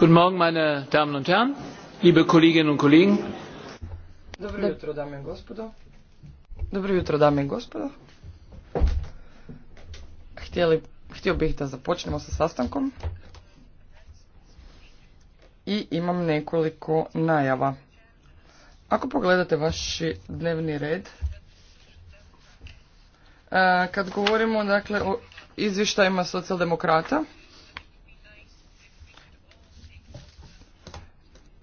Guten Morgen, meine Damen und Herren, liebe Kolleginnen und Kollegen. Dobro jutro, dame i gospodo. Dobro jutro, dame i gospodo. htio bih da započnemo sa sastankom. I imam nekoliko najava. Ako pogledate vaš dnevni red, e, kad govorimo dakle, o izvještajima socijaldemokrata,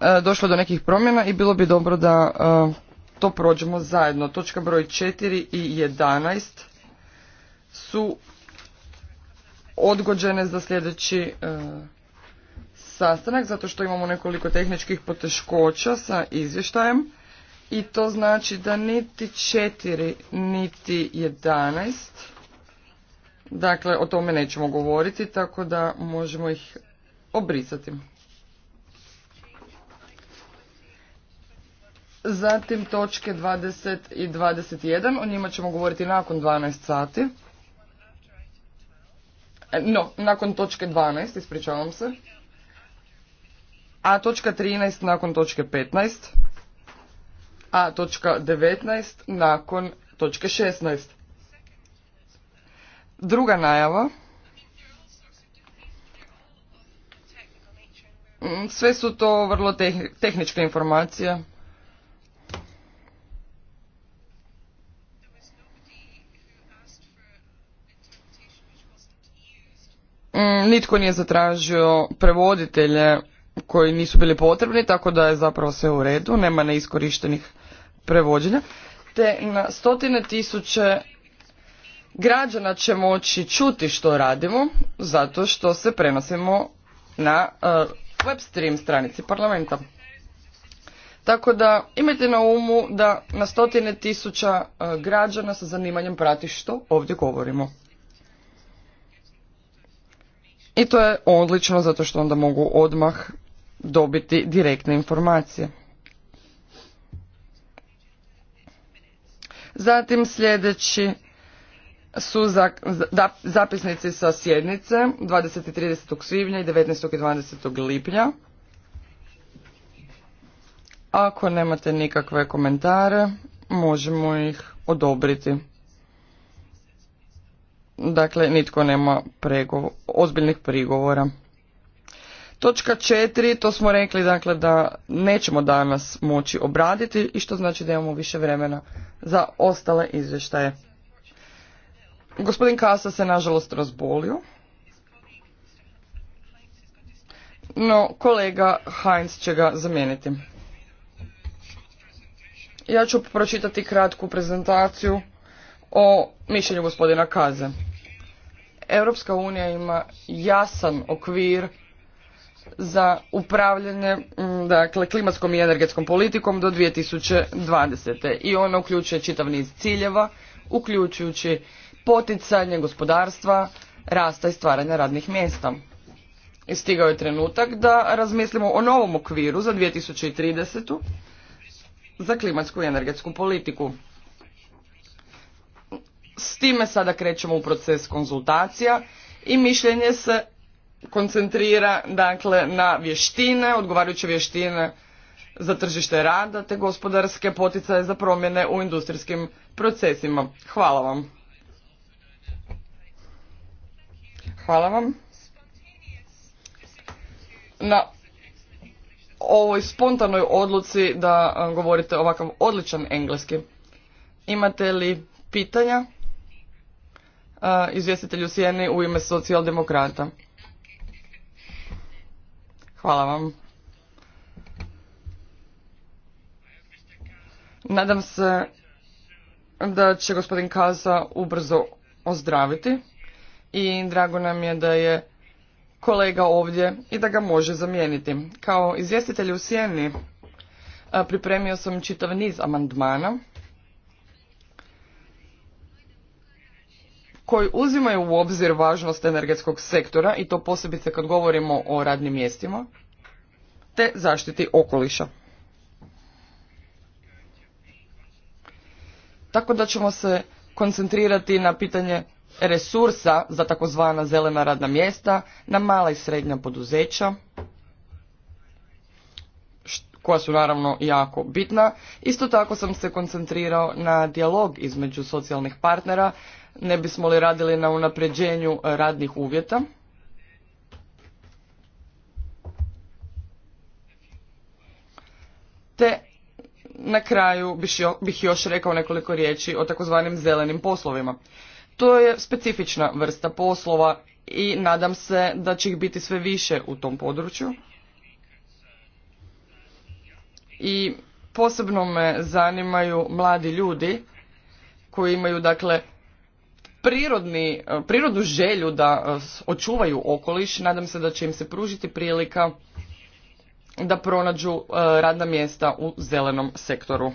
E, došlo do nekih promjena i bilo bi dobro da e, to prođemo zajedno. Točka broj 4 i 11 su odgođene za sljedeći e, sastanak zato što imamo nekoliko tehničkih poteškoća sa izvještajem i to znači da niti 4 niti 11 dakle o tome nećemo govoriti tako da možemo ih obrisati. Zatim točke 20 i 21, o njima ćemo govoriti nakon 12 sati. E, no, nakon točke 12, ispričavam se. A točka 13 nakon točke 15. A točka 19 nakon točke 16. Druga najava. Mm, sve su to vrlo tehničke informacije. Mm, nitko nije zatražio prevoditelje koji nisu bili potrebni, tako da je zapravo sve u redu, nema neiskorištenih prevođenja. Te na stotine tisuće građana će moći čuti što radimo, zato što se prenosimo na uh, web stream stranici parlamenta. Tako da imajte na umu da na stotine tisuća e, građana sa zanimanjem prati što ovdje govorimo. I to je odlično zato što onda mogu odmah dobiti direktne informacije. Zatim sljedeći su zapisnici sa sjednice 20. i 30. svibnja i 19. i 20. lipnja. Ako nemate nikakve komentare, možemo ih odobriti. Dakle, nitko nema ozbiljnih prigovora. Točka četiri, to smo rekli dakle da nećemo danas moći obraditi i što znači da imamo više vremena za ostale izvještaje. Gospodin Kasa se nažalost razbolio. No, kolega Heinz će ga zamijeniti. Ja ću pročitati kratku prezentaciju o mišljenju gospodina Kaze. Europska unija ima jasan okvir za upravljanje mm, dakle, klimatskom i energetskom politikom do 2020. I ona uključuje čitav niz ciljeva, uključujući poticanje gospodarstva, rasta i stvaranja radnih mjesta. I stigao je trenutak da razmislimo o novom okviru za 2030. za klimatsku i energetsku politiku. S time sada krećemo u proces konzultacija i mišljenje se koncentrira dakle na vještine, odgovarajuće vještine za tržište rada te gospodarske poticaje za promjene u industrijskim procesima. Hvala vam. Hvala vam. Na ovoj spontanoj odluci da govorite ovakav odličan engleski. Imate li pitanja? izvjestitelju Sijeni u ime socijaldemokrata. Hvala vam. Nadam se da će gospodin Kaza ubrzo ozdraviti i drago nam je da je kolega ovdje i da ga može zamijeniti. Kao izvjestitelj u Sjeni pripremio sam čitav niz amandmana koji uzimaju u obzir važnost energetskog sektora i to posebice kad govorimo o radnim mjestima te zaštiti okoliša. Tako da ćemo se koncentrirati na pitanje resursa za takozvana zelena radna mjesta, na mala i srednja poduzeća, koja su naravno jako bitna. Isto tako sam se koncentrirao na dijalog između socijalnih partnera ne bismo li radili na unapređenju radnih uvjeta. Te na kraju bih još rekao nekoliko riječi o takozvanim zelenim poslovima. To je specifična vrsta poslova i nadam se da će ih biti sve više u tom području. I posebno me zanimaju mladi ljudi koji imaju dakle prirodni, eh, prirodnu želju da eh, očuvaju okoliš, nadam se da će im se pružiti prilika da pronađu eh, radna mjesta u zelenom sektoru.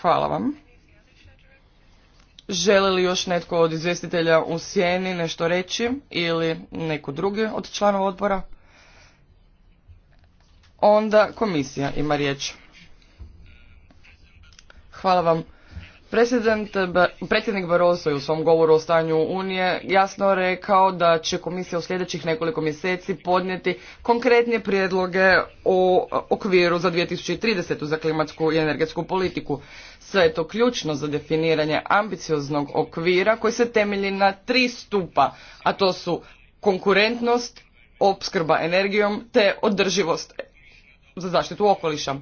Hvala vam. Želi li još netko od izvjestitelja u sjeni nešto reći ili neko drugi od članova odbora? Onda komisija ima riječ. Hvala vam predsjednik Barroso je u svom govoru o stanju Unije jasno rekao da će komisija u sljedećih nekoliko mjeseci podnijeti konkretne prijedloge o okviru za 2030. za klimatsku i energetsku politiku. Sve je to ključno za definiranje ambicioznog okvira koji se temelji na tri stupa, a to su konkurentnost, opskrba energijom te održivost za zaštitu okoliša.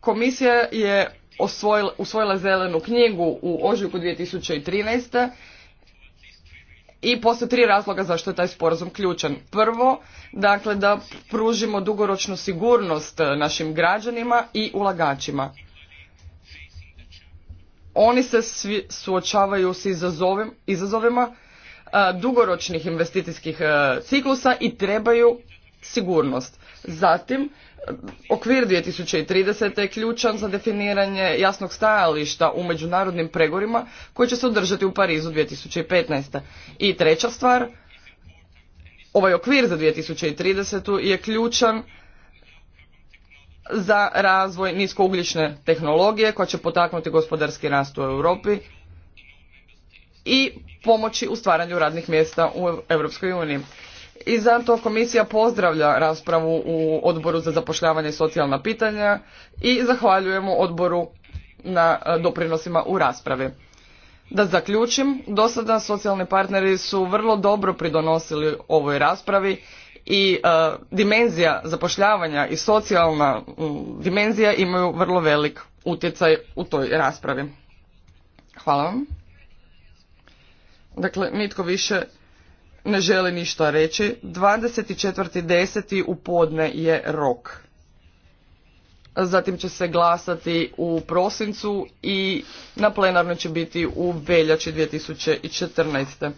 Komisija je osvojila, usvojila zelenu knjigu u ožujku 2013. I postoje tri razloga zašto je taj sporazum ključan. Prvo, dakle da pružimo dugoročnu sigurnost e, našim građanima i ulagačima. Oni se svi suočavaju s izazovima e, dugoročnih investicijskih e, ciklusa i trebaju sigurnost. Zatim, okvir 2030. je ključan za definiranje jasnog stajališta u međunarodnim pregorima koji će se održati u Parizu 2015. I treća stvar, ovaj okvir za 2030. je ključan za razvoj niskougljične tehnologije koja će potaknuti gospodarski rast u Europi i pomoći u stvaranju radnih mjesta u Europskoj uniji i zato komisija pozdravlja raspravu u odboru za zapošljavanje i socijalna pitanja i zahvaljujemo odboru na e, doprinosima u raspravi. Da zaključim, do sada socijalni partneri su vrlo dobro pridonosili ovoj raspravi i e, dimenzija zapošljavanja i socijalna dimenzija imaju vrlo velik utjecaj u toj raspravi. Hvala vam. Dakle, nitko više ne želi ništa reći. 24.10. u podne je rok. Zatim će se glasati u prosincu i na plenarno će biti u veljači 2014. E,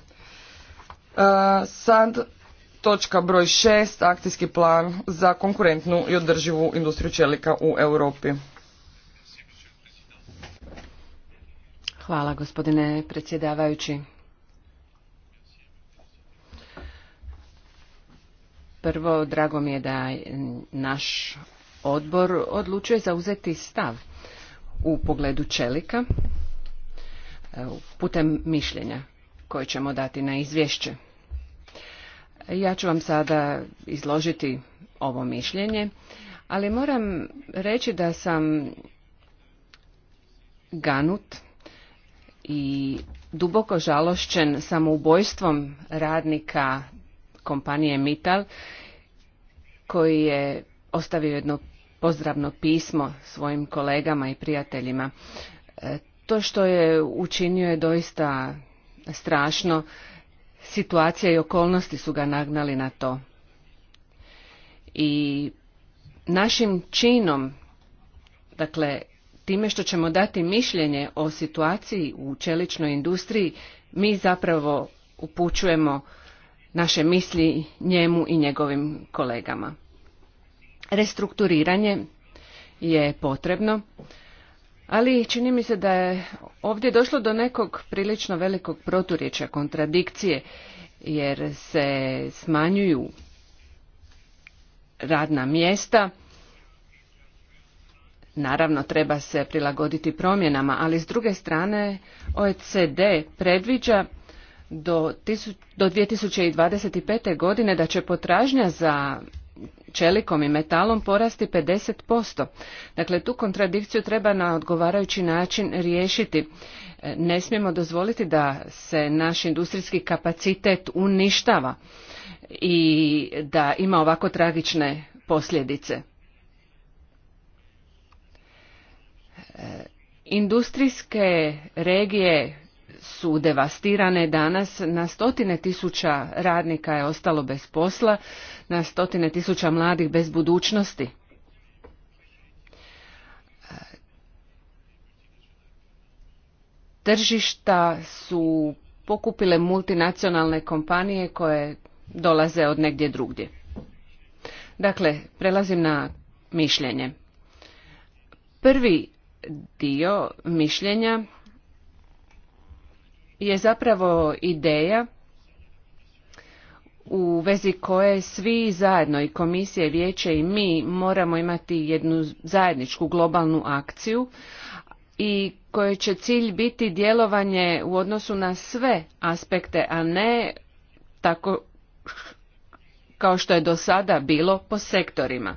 sad točka broj 6, akcijski plan za konkurentnu i održivu industriju čelika u Europi. Hvala gospodine predsjedavajući. Prvo, drago mi je da naš odbor odlučuje zauzeti stav u pogledu čelika e, putem mišljenja koje ćemo dati na izvješće. Ja ću vam sada izložiti ovo mišljenje, ali moram reći da sam ganut i duboko žalošćen samoubojstvom radnika kompanije Mital koji je ostavio jedno pozdravno pismo svojim kolegama i prijateljima. E, to što je učinio je doista strašno. Situacija i okolnosti su ga nagnali na to. I našim činom, dakle time što ćemo dati mišljenje o situaciji u čeličnoj industriji, mi zapravo upućujemo naše misli njemu i njegovim kolegama. Restrukturiranje je potrebno, ali čini mi se da je ovdje došlo do nekog prilično velikog proturječja, kontradikcije, jer se smanjuju radna mjesta, Naravno, treba se prilagoditi promjenama, ali s druge strane OECD predviđa do, do 2025. godine da će potražnja za čelikom i metalom porasti 50%. Dakle, tu kontradikciju treba na odgovarajući način riješiti. E, ne smijemo dozvoliti da se naš industrijski kapacitet uništava i da ima ovako tragične posljedice. E, industrijske regije su devastirane danas, na stotine tisuća radnika je ostalo bez posla, na stotine tisuća mladih bez budućnosti. Tržišta su pokupile multinacionalne kompanije koje dolaze od negdje drugdje. Dakle, prelazim na mišljenje. Prvi dio mišljenja je zapravo ideja u vezi koje svi zajedno i komisije, vijeće i mi moramo imati jednu zajedničku globalnu akciju i koje će cilj biti djelovanje u odnosu na sve aspekte, a ne tako kao što je do sada bilo po sektorima.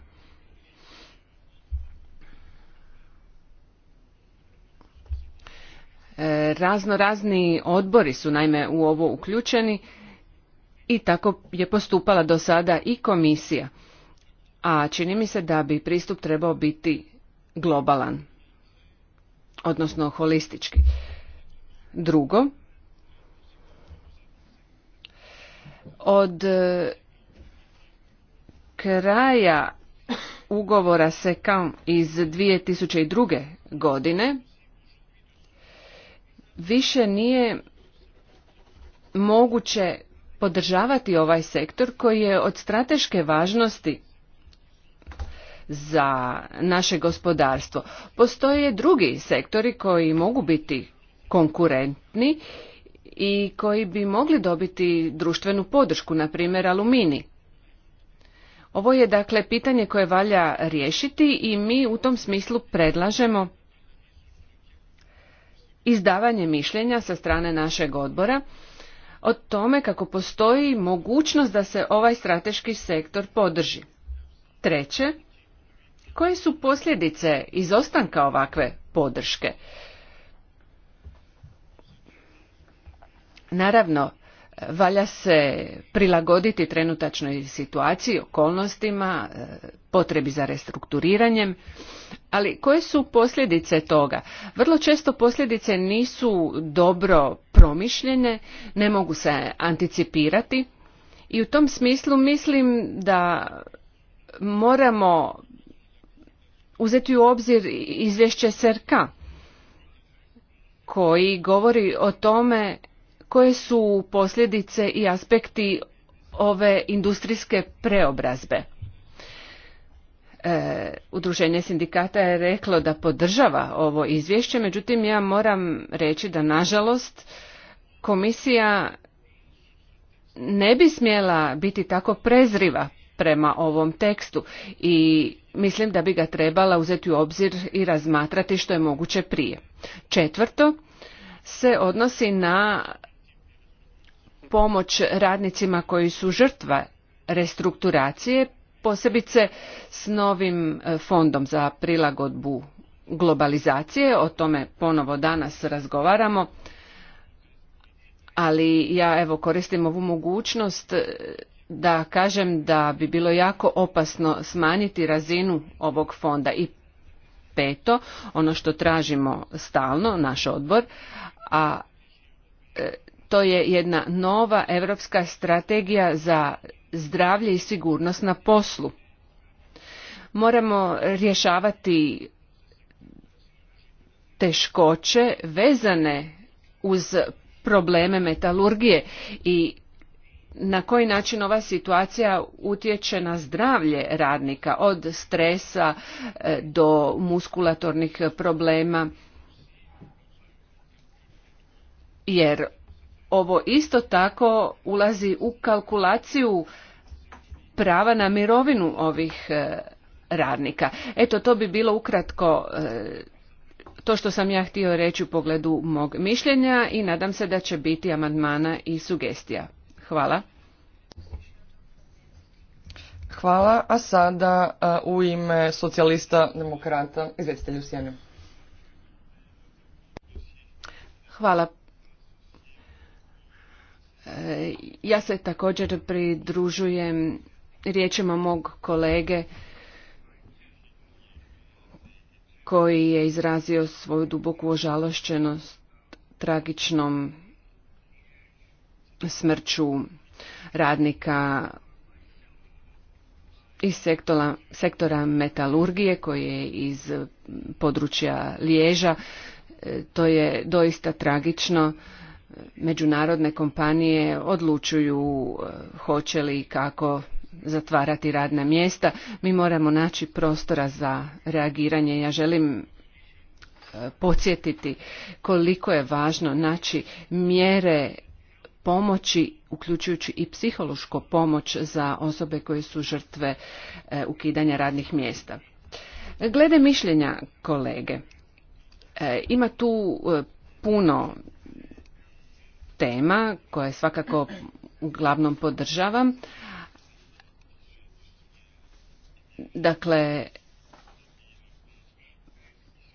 Razno razni odbori su naime u ovo uključeni i tako je postupala do sada i komisija. A čini mi se da bi pristup trebao biti globalan, odnosno holistički. Drugo, od e, kraja ugovora se kao iz 2002. godine više nije moguće podržavati ovaj sektor koji je od strateške važnosti za naše gospodarstvo. Postoje drugi sektori koji mogu biti konkurentni i koji bi mogli dobiti društvenu podršku, na primjer alumini. Ovo je dakle pitanje koje valja riješiti i mi u tom smislu predlažemo izdavanje mišljenja sa strane našeg odbora o tome kako postoji mogućnost da se ovaj strateški sektor podrži. Treće, koje su posljedice izostanka ovakve podrške? Naravno, valja se prilagoditi trenutačnoj situaciji, okolnostima, e, potrebi za restrukturiranjem, ali koje su posljedice toga? Vrlo često posljedice nisu dobro promišljene, ne mogu se anticipirati i u tom smislu mislim da moramo uzeti u obzir izvješće SRK koji govori o tome koje su posljedice i aspekti ove industrijske preobrazbe. E, udruženje sindikata je reklo da podržava ovo izvješće, međutim ja moram reći da nažalost komisija ne bi smjela biti tako prezriva prema ovom tekstu i mislim da bi ga trebala uzeti u obzir i razmatrati što je moguće prije. Četvrto se odnosi na pomoć radnicima koji su žrtva restrukturacije, posebice s novim e, fondom za prilagodbu globalizacije, o tome ponovo danas razgovaramo, ali ja evo koristim ovu mogućnost e, da kažem da bi bilo jako opasno smanjiti razinu ovog fonda i peto, ono što tražimo stalno, naš odbor, a e, to je jedna nova europska strategija za zdravlje i sigurnost na poslu. Moramo rješavati teškoće vezane uz probleme metalurgije i na koji način ova situacija utječe na zdravlje radnika od stresa e, do muskulatornih problema jer ovo isto tako ulazi u kalkulaciju prava na mirovinu ovih e, radnika. Eto, to bi bilo ukratko e, to što sam ja htio reći u pogledu mog mišljenja i nadam se da će biti amandmana i sugestija. Hvala. Hvala, a sada e, u ime socijalista demokrata izvjetitelju Sjenju. Hvala E, ja se također pridružujem riječima mog kolege koji je izrazio svoju duboku ožalošćenost tragičnom smrću radnika iz sektora, sektora metalurgije koji je iz područja Liježa. E, to je doista tragično međunarodne kompanije odlučuju e, hoće li i kako zatvarati radna mjesta. Mi moramo naći prostora za reagiranje. Ja želim e, podsjetiti koliko je važno naći mjere pomoći, uključujući i psihološku pomoć za osobe koje su žrtve e, ukidanja radnih mjesta. Glede mišljenja kolege, ima tu puno tema koje svakako uglavnom podržavam. Dakle,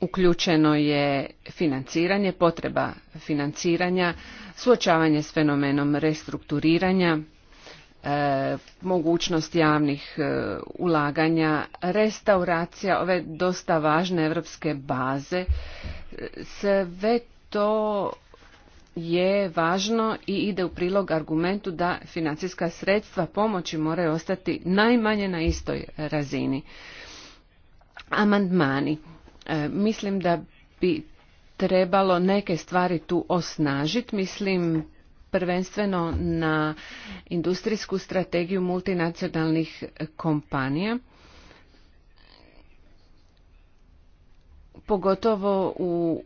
uključeno je financiranje, potreba financiranja, suočavanje s fenomenom restrukturiranja, e, mogućnost javnih e, ulaganja, restauracija ove dosta važne europske baze. E, sve to je važno i ide u prilog argumentu da financijska sredstva pomoći moraju ostati najmanje na istoj razini. Amandmani. E, mislim da bi trebalo neke stvari tu osnažiti. Mislim prvenstveno na industrijsku strategiju multinacionalnih kompanija. Pogotovo u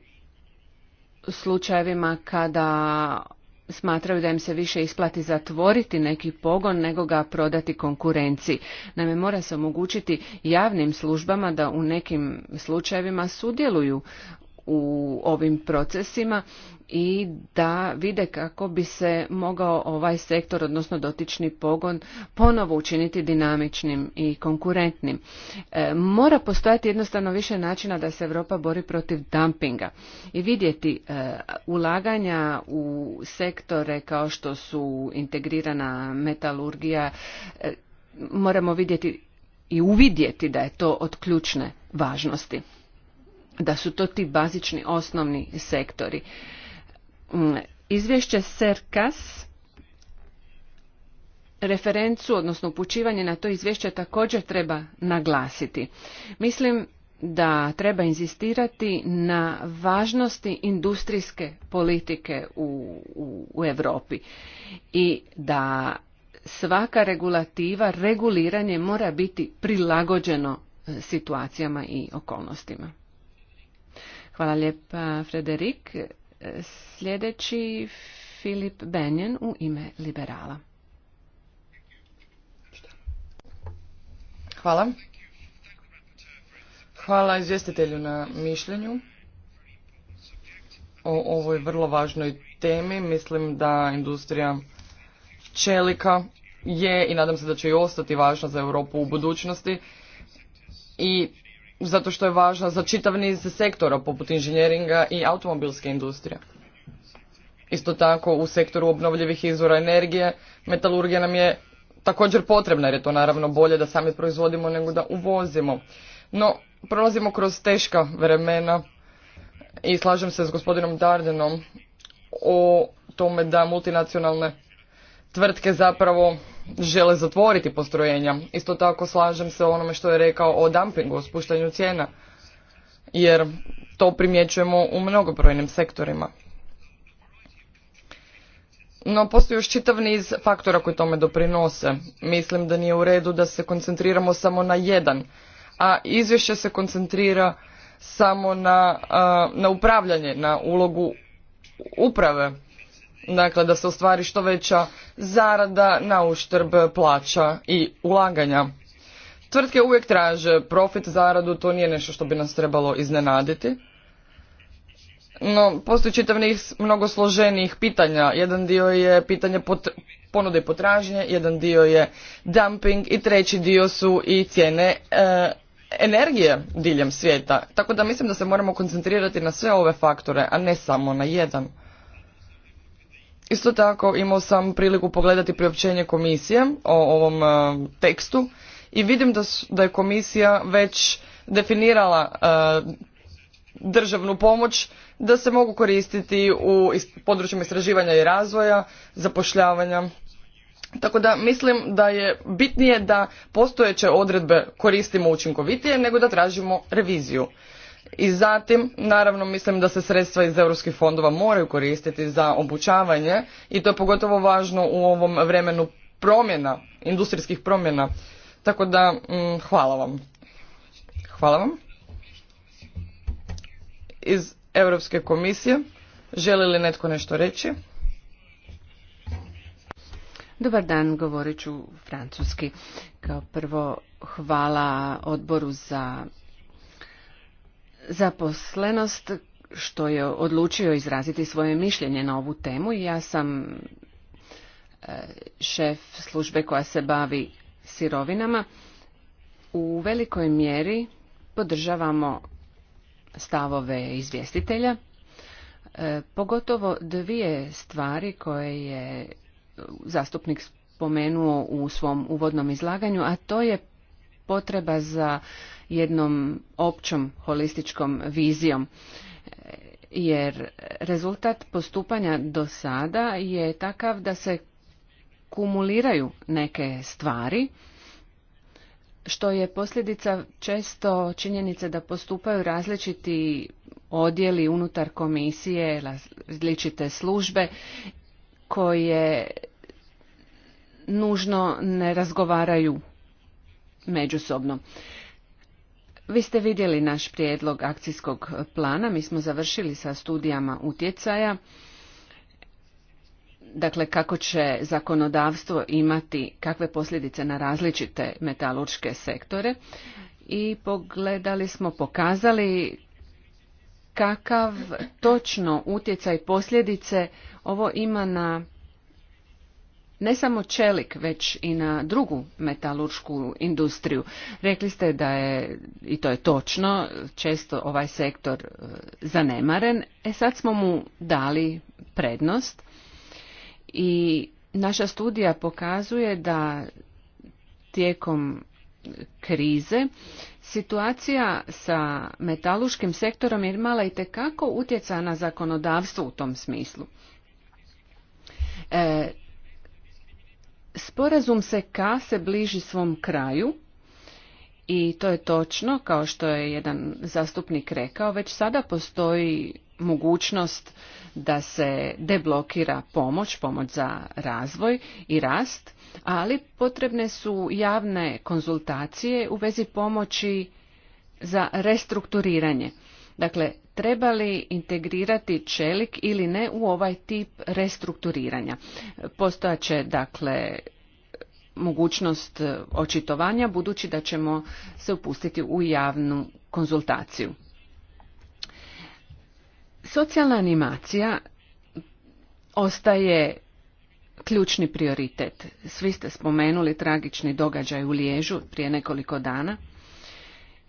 slučajevima kada smatraju da im se više isplati zatvoriti neki pogon nego ga prodati konkurenciji. Naime, mora se omogućiti javnim službama da u nekim slučajevima sudjeluju u ovim procesima i da vide kako bi se mogao ovaj sektor, odnosno dotični pogon, ponovo učiniti dinamičnim i konkurentnim. E, mora postojati jednostavno više načina da se Europa bori protiv dumpinga i vidjeti e, ulaganja u sektore kao što su integrirana metalurgija, e, moramo vidjeti i uvidjeti da je to od ključne važnosti da su to ti bazični osnovni sektori. Mm, izvješće SERKAS referencu, odnosno upućivanje na to izvješće također treba naglasiti. Mislim da treba inzistirati na važnosti industrijske politike u, u, u Europi i da svaka regulativa, reguliranje mora biti prilagođeno e, situacijama i okolnostima. Hvala lijepa, Frederik. Sljedeći Filip Benjen u ime liberala. Hvala. Hvala izvjestitelju na mišljenju o ovoj vrlo važnoj temi. Mislim da industrija čelika je i nadam se da će i ostati važna za Europu u budućnosti i zato što je važna za čitav niz sektora poput inženjeringa i automobilske industrije. Isto tako u sektoru obnovljivih izvora energije metalurgija nam je također potrebna jer je to naravno bolje da sami proizvodimo nego da uvozimo. No, prolazimo kroz teška vremena i slažem se s gospodinom Dardenom o tome da multinacionalne tvrtke zapravo žele zatvoriti postrojenja. Isto tako slažem se onome što je rekao o dumpingu, o spuštanju cijena, jer to primjećujemo u mnogobrojnim sektorima. No, postoji još čitav niz faktora koji tome doprinose. Mislim da nije u redu da se koncentriramo samo na jedan, a izvješće se koncentrira samo na, na upravljanje, na ulogu uprave Dakle, da se ostvari što veća zarada na uštrb plaća i ulaganja. Tvrtke uvijek traže profit, zaradu, to nije nešto što bi nas trebalo iznenaditi. No, postoji čitav niz mnogo složenijih pitanja. Jedan dio je pitanje pot ponude i potražnje, jedan dio je dumping i treći dio su i cijene e, energije diljem svijeta. Tako da mislim da se moramo koncentrirati na sve ove faktore, a ne samo na jedan. Isto tako imao sam priliku pogledati priopćenje komisije o ovom e, tekstu i vidim da, da je komisija već definirala e, državnu pomoć da se mogu koristiti u područjima istraživanja i razvoja, zapošljavanja. Tako da mislim da je bitnije da postojeće odredbe koristimo učinkovitije nego da tražimo reviziju. I zatim, naravno, mislim da se sredstva iz europskih fondova moraju koristiti za obučavanje i to je pogotovo važno u ovom vremenu promjena, industrijskih promjena. Tako da, mm, hvala vam. Hvala vam. Iz Europske komisije, želi li netko nešto reći? Dobar dan, govorit ću francuski. Kao prvo, hvala odboru za zaposlenost što je odlučio izraziti svoje mišljenje na ovu temu. Ja sam e, šef službe koja se bavi sirovinama. U velikoj mjeri podržavamo stavove izvjestitelja. E, pogotovo dvije stvari koje je zastupnik spomenuo u svom uvodnom izlaganju, a to je potreba za jednom općom holističkom vizijom jer rezultat postupanja do sada je takav da se kumuliraju neke stvari što je posljedica često činjenice da postupaju različiti odjeli unutar komisije, različite službe koje nužno ne razgovaraju međusobno. Vi ste vidjeli naš prijedlog akcijskog plana, mi smo završili sa studijama utjecaja, dakle kako će zakonodavstvo imati kakve posljedice na različite metalurške sektore i pogledali smo, pokazali kakav točno utjecaj posljedice ovo ima na ne samo čelik, već i na drugu metaluršku industriju. Rekli ste da je, i to je točno, često ovaj sektor e, zanemaren. E sad smo mu dali prednost i naša studija pokazuje da tijekom krize situacija sa metalurškim sektorom je imala i tekako utjecaja na zakonodavstvo u tom smislu. Sporazum se ka se bliži svom kraju i to je točno, kao što je jedan zastupnik rekao, već sada postoji mogućnost da se deblokira pomoć, pomoć za razvoj i rast, ali potrebne su javne konzultacije u vezi pomoći za restrukturiranje. Dakle, treba li integrirati čelik ili ne u ovaj tip restrukturiranja. Postojaće dakle mogućnost e, očitovanja budući da ćemo se upustiti u javnu konzultaciju. Socijalna animacija ostaje ključni prioritet. Svi ste spomenuli tragični događaj u Liježu prije nekoliko dana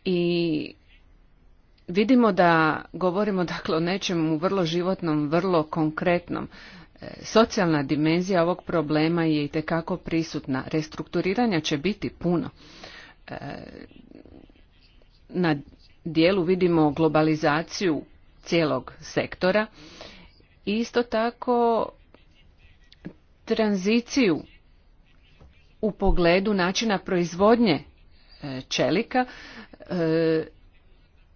i vidimo da govorimo dakle o nečemu vrlo životnom, vrlo konkretnom. Socijalna dimenzija ovog problema je i tekako prisutna. Restrukturiranja će biti puno. E, na dijelu vidimo globalizaciju cijelog sektora i isto tako tranziciju u pogledu načina proizvodnje e, čelika e,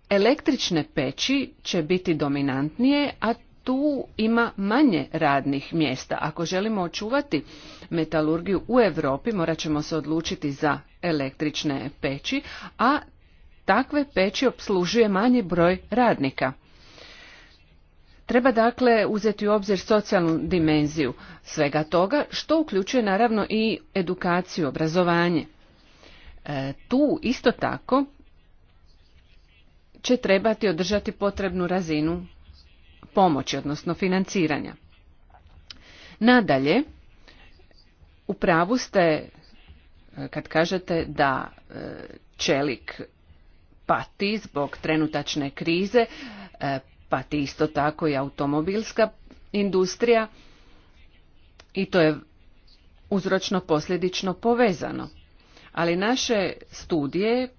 električne peći će biti dominantnije a tu ima manje radnih mjesta. Ako želimo očuvati metalurgiju u Europi, morat ćemo se odlučiti za električne peći, a takve peći obslužuje manji broj radnika. Treba dakle uzeti u obzir socijalnu dimenziju svega toga, što uključuje naravno i edukaciju, obrazovanje. E, tu isto tako će trebati održati potrebnu razinu pomoći, odnosno financiranja. Nadalje, u pravu ste e, kad kažete da e, čelik pati zbog trenutačne krize, e, pati isto tako i automobilska industrija i to je uzročno posljedično povezano. Ali naše studije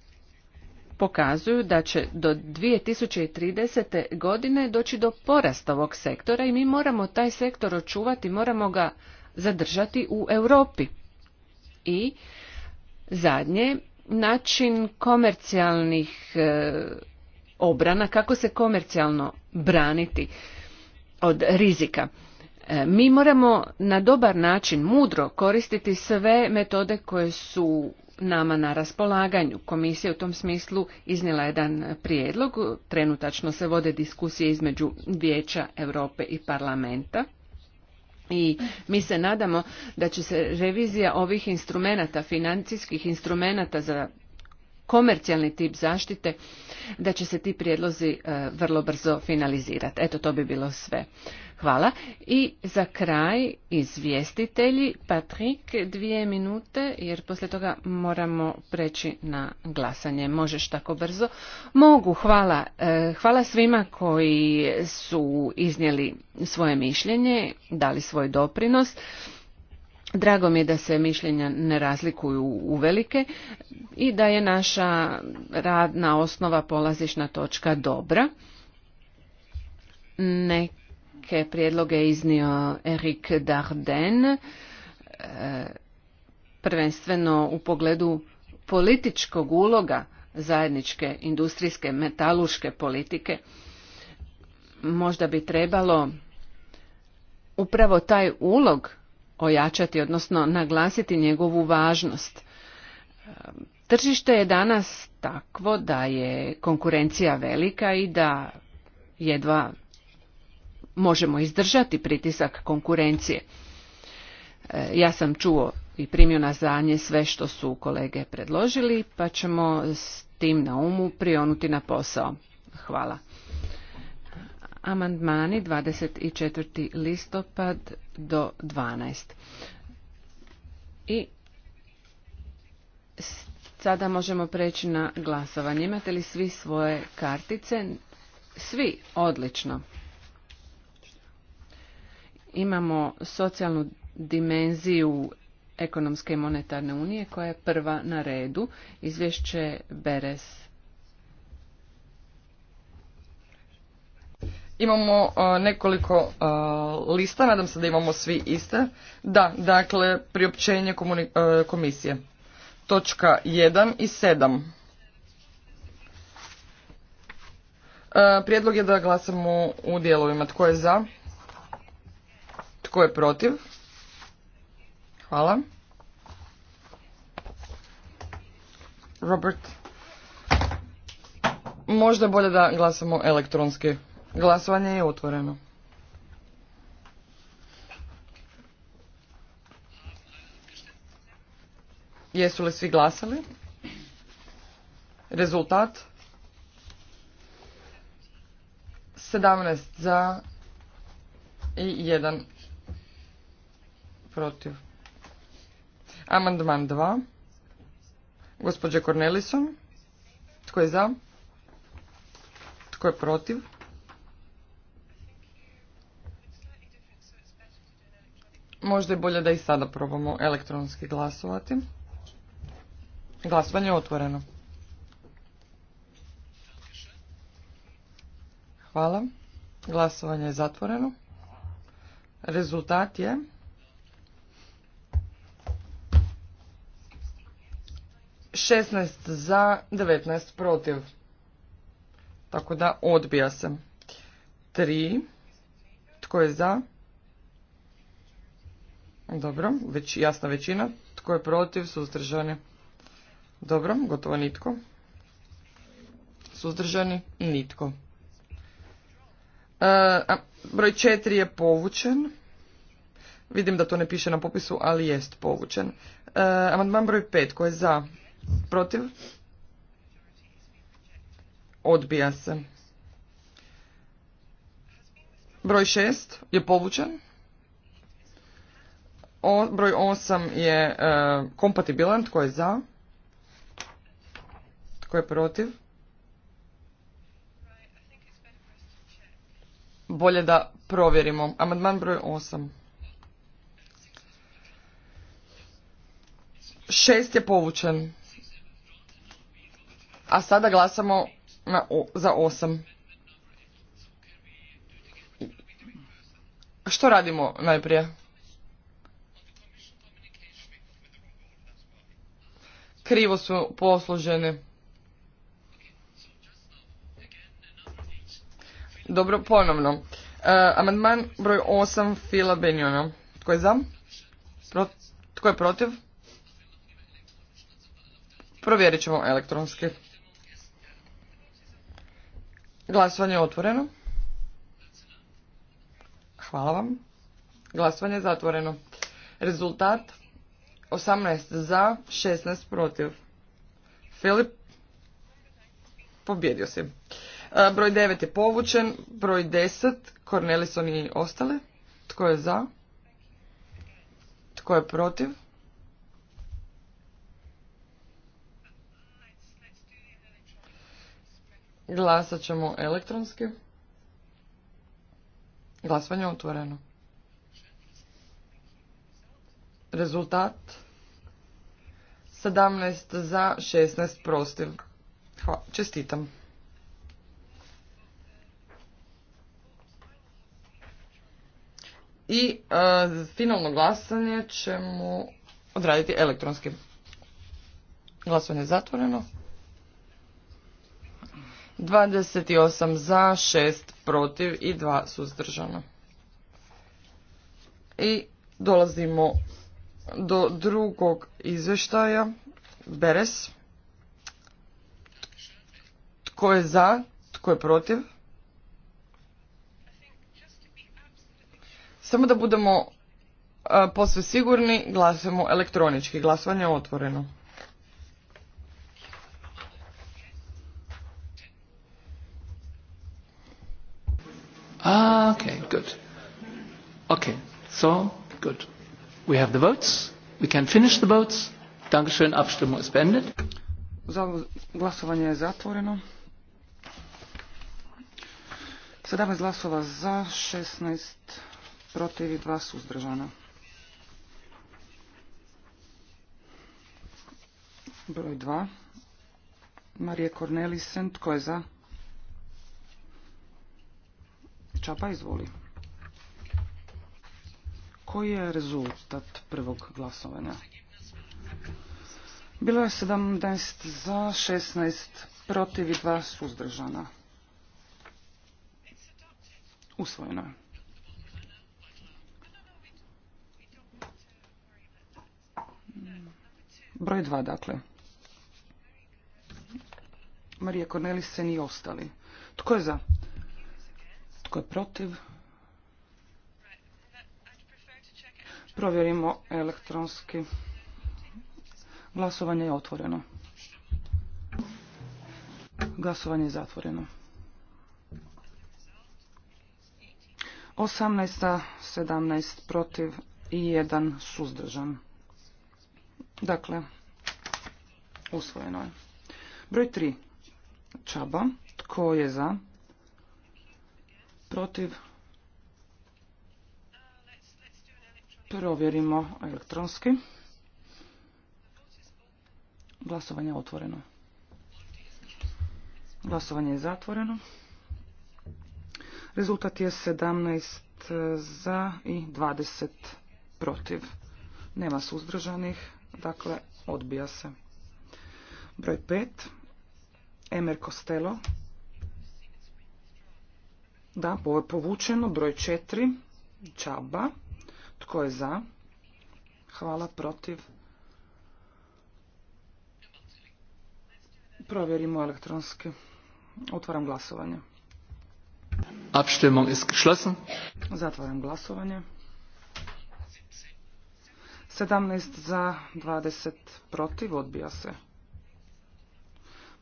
pokazuju da će do 2030. godine doći do porasta ovog sektora i mi moramo taj sektor očuvati, moramo ga zadržati u Europi. I zadnje, način komercijalnih e, obrana, kako se komercijalno braniti od rizika. E, mi moramo na dobar način mudro koristiti sve metode koje su nama na raspolaganju. Komisija u tom smislu iznijela jedan prijedlog, trenutačno se vode diskusije između Vijeća Europe i parlamenta. I mi se nadamo da će se revizija ovih instrumenata, financijskih instrumenata za komercijalni tip zaštite, da će se ti prijedlozi e, vrlo brzo finalizirati. Eto, to bi bilo sve. Hvala. I za kraj izvjestitelji, Patrik, dvije minute, jer poslije toga moramo preći na glasanje. Možeš tako brzo? Mogu, hvala. E, hvala svima koji su iznijeli svoje mišljenje, dali svoj doprinos. Drago mi je da se mišljenja ne razlikuju uvelike i da je naša radna osnova polazišna točka dobra. neka neke prijedloge iznio Erik Darden, e, prvenstveno u pogledu političkog uloga zajedničke industrijske metaluške politike. Možda bi trebalo upravo taj ulog ojačati, odnosno naglasiti njegovu važnost. E, tržište je danas takvo da je konkurencija velika i da jedva možemo izdržati pritisak konkurencije. E, ja sam čuo i primio na znanje sve što su kolege predložili, pa ćemo s tim na umu prionuti na posao. Hvala. Amandmani 24. listopad do 12. I sada možemo preći na glasovanje. Imate li svi svoje kartice? Svi, odlično. Imamo socijalnu dimenziju ekonomske i monetarne unije koja je prva na redu. Izvješće Beres. Imamo nekoliko lista, nadam se da imamo svi iste. Da, dakle, priopćenje komisije. Točka 1 i 7. Prijedlog je da glasamo u dijelovima. Tko je za? Tko je protiv? Hvala. Robert. Možda bolje da glasamo elektronski. Glasovanje je otvoreno. Jesu li svi glasali? Rezultat? 17 za i 1 protiv. Amandman 2. Gospođe Cornelison. Tko je za? Tko je protiv? Možda je bolje da i sada probamo elektronski glasovati. Glasovanje je otvoreno. Hvala. Glasovanje je zatvoreno. Rezultat je 16 za, 19 protiv. Tako da odbija se. 3. Tko je za? Dobro, već, jasna većina. Tko je protiv? Suzdržani. Dobro, gotovo nitko. Suzdržani? Nitko. E, broj 4 je povučen. Vidim da to ne piše na popisu, ali jest povučen. E, amandman broj 5, tko je za, Protiv? Odbija se. Broj šest je povučen. broj osam je e, kompatibilan. Tko je za? Tko je protiv? Bolje da provjerimo. Amandman broj osam. Šest je povučen a sada glasamo na, za osam. Što radimo najprije? Krivo su posluženi. Dobro, ponovno. E, amandman broj 8 Fila Benjona. Tko je za? Tko je protiv? Provjerit ćemo elektronski. Glasovanje je otvoreno. Hvala vam. Glasovanje je zatvoreno. Rezultat 18 za, 16 protiv. Filip, pobjedio se. Broj 9 je povučen, broj 10, Cornelison i ostale. Tko je za? Tko je protiv? Glasat ćemo elektronski. Glasovanje otvoreno. Rezultat 17 za 16 protiv. Čestitam. I e, finalno glasanje ćemo odraditi elektronski. Glasovanje je zatvoreno. 28 za, 6 protiv i 2 suzdržana. I dolazimo do drugog izvještaja, Beres. Tko je za, tko je protiv? Samo da budemo posve sigurni, glasujemo elektronički. Glasovanje je otvoreno. Ah, okay, good. Okay, so, good. We have the votes. We can finish the votes. Dankeschön, Abstimmung ist beendet. Glasovanje je zatvoreno. 17 glasova za, 16 protiv i 2 suzdržana. Broj 2. Marije Kornelisen, tko je za? Čapa, izvoli. Koji je rezultat prvog glasovanja? Bilo je 17 za, 16 protiv i 2 suzdržana. Usvojeno je. Broj 2, dakle. Marija Kornelis i ostali. Tko je za? Tko je protiv? Provjerimo elektronski. Glasovanje je otvoreno. Glasovanje je zatvoreno. 18, 17 protiv i 1 suzdržan. Dakle, usvojeno je. Broj 3. Čaba. Tko je za? protiv. Provjerimo elektronski. Glasovanje je otvoreno. Glasovanje je zatvoreno. Rezultat je 17 za i 20 protiv. Nema suzdržanih, dakle odbija se. Broj 5. Emer Costello. Da, je povučeno, broj četiri, čaba. Tko je za? Hvala, protiv. Provjerimo elektronski. Otvaram glasovanje. Abstimmung ist geschlossen. Zatvaram glasovanje. 17 za, 20 protiv, odbija se.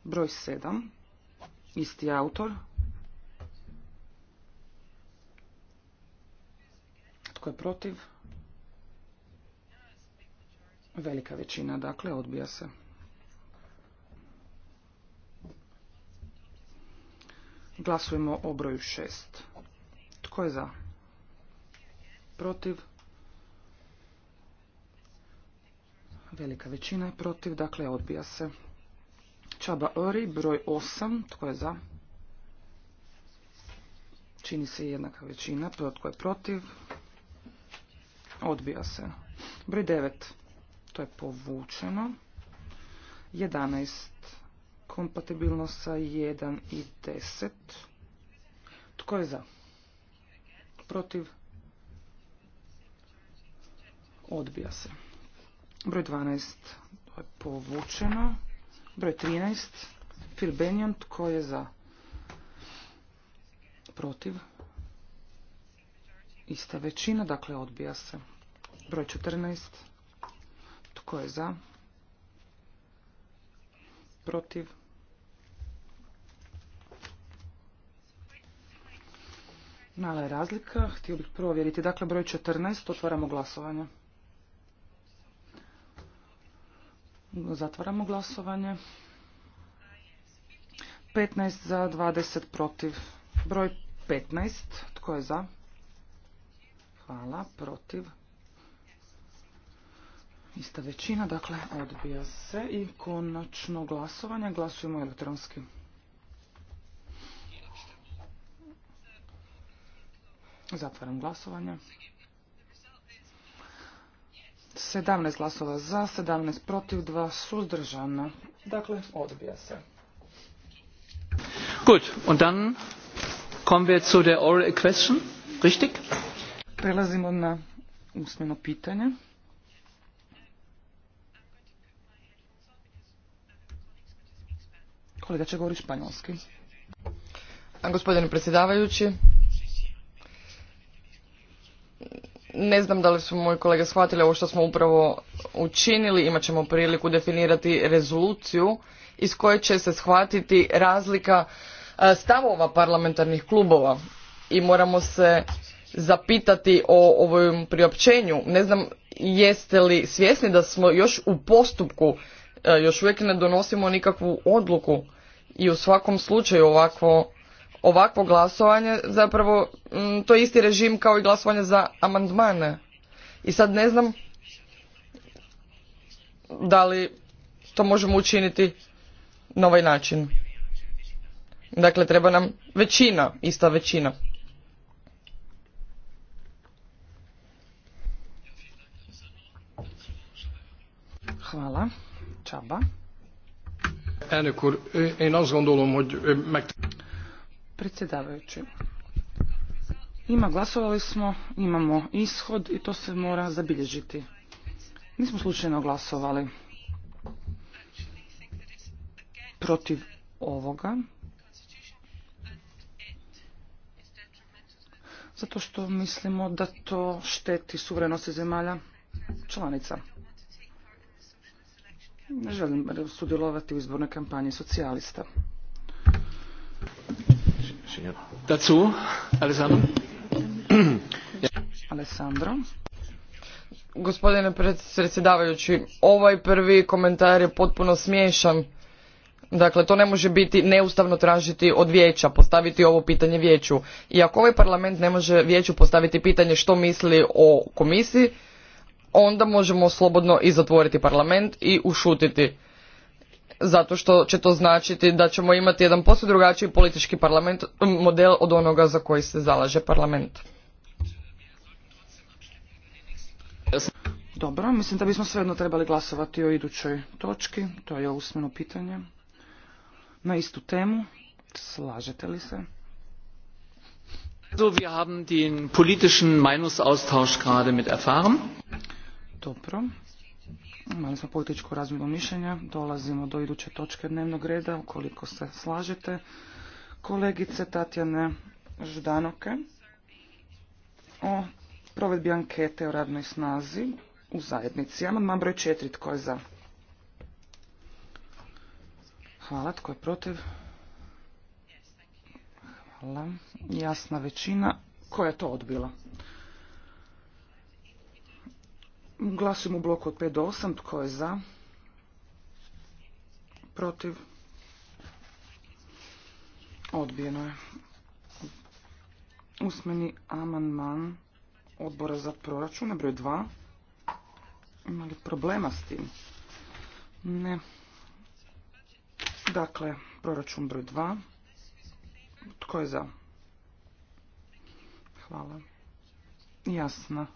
Broj 7, isti autor, Tko je protiv? Velika većina, dakle, odbija se. Glasujemo o broju šest. Tko je za? Protiv? Velika većina je protiv, dakle, odbija se. Čaba Ori, broj 8. Tko je za? Čini se jednaka većina. Tko je protiv? Odbija se. Broj devet. To je povučeno. 11. Kompatibilno sa jedan i deset. Tko je za? Protiv? Odbija se. Broj 12. To je povučeno. Broj 13. Phil Tko je za? Protiv? ista većina, dakle odbija se. Broj 14. Tko je za? Protiv? Mala je razlika. Htio bih prvo vjeriti. Dakle, broj 14. Otvaramo glasovanje. Zatvaramo glasovanje. 15 za, 20 protiv. Broj 15. Tko je za? Hvala. Protiv. Ista većina, dakle odbija se i konačno glasovanje. Glasujemo elektronski. Zatvaram glasovanje. 17 glasova za, 17 protiv, 2 suzdržana. Dakle, odbija se. Gut, und dann kommen wir zu der oral question, richtig? Prelazimo na usmeno pitanje. Kolega će govoriti španjolski. Gospodine predsjedavajući, ne znam da li su moji kolege shvatili ovo što smo upravo učinili. Imat ćemo priliku definirati rezoluciju iz koje će se shvatiti razlika stavova parlamentarnih klubova i moramo se zapitati o ovom priopćenju. Ne znam jeste li svjesni da smo još u postupku, e, još uvijek ne donosimo nikakvu odluku i u svakom slučaju ovakvo, ovakvo glasovanje zapravo mm, to je isti režim kao i glasovanje za amandmane. I sad ne znam da li to možemo učiniti na ovaj način. Dakle, treba nam većina, ista većina. Hvala. Csaba. Predsjedavajući. Ima, glasovali smo, imamo ishod i to se mora zabilježiti. Nismo slučajno glasovali protiv ovoga. Zato što mislimo da to šteti suverenosti zemalja članica. Ne želim sudjelovati u izbornoj kampanji socijalista. Dazu, Alessandro. Alessandro. Gospodine predsjedavajući, ovaj prvi komentar je potpuno smiješan. Dakle, to ne može biti neustavno tražiti od vijeća, postaviti ovo pitanje vijeću. I ako ovaj parlament ne može vijeću postaviti pitanje što misli o komisiji, onda možemo slobodno i zatvoriti parlament i ušutiti zato što će to značiti da ćemo imati jedan posve drugačiji politički parlament model od onoga za koji se zalaže parlament. Dobro, mislim da bismo svejedno trebali glasovati o idućoj točki, to je usmeno pitanje. Na istu temu, slažete li se? So, wir haben den politischen Meinungsaustausch gerade mit erfahren. Dobro. Imali smo političku razmjenu mišljenja. Dolazimo do iduće točke dnevnog reda, ukoliko se slažete. Kolegice Tatjane Ždanoke o provedbi ankete o radnoj snazi u zajednici. Amandman broj četiri. Tko je za? Hvala. Tko je protiv? Hvala. Jasna većina. Koja je to odbila? Glasujemo u bloku od 5 do 8. Tko je za? Protiv? Odbijeno je. Usmeni aman man odbora za proračune, broj 2. Ima li problema s tim? Ne. Dakle, proračun broj 2. Tko je za? Hvala. Jasna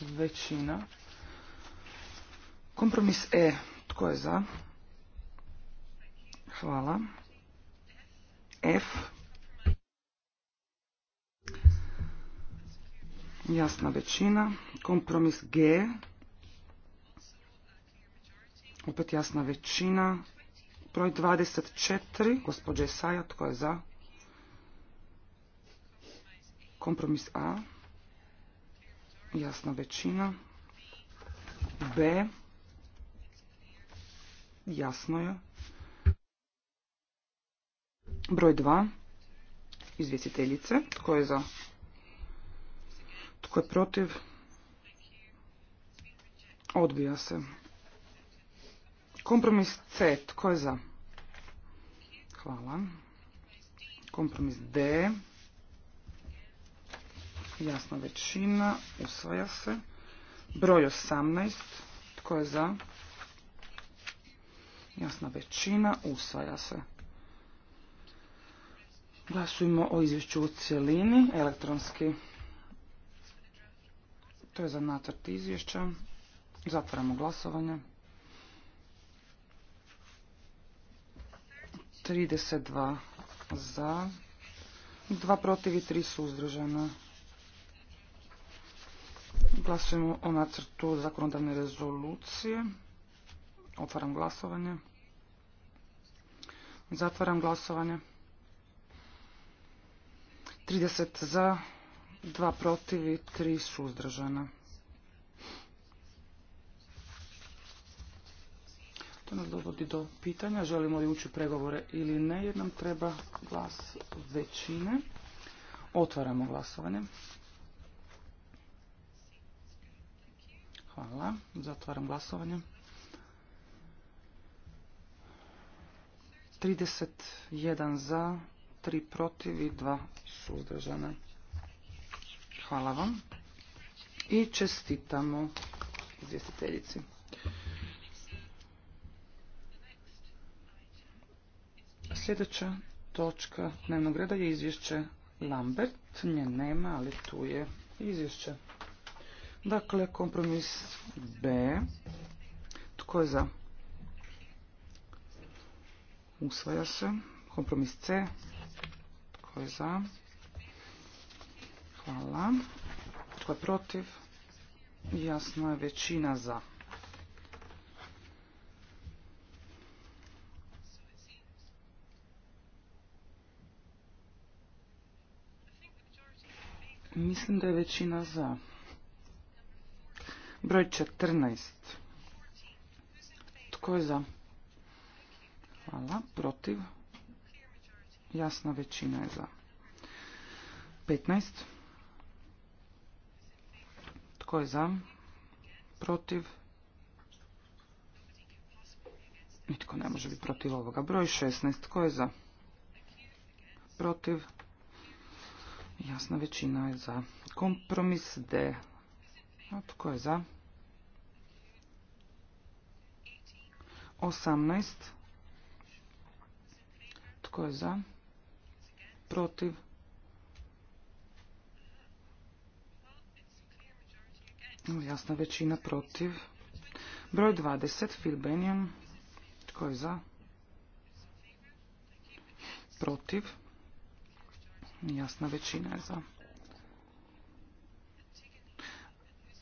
većina. Kompromis E. Tko je za? Hvala. F. Jasna većina. Kompromis G. Opet jasna većina. Broj 24. Gospodje Saja, tko je za? Kompromis A. Jasna većina. B jasno je. Broj 2, izvjestiteljice, tko je za, tko je protiv, odbija se. Kompromis C, tko je za? Hvala. Kompromis D, jasna većina, usvaja se. Broj 18, tko je za? Jasna većina. Usvaja se. Glasujemo o izvješću u cijelini, elektronski. To je za nacrt izvješća. Zatvaramo glasovanje. 32 za, 2 protiv i 3 suzdržana. Glasujemo o nacrtu zakonodavne rezolucije. Otvaram glasovanje. Zatvaram glasovanje. 30 za, 2 protiv i 3 suzdržana. To nas dovodi do pitanja želimo li ući u pregovore ili ne jer nam treba glas većine. Otvaramo glasovanje. Hvala. Zatvaram glasovanje. 31 za, 3 protiv i 2 suzdržana. Hvala vam i čestitamo izvjestiteljici. Sljedeća točka dnevnog reda je izvješće Lambert. Nje nema, ali tu je izvješće. Dakle, kompromis B. Tko je za? Usvaja se. Kompromis C. Tko je za? Hvala. Tko je protiv? Jasno je većina za. Mislim da je većina za. Broj 14. Tko je za? Hvala. Protiv. Jasna većina je za. 15. Tko je za? Protiv. Nitko ne može biti protiv ovoga. Broj 16. Tko je za? Protiv. Jasna većina je za. Kompromis D. A tko je za? 18. Tko je za? Protiv? Jasna većina protiv. Broj 20, Phil Benjam. Tko je za? Protiv. Jasna većina je za.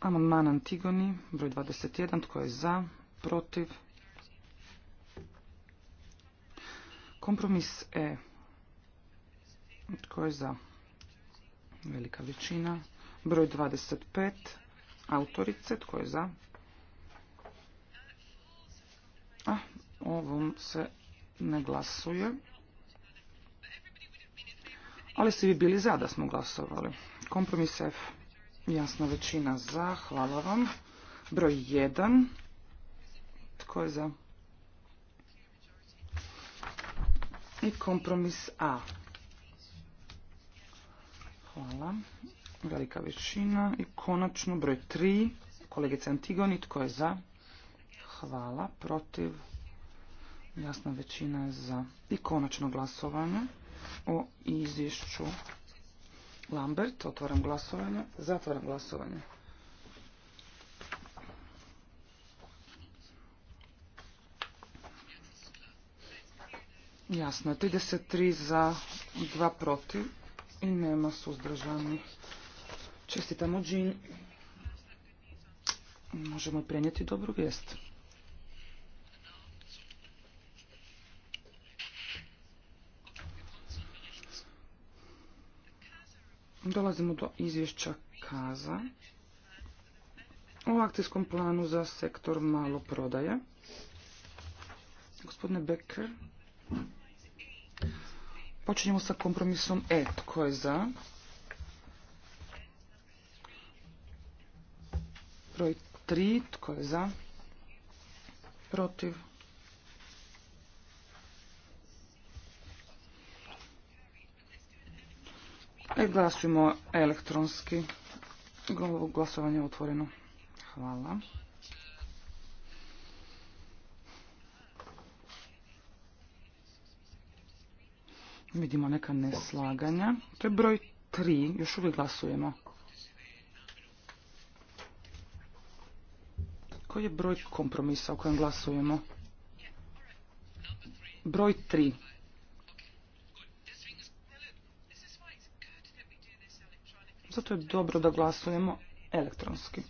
Amandman Antigoni, broj 21. Tko je za? Protiv. Kompromis E. Tko je za? Velika većina. Broj 25. Autorice. Tko je za? A, ovom se ne glasuje. Ali svi vi bili za da smo glasovali. Kompromis F. Jasna većina za. Hvala vam. Broj 1. Tko je za? I kompromis A. Hvala. Velika većina. I konačno broj 3. Kolegica Antigoni, tko je za? Hvala. Protiv? Jasna većina je za. I konačno glasovanje o izvješću Lambert. Otvaram glasovanje. Zatvaram glasovanje. Jasno 33 za, 2 protiv i nema suzdržanih. Čestitamo Džin. Možemo prenijeti dobru vijest. Dolazimo do izvješća Kaza o akcijskom planu za sektor malo prodaje. Gospodine Becker, Počinjemo sa kompromisom E. Tko je za? Broj 3. Tko je za? Protiv? E, glasujemo elektronski. Glasovanje je otvoreno. Hvala. Vidimo neka neslaganja. To je broj 3. Još uvijek glasujemo. Koji je broj kompromisa u kojem glasujemo? Broj 3. Zato je dobro da glasujemo elektronski.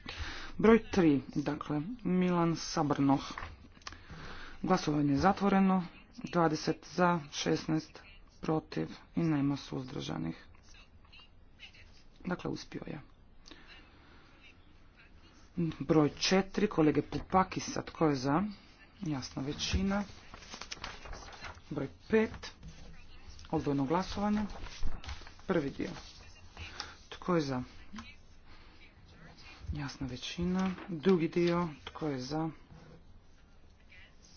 Broj 3, dakle, Milan Sabrnoh. Glasovanje je zatvoreno, 20 za, 16 protiv i nema suzdržanih. Dakle, uspio je. Broj četiri, kolege Pupakisa, tko je za? Jasna većina. Broj pet, odvojno glasovanje. Prvi dio. Tko je za? Jasna većina. Drugi dio, tko je za?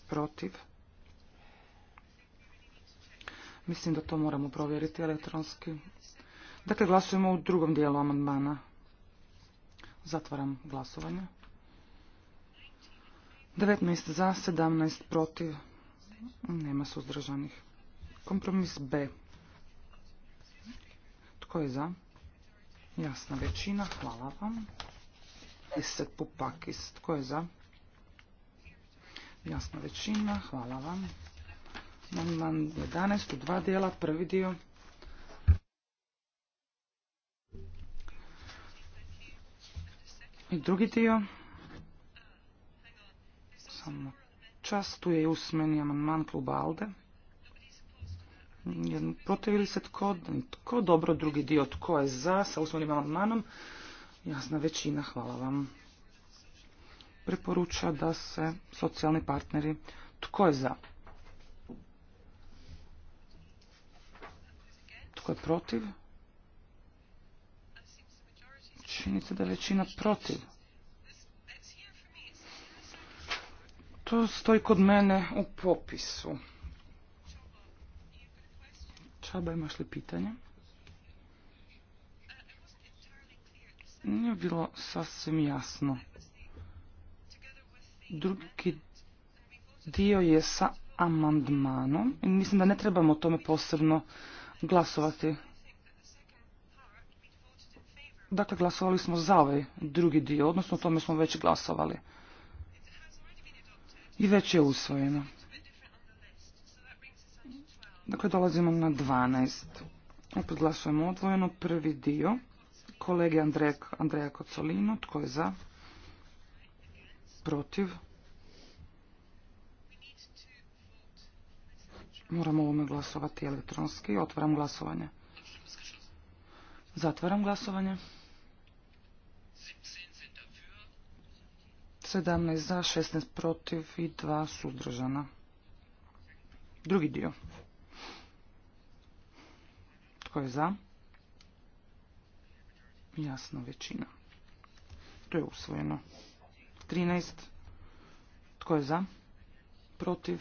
Protiv. Mislim da to moramo provjeriti elektronski. Dakle, glasujemo u drugom dijelu amandmana. Zatvaram glasovanje. 19 za, 17 protiv. Nema suzdržanih. Kompromis B. Tko je za? Jasna većina. Hvala vam. 10 pupakis. Tko je za? Jasna većina. Hvala vam. Amandman 11 u dva dijela, prvi dio. I drugi dio. Samo čas, tu je i usmeni amandman kluba Alde. Protivi protivili se tko, tko dobro, drugi dio tko je za, sa usmenim amandmanom. Jasna većina, hvala vam. Preporuča da se socijalni partneri, tko je za? je protiv? Čini se da je većina protiv. To stoji kod mene u popisu. Čaba, imaš li pitanje? Nije bilo sasvim jasno. Drugi dio je sa amandmanom. Mislim da ne trebamo o tome posebno glasovati. Dakle, glasovali smo za ovaj drugi dio, odnosno o tome smo već glasovali. I već je usvojeno. Dakle, dolazimo na 12. Opet glasujemo odvojeno. Prvi dio. Kolege Andreja, Kocolino. Tko je za? Protiv? Moramo ovome glasovati elektronski. Otvaram glasovanje. Zatvaram glasovanje. 17 za, 16 protiv i 2 suzdržana. Drugi dio. Tko je za? Jasno, većina. To je usvojeno. 13. Tko je za? Protiv?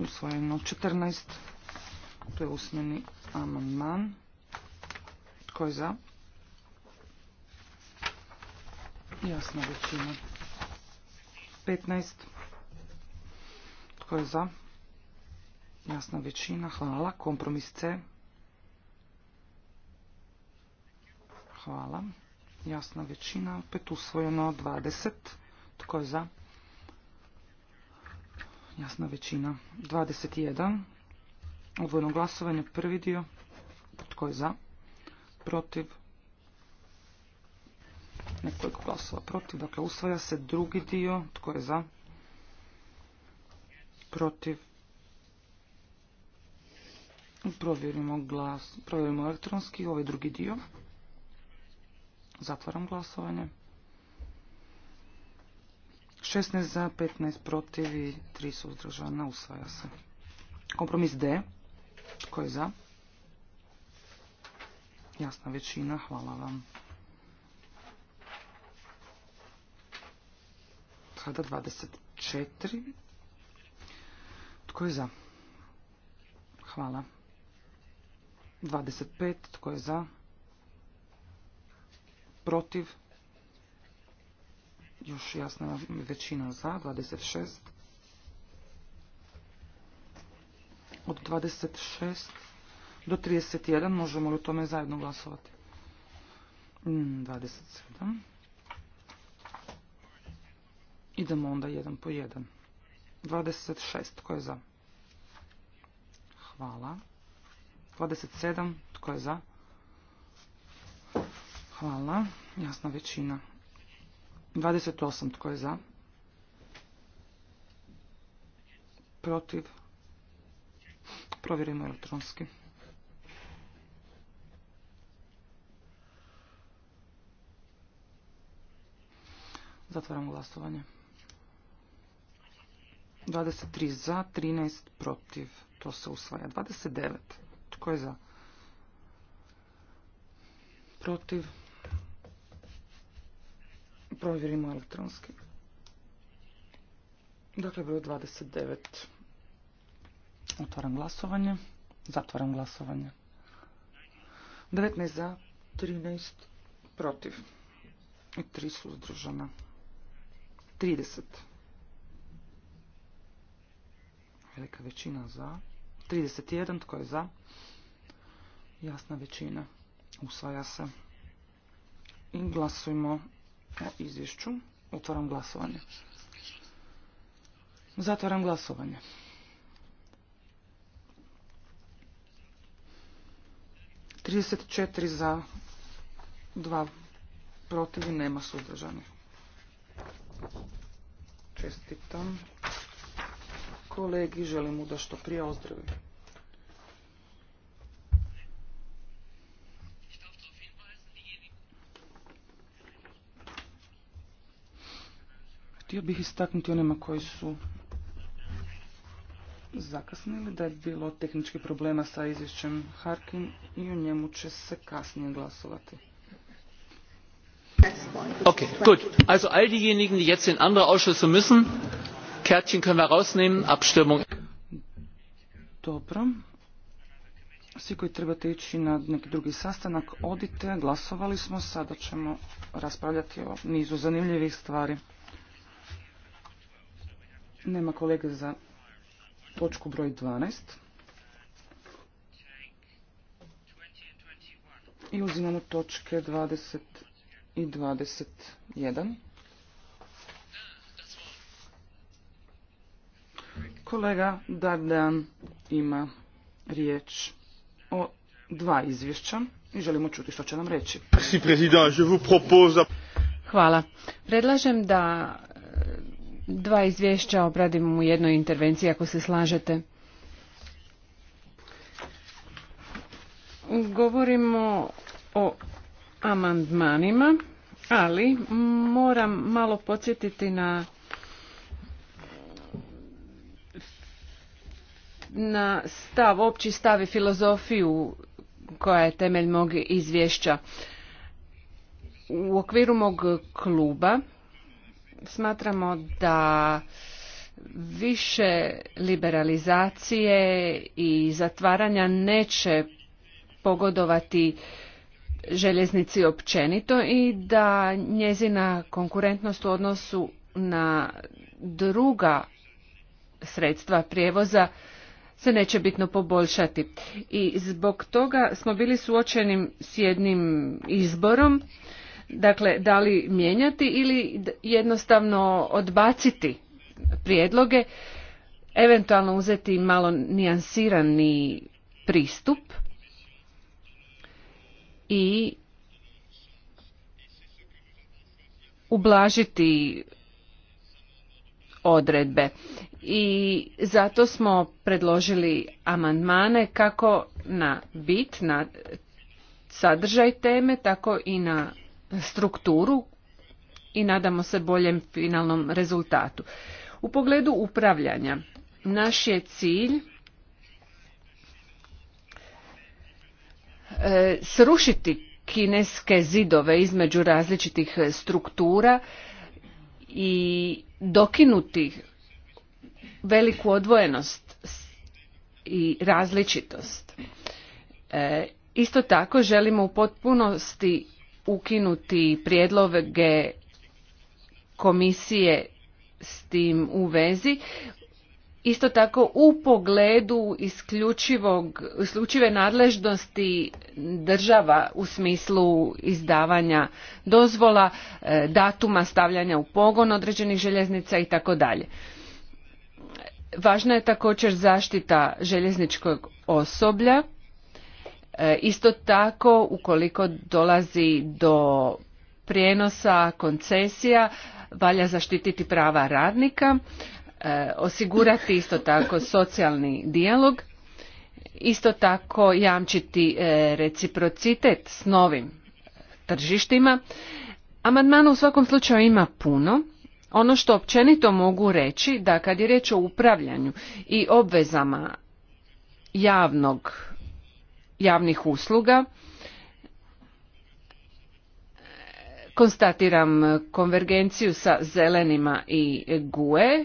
usvojeno 14. To je usmeni amandman. Tko je za? Jasna većina. 15. Tko je za? Jasna većina. Hvala. Kompromis C. Hvala. Jasna većina. Opet usvojeno 20. Tko je za? jasna većina. 21. Odvojeno glasovanje, prvi dio. Tko je za? Protiv? Nekoliko glasova protiv. Dakle, usvaja se drugi dio. Tko je za? Protiv? Provjerimo, glas, provjerimo elektronski ovaj drugi dio. Zatvaram glasovanje. 16 za, 15 protiv i 3 suzdržana. Usvaja se. Kompromis D. Tko je za? Jasna većina. Hvala vam. Sada 24. Tko je za? Hvala. 25. Tko je za? Protiv? još jasna većina za, 26. Od 26 do 31 možemo li u tome zajedno glasovati? 27. Mm, Idemo onda jedan po jedan. 26. Tko je za? Hvala. 27. Tko je za? Hvala. Jasna većina. 28. Tko je za? Protiv? Provjerimo elektronski. Zatvaram glasovanje. 23 za, 13 protiv. To se usvaja. 29. Tko je za? Protiv? Provjerimo elektronski. Dakle, broj 29. Otvaram glasovanje. Zatvaram glasovanje. 19 za, 13 protiv. I 3 suzdržana. 30. Velika većina za. 31. Tko je za? Jasna većina. Usvaja se. I glasujmo o izvješću. Otvaram glasovanje. Zatvaram glasovanje. Trideset četiri za dva protiv i nema suzdržanih. Čestitam kolegi, želim mu da što prije ozdravim. Htio bih istaknuti onima koji su zakasnili da je bilo tehnički problema sa izvješćem Harkin i o njemu će se kasnije glasovati. Okay, gut. Also all diejenigen, die jetzt in andere Ausschüsse müssen, Kärtchen können wir rausnehmen, Abstimmung. Dobro. Svi koji trebate ići na neki drugi sastanak, odite, glasovali smo, sada ćemo raspravljati o nizu zanimljivih stvari. Nema kolege za točku broj 12. I uzimamo točke 20 i 21. Kolega Dardan ima riječ o dva izvješća i želimo čuti što će nam reći. Hvala. Predlažem da dva izvješća obradimo u jednoj intervenciji ako se slažete. Govorimo o amandmanima, ali moram malo podsjetiti na na stav, opći stav i filozofiju koja je temelj mog izvješća. U okviru mog kluba smatramo da više liberalizacije i zatvaranja neće pogodovati željeznici općenito i da njezina konkurentnost u odnosu na druga sredstva prijevoza se neće bitno poboljšati. I zbog toga smo bili suočeni s jednim izborom Dakle, da li mijenjati ili jednostavno odbaciti prijedloge, eventualno uzeti malo nijansirani pristup i ublažiti odredbe. I zato smo predložili amandmane kako na bit, na sadržaj teme, tako i na strukturu i nadamo se boljem finalnom rezultatu. U pogledu upravljanja, naš je cilj e, srušiti kineske zidove između različitih struktura i dokinuti veliku odvojenost i različitost. E, isto tako želimo u potpunosti ukinuti prijedloge komisije s tim u vezi. Isto tako u pogledu isključivog, isključive nadležnosti država u smislu izdavanja dozvola, e, datuma stavljanja u pogon određenih željeznica i tako dalje. Važna je također zaštita željezničkog osoblja E, isto tako, ukoliko dolazi do prijenosa koncesija, valja zaštititi prava radnika, e, osigurati isto tako socijalni dijalog, isto tako jamčiti e, reciprocitet s novim tržištima. Amandmana u svakom slučaju ima puno. Ono što općenito mogu reći da kad je riječ o upravljanju i obvezama javnog javnih usluga. Konstatiram konvergenciju sa zelenima i GUE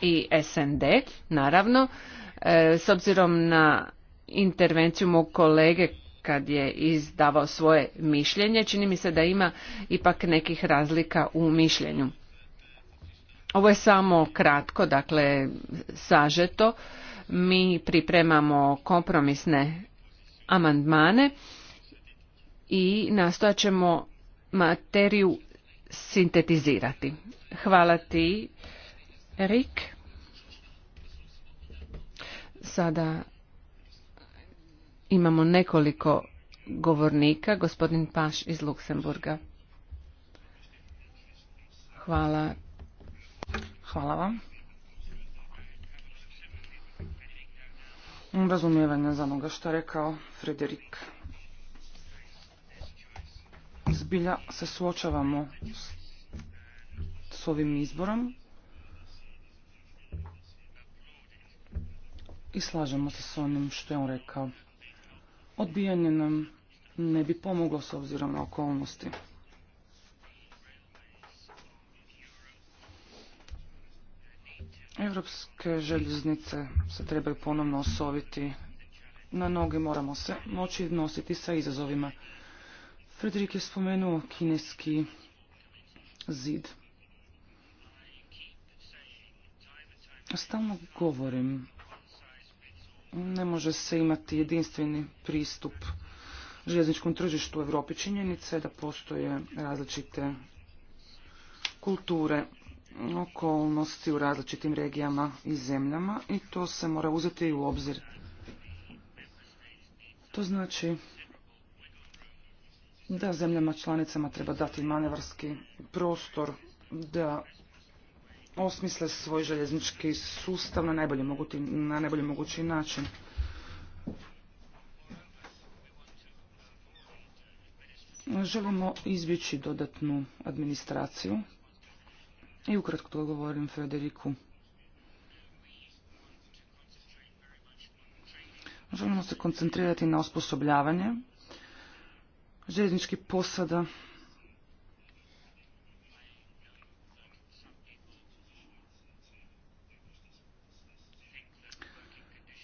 i SND, naravno. E, s obzirom na intervenciju mog kolege kad je izdavao svoje mišljenje, čini mi se da ima ipak nekih razlika u mišljenju. Ovo je samo kratko, dakle sažeto mi pripremamo kompromisne amandmane i nastojat ćemo materiju sintetizirati. Hvala ti, Erik. Sada imamo nekoliko govornika. Gospodin Paš iz Luksemburga. Hvala. Hvala vam. razumijevanja za onoga što je rekao Frederik. Zbilja se suočavamo s ovim izborom i slažemo se s onim što je on rekao. Odbijanje nam ne bi pomoglo s obzirom na okolnosti. Europske željeznice se trebaju ponovno osoviti na noge, moramo se moći nositi sa izazovima. Fredrik je spomenuo kineski zid. Stalno govorim, ne može se imati jedinstveni pristup željezničkom tržištu u Evropi. Činjenica je da postoje različite kulture okolnosti u različitim regijama i zemljama i to se mora uzeti u obzir. To znači da zemljama članicama treba dati manevarski prostor da osmisle svoj željeznički sustav na najbolji mogući, na najbolji mogući način. Želimo izbjeći dodatnu administraciju i ukratko to govorim, Frederiku. Želimo se koncentrirati na osposobljavanje željezničkih posada.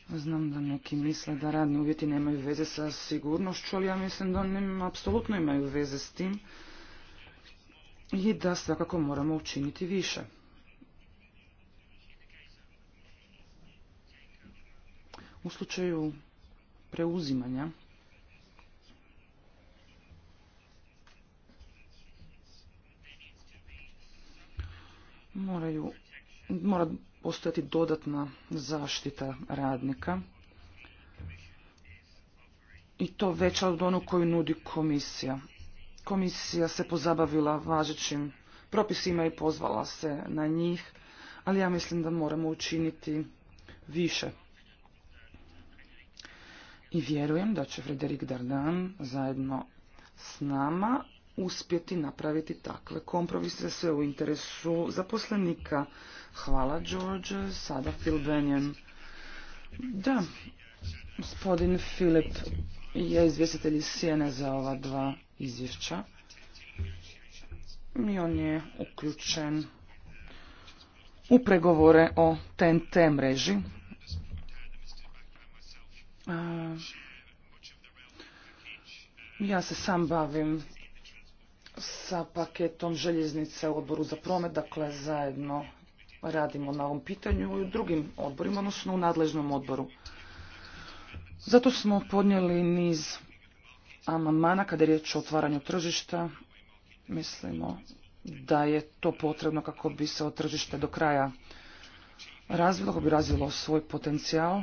Znam da neki misle da radni uvjeti nemaju veze sa sigurnošću, ali ja mislim da oni apsolutno imaju veze s tim i da svakako moramo učiniti više. U slučaju preuzimanja moraju, mora postojati dodatna zaštita radnika i to veća od onu koju nudi komisija. Komisija se pozabavila važećim propisima i pozvala se na njih, ali ja mislim da moramo učiniti više. I vjerujem da će Frederik Dardan zajedno s nama uspjeti napraviti takve kompromise sve u interesu zaposlenika. Hvala, George. Sada Phil Benjen. Da, gospodin Filip je izvjestitelj iz Sijene za ova dva izvješća i on je uključen u pregovore o TNT mreži. Ja se sam bavim sa paketom željeznice u odboru za promet, dakle zajedno radimo na ovom pitanju i u drugim odborima, odnosno u nadležnom odboru. Zato smo podnijeli niz amandmana kada je riječ o otvaranju tržišta. Mislimo da je to potrebno kako bi se od tržište do kraja razvilo, kako bi razvilo svoj potencijal.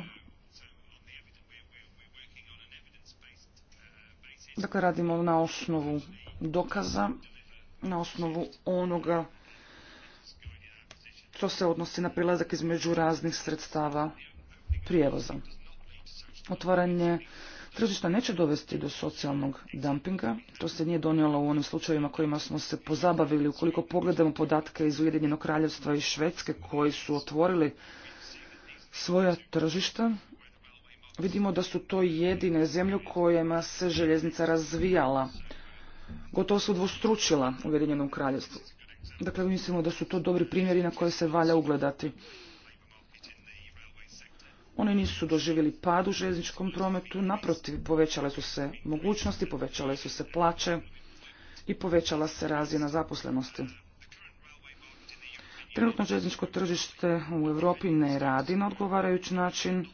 Dakle, radimo na osnovu dokaza, na osnovu onoga što se odnosi na prilazak između raznih sredstava prijevoza. Otvaranje tržišta neće dovesti do socijalnog dumpinga. To se nije donijelo u onim slučajevima kojima smo se pozabavili. Ukoliko pogledamo podatke iz Ujedinjenog kraljevstva i Švedske koji su otvorili svoja tržišta, vidimo da su to jedine zemlje u kojima se željeznica razvijala. Gotovo su dvostručila u Ujedinjenom kraljevstvu. Dakle, mislimo da su to dobri primjeri na koje se valja ugledati. Oni nisu doživjeli pad u željezničkom prometu, naprotiv povećale su se mogućnosti, povećale su se plaće i povećala se razina zaposlenosti. Trenutno željezničko tržište u Europi ne radi na odgovarajući način,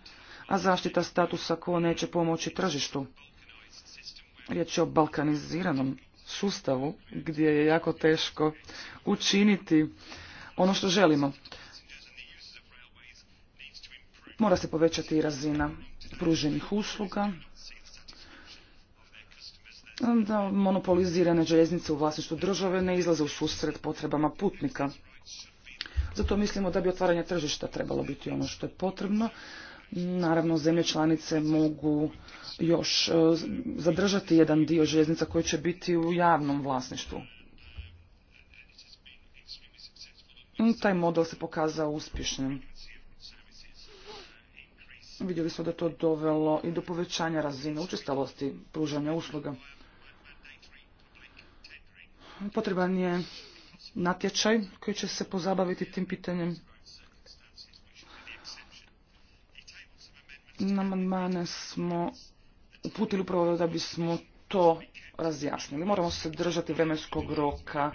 a zaštita statusa ko neće pomoći tržištu. Riječ je o balkaniziranom sustavu gdje je jako teško učiniti ono što želimo. Mora se povećati i razina pruženih usluga. Da monopolizirane željeznice u vlasništvu države ne izlaze u susret potrebama putnika. Zato mislimo da bi otvaranje tržišta trebalo biti ono što je potrebno. Naravno, zemlje članice mogu još e, zadržati jedan dio željeznica koji će biti u javnom vlasništvu. Taj model se pokazao uspješnim. Vidjeli smo da to dovelo i do povećanja razine učestalosti pružanja usluga. Potreban je natječaj koji će se pozabaviti tim pitanjem. amandmane smo uputili upravo da bismo to razjasnili. Moramo se držati vremenskog roka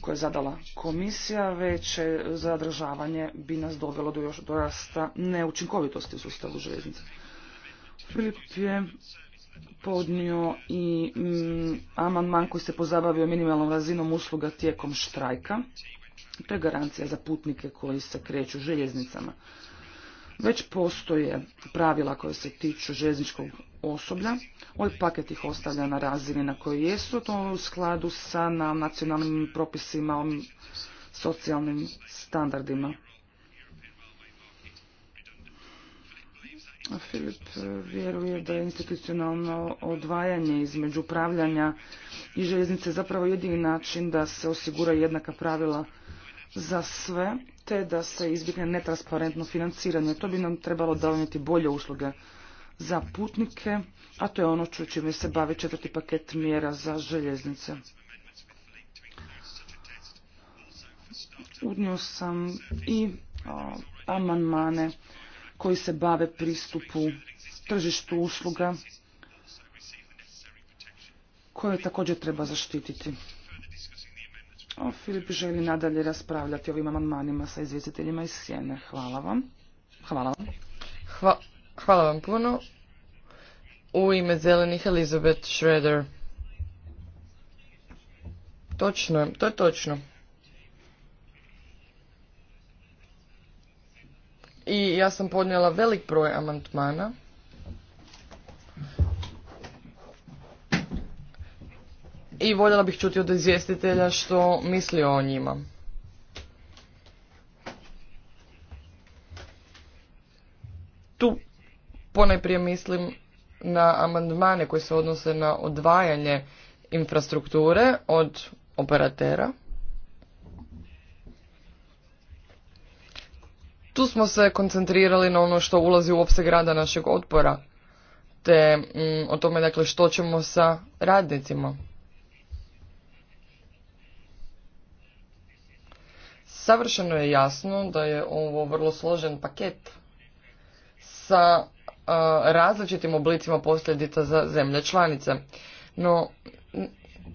koje je zadala komisija, već zadržavanje bi nas dovelo do još dorasta neučinkovitosti u sustavu željeznice. Filip je podnio i mm, amandman koji se pozabavio minimalnom razinom usluga tijekom štrajka. To je garancija za putnike koji se kreću željeznicama. Već postoje pravila koje se tiču željezničkog osoblja. Ovaj paket ih ostavlja na razini na kojoj jesu, to u skladu sa na nacionalnim propisima o socijalnim standardima. Filip vjeruje da je institucionalno odvajanje između upravljanja i željeznice zapravo jedini način da se osigura jednaka pravila za sve, te da se izbjegne netransparentno financiranje. To bi nam trebalo donijeti bolje usluge za putnike, a to je ono čime se bavi četvrti paket mjera za željeznice. Udnio sam i amandmane koji se bave pristupu tržištu usluga koje također treba zaštititi. Filip želi nadalje raspravljati ovim amandmanima sa izvjestiteljima iz Sjene. Hvala vam. Hvala vam. hvala vam puno. U ime zelenih Elizabeth Schroeder. Točno, to je točno. I ja sam podnijela velik broj amandmana. i voljela bih čuti od izvjestitelja što misli o njima. Tu ponajprije mislim na amandmane koji se odnose na odvajanje infrastrukture od operatera. Tu smo se koncentrirali na ono što ulazi u opseg rada našeg otpora, te mm, o tome dakle što ćemo sa radnicima. Savršeno je jasno da je ovo vrlo složen paket sa različitim oblicima posljedica za zemlje članice. No,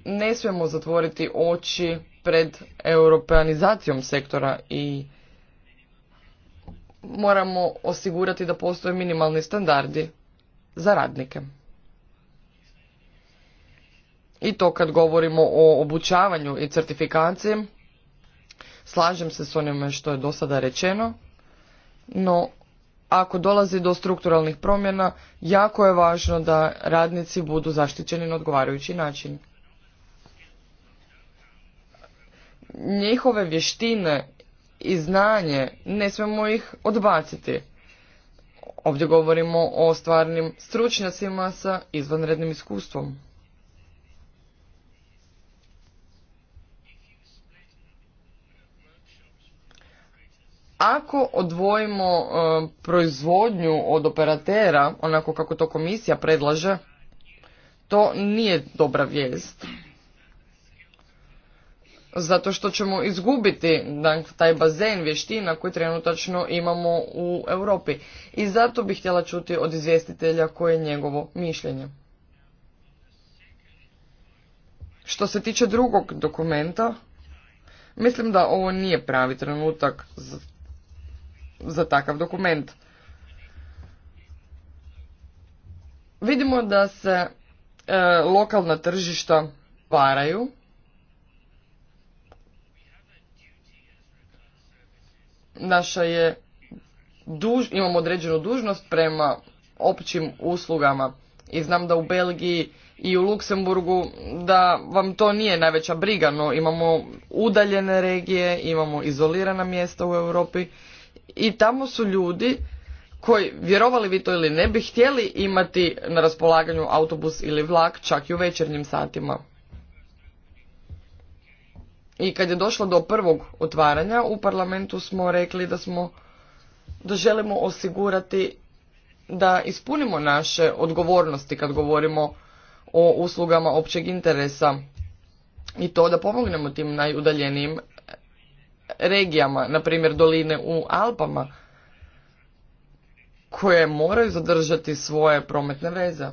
ne smijemo zatvoriti oči pred europeanizacijom sektora i moramo osigurati da postoje minimalni standardi za radnike. I to kad govorimo o obučavanju i certifikaciji, Slažem se s onime što je do sada rečeno, no ako dolazi do strukturalnih promjena, jako je važno da radnici budu zaštićeni na odgovarajući način. Njihove vještine i znanje ne smemo ih odbaciti. Ovdje govorimo o stvarnim stručnjacima sa izvanrednim iskustvom. Ako odvojimo e, proizvodnju od operatera, onako kako to komisija predlaže, to nije dobra vijest. Zato što ćemo izgubiti taj bazen vještina koji trenutačno imamo u Europi. I zato bih htjela čuti od izvjestitelja koje je njegovo mišljenje. Što se tiče drugog dokumenta, mislim da ovo nije pravi trenutak za za takav dokument. Vidimo da se e, lokalna tržišta paraju. Naša je duž, imamo određenu dužnost prema općim uslugama i znam da u Belgiji i u Luksemburgu da vam to nije najveća briga, no imamo udaljene regije, imamo izolirana mjesta u Europi i tamo su ljudi koji, vjerovali vi to ili ne, bi htjeli imati na raspolaganju autobus ili vlak čak i u večernjim satima. I kad je došlo do prvog otvaranja, u parlamentu smo rekli da smo da želimo osigurati da ispunimo naše odgovornosti kad govorimo o uslugama općeg interesa i to da pomognemo tim najudaljenijim regijama, na primjer doline u Alpama, koje moraju zadržati svoje prometne veze.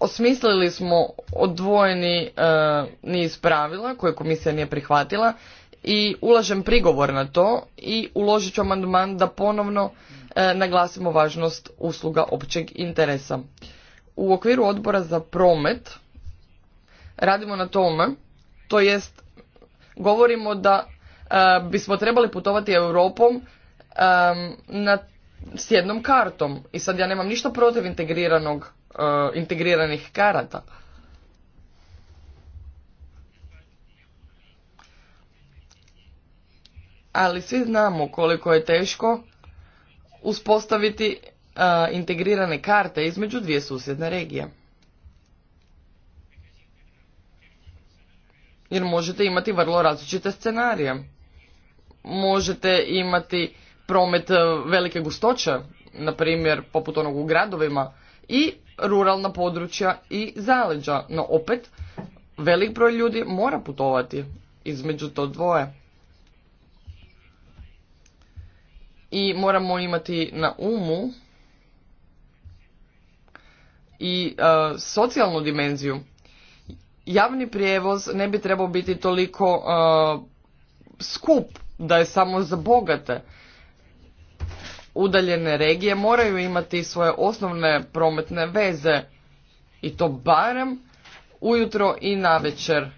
Osmislili smo odvojeni e, niz pravila koje komisija nije prihvatila i ulažem prigovor na to i uložit ću amandman da ponovno e, naglasimo važnost usluga općeg interesa. U okviru odbora za promet radimo na tome, to jest govorimo da e, bismo trebali putovati Europom e, na, s jednom kartom. I sad ja nemam ništa protiv integriranog, e, integriranih karata. Ali svi znamo koliko je teško uspostaviti integrirane karte između dvije susjedne regije. Jer možete imati vrlo različite scenarije. Možete imati promet e, velike gustoće, na primjer poput onog u gradovima, i ruralna područja i zaleđa. No opet, velik broj ljudi mora putovati između to dvoje. I moramo imati na umu i e, socijalnu dimenziju. Javni prijevoz ne bi trebao biti toliko e, skup da je samo za bogate. Udaljene regije moraju imati svoje osnovne prometne veze i to barem ujutro i navečer,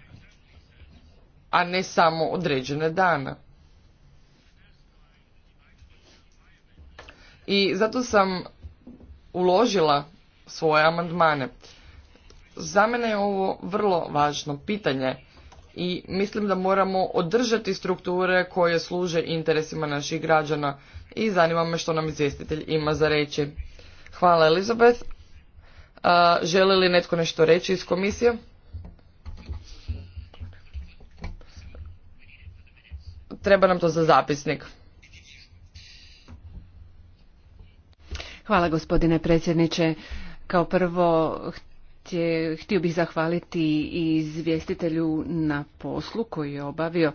a ne samo određene dana. I zato sam uložila svoje amandmane. Za mene je ovo vrlo važno pitanje i mislim da moramo održati strukture koje služe interesima naših građana i zanima me što nam izvjestitelj ima za reći. Hvala Elizabeth. A, želi li netko nešto reći iz komisije? Treba nam to za zapisnik. Hvala gospodine predsjedniče. Kao prvo, htio bih zahvaliti i izvjestitelju na poslu koji je obavio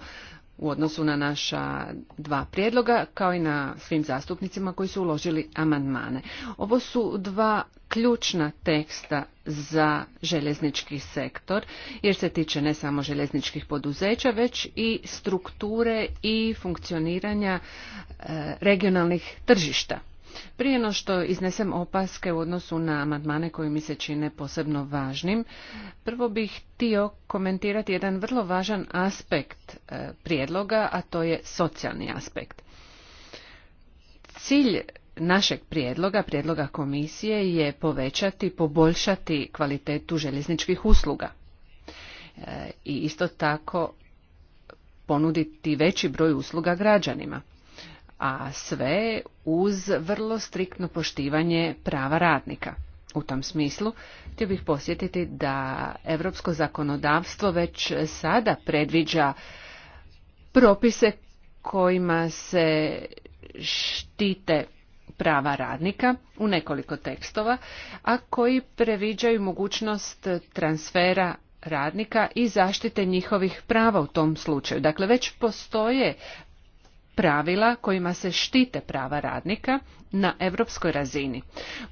u odnosu na naša dva prijedloga, kao i na svim zastupnicima koji su uložili amandmane. Ovo su dva ključna teksta za željeznički sektor, jer se tiče ne samo željezničkih poduzeća, već i strukture i funkcioniranja e, regionalnih tržišta. Prije no što iznesem opaske u odnosu na amandmane koji mi se čine posebno važnim, prvo bih htio komentirati jedan vrlo važan aspekt e, prijedloga, a to je socijalni aspekt. Cilj našeg prijedloga, prijedloga komisije je povećati, poboljšati kvalitetu željezničkih usluga. E, I isto tako ponuditi veći broj usluga građanima a sve uz vrlo striktno poštivanje prava radnika. U tom smislu htio bih posjetiti da europsko zakonodavstvo već sada predviđa propise kojima se štite prava radnika u nekoliko tekstova, a koji previđaju mogućnost transfera radnika i zaštite njihovih prava u tom slučaju. Dakle, već postoje pravila kojima se štite prava radnika na europskoj razini.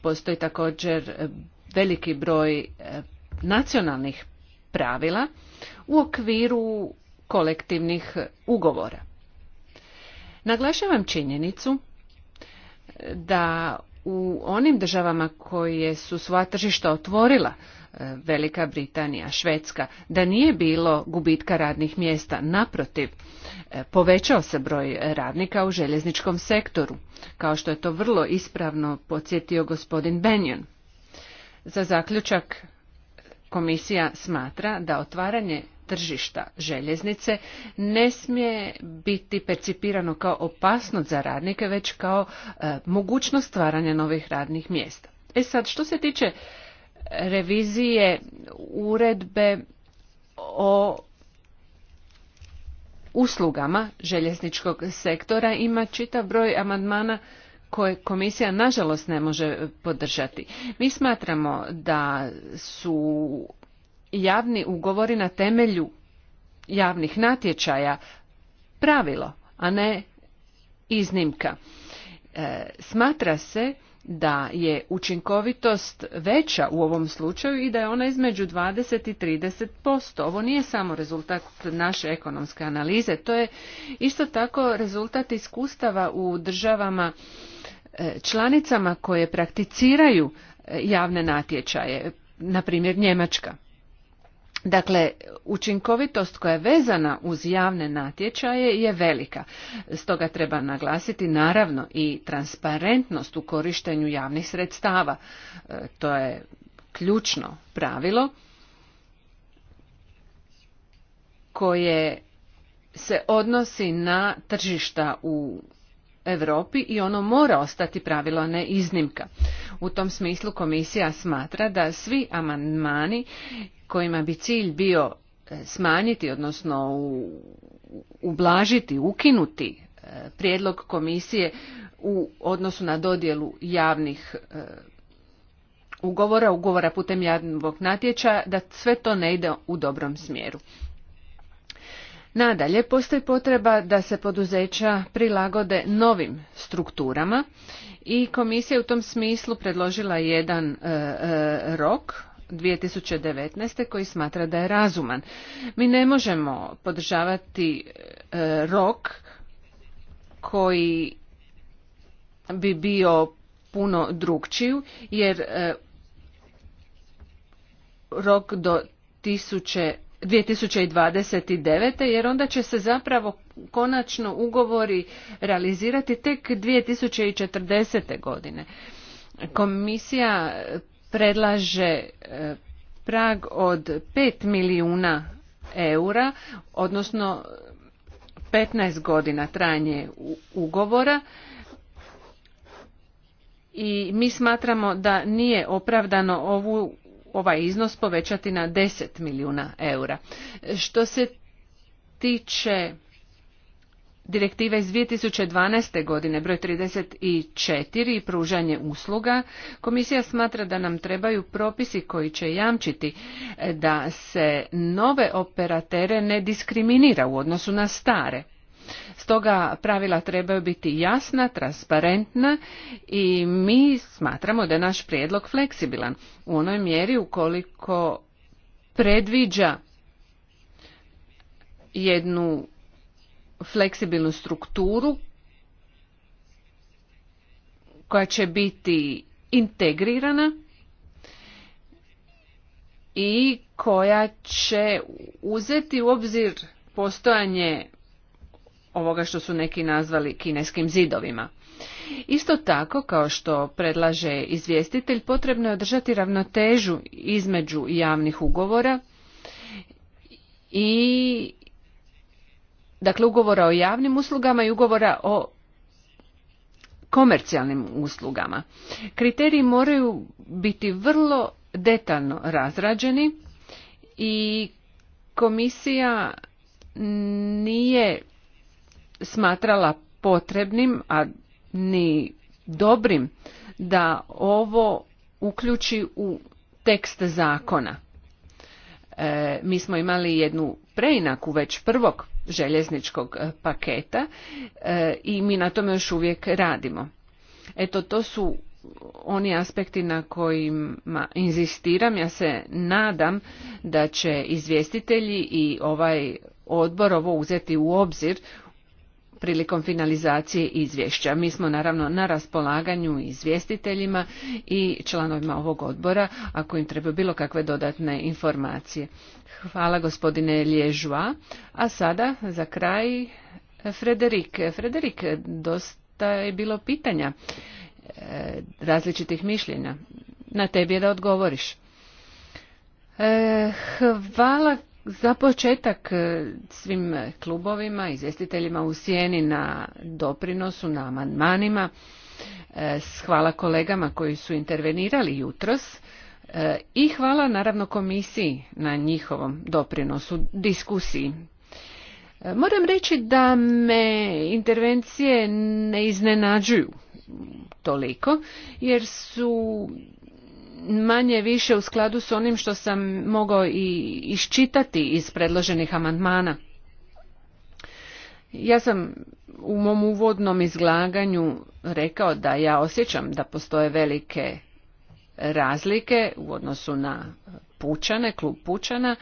Postoji također e, veliki broj e, nacionalnih pravila u okviru kolektivnih ugovora. Naglašavam činjenicu e, da u onim državama koje su svoja tržišta otvorila E, Velika Britanija, Švedska, da nije bilo gubitka radnih mjesta. Naprotiv, e, povećao se broj radnika u željezničkom sektoru, kao što je to vrlo ispravno podsjetio gospodin Benjon. Za zaključak, komisija smatra da otvaranje tržišta željeznice ne smije biti percipirano kao opasnost za radnike, već kao e, mogućnost stvaranja novih radnih mjesta. E sad, što se tiče revizije uredbe o uslugama željezničkog sektora ima čitav broj amandmana koje komisija nažalost ne može podržati. Mi smatramo da su javni ugovori na temelju javnih natječaja pravilo, a ne iznimka. E, smatra se da je učinkovitost veća u ovom slučaju i da je ona između 20 i 30%. Ovo nije samo rezultat naše ekonomske analize, to je isto tako rezultat iskustava u državama e, članicama koje prakticiraju e, javne natječaje, na primjer Njemačka. Dakle, učinkovitost koja je vezana uz javne natječaje je velika. Stoga treba naglasiti naravno i transparentnost u korištenju javnih sredstava. E, to je ključno pravilo koje se odnosi na tržišta u Europi i ono mora ostati pravilo, a ne iznimka. U tom smislu komisija smatra da svi amandmani kojima bi cilj bio e, smanjiti, odnosno ublažiti, ukinuti e, prijedlog komisije u odnosu na dodjelu javnih e, ugovora, ugovora putem javnog natječaja, da sve to ne ide u dobrom smjeru. Nadalje, postoji potreba da se poduzeća prilagode novim strukturama i komisija je u tom smislu predložila jedan rok 2019. koji smatra da je razuman. Mi ne možemo podržavati e, rok koji bi bio puno drugčiju jer e, rok do 2029. jer onda će se zapravo konačno ugovori realizirati tek 2040. godine. Komisija predlaže e, prag od 5 milijuna eura, odnosno 15 godina trajanje ugovora i mi smatramo da nije opravdano ovu, ovaj iznos povećati na 10 milijuna eura. Što se tiče direktiva iz 2012. godine broj 34 i pružanje usluga, komisija smatra da nam trebaju propisi koji će jamčiti e, da se nove operatere ne diskriminira u odnosu na stare. Stoga pravila trebaju biti jasna, transparentna i mi smatramo da je naš prijedlog fleksibilan u onoj mjeri ukoliko predviđa jednu fleksibilnu strukturu koja će biti integrirana i koja će uzeti u obzir postojanje ovoga što su neki nazvali kineskim zidovima. Isto tako, kao što predlaže izvjestitelj, potrebno je održati ravnotežu između javnih ugovora i dakle ugovora o javnim uslugama i ugovora o komercijalnim uslugama. Kriteriji moraju biti vrlo detaljno razrađeni i komisija nije smatrala potrebnim, a ni dobrim da ovo uključi u tekst zakona. E, mi smo imali jednu preinaku već prvog željezničkog e, paketa e, i mi na tome još uvijek radimo. Eto, to su oni aspekti na kojima inzistiram. Ja se nadam da će izvjestitelji i ovaj odbor ovo uzeti u obzir prilikom finalizacije izvješća. Mi smo naravno na raspolaganju izvjestiteljima i članovima ovog odbora ako im treba bilo kakve dodatne informacije. Hvala gospodine Lježua. A sada za kraj Frederik. Frederik, dosta je bilo pitanja e, različitih mišljenja. Na tebi je da odgovoriš. E, hvala za početak e, svim klubovima, izvjestiteljima u sjeni na doprinosu, na amandmanima. E, hvala kolegama koji su intervenirali jutros e, i hvala naravno komisiji na njihovom doprinosu diskusiji. Moram reći da me intervencije ne iznenađuju toliko jer su manje više u skladu s onim što sam mogao i iščitati iz predloženih amandmana. Ja sam u mom uvodnom izlaganju rekao da ja osjećam da postoje velike razlike u odnosu na pučane, klub pučana,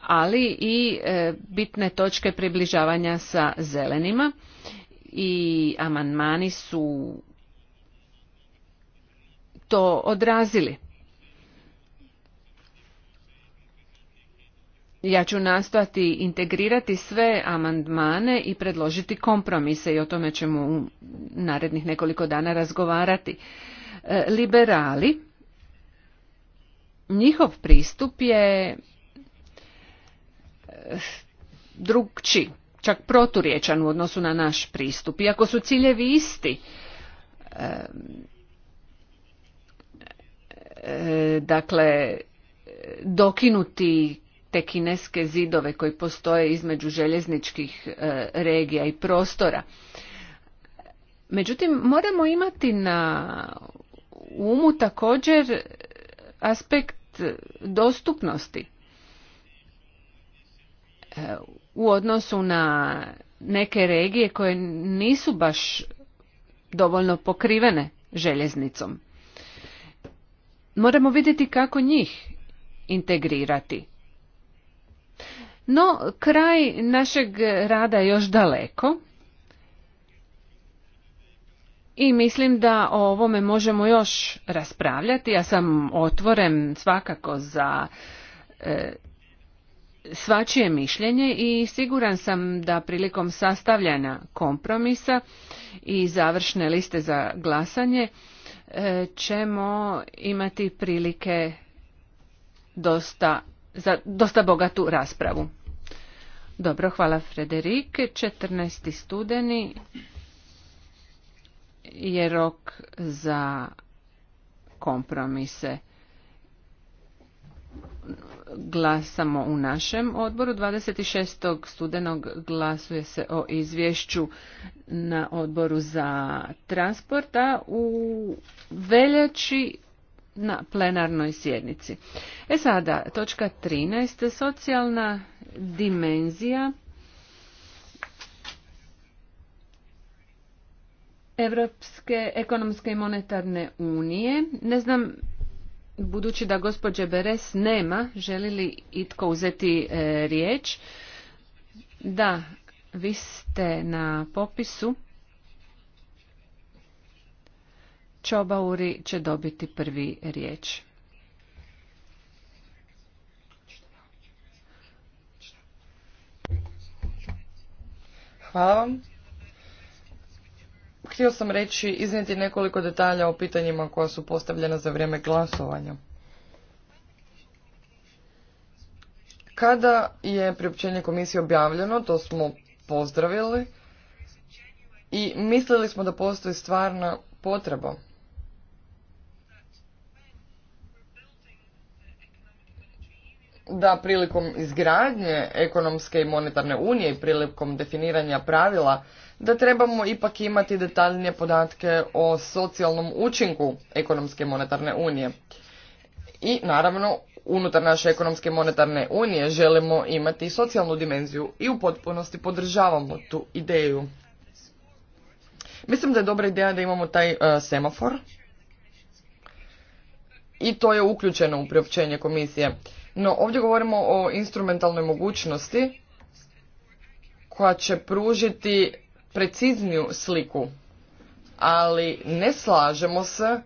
ali i e, bitne točke približavanja sa zelenima i amandmani su to odrazili. Ja ću nastojati integrirati sve amandmane i predložiti kompromise i o tome ćemo u narednih nekoliko dana razgovarati. E, liberali, njihov pristup je e, drugči, čak proturječan u odnosu na naš pristup. Iako su ciljevi isti, e, E, dakle dokinuti te kineske zidove koji postoje između željezničkih e, regija i prostora. Međutim, moramo imati na umu također aspekt dostupnosti e, u odnosu na neke regije koje nisu baš dovoljno pokrivene željeznicom moramo vidjeti kako njih integrirati. No, kraj našeg rada je još daleko i mislim da o ovome možemo još raspravljati. Ja sam otvoren svakako za e, svačije mišljenje i siguran sam da prilikom sastavljanja kompromisa i završne liste za glasanje E, ćemo imati prilike dosta, za dosta bogatu raspravu. Dobro, hvala Frederik. 14. studeni je rok za kompromise glasamo u našem odboru. 26. studenog glasuje se o izvješću na odboru za transporta u veljači na plenarnoj sjednici. E sada, točka 13. Socijalna dimenzija Europske ekonomske i monetarne unije. Ne znam Budući da gospođe Beres nema, želi li itko uzeti e, riječ? Da, vi ste na popisu. Čobauri će dobiti prvi riječ. Hvala vam htio sam reći iznijeti nekoliko detalja o pitanjima koja su postavljena za vrijeme glasovanja. Kada je priopćenje komisije objavljeno, to smo pozdravili i mislili smo da postoji stvarna potreba da prilikom izgradnje ekonomske i monetarne unije i prilikom definiranja pravila da trebamo ipak imati detaljnije podatke o socijalnom učinku ekonomske i monetarne unije. I naravno unutar naše ekonomske i monetarne unije želimo imati socijalnu dimenziju i u potpunosti podržavamo tu ideju. Mislim da je dobra ideja da imamo taj e, semafor i to je uključeno u priopćenje komisije. No, ovdje govorimo o instrumentalnoj mogućnosti koja će pružiti precizniju sliku, ali ne slažemo se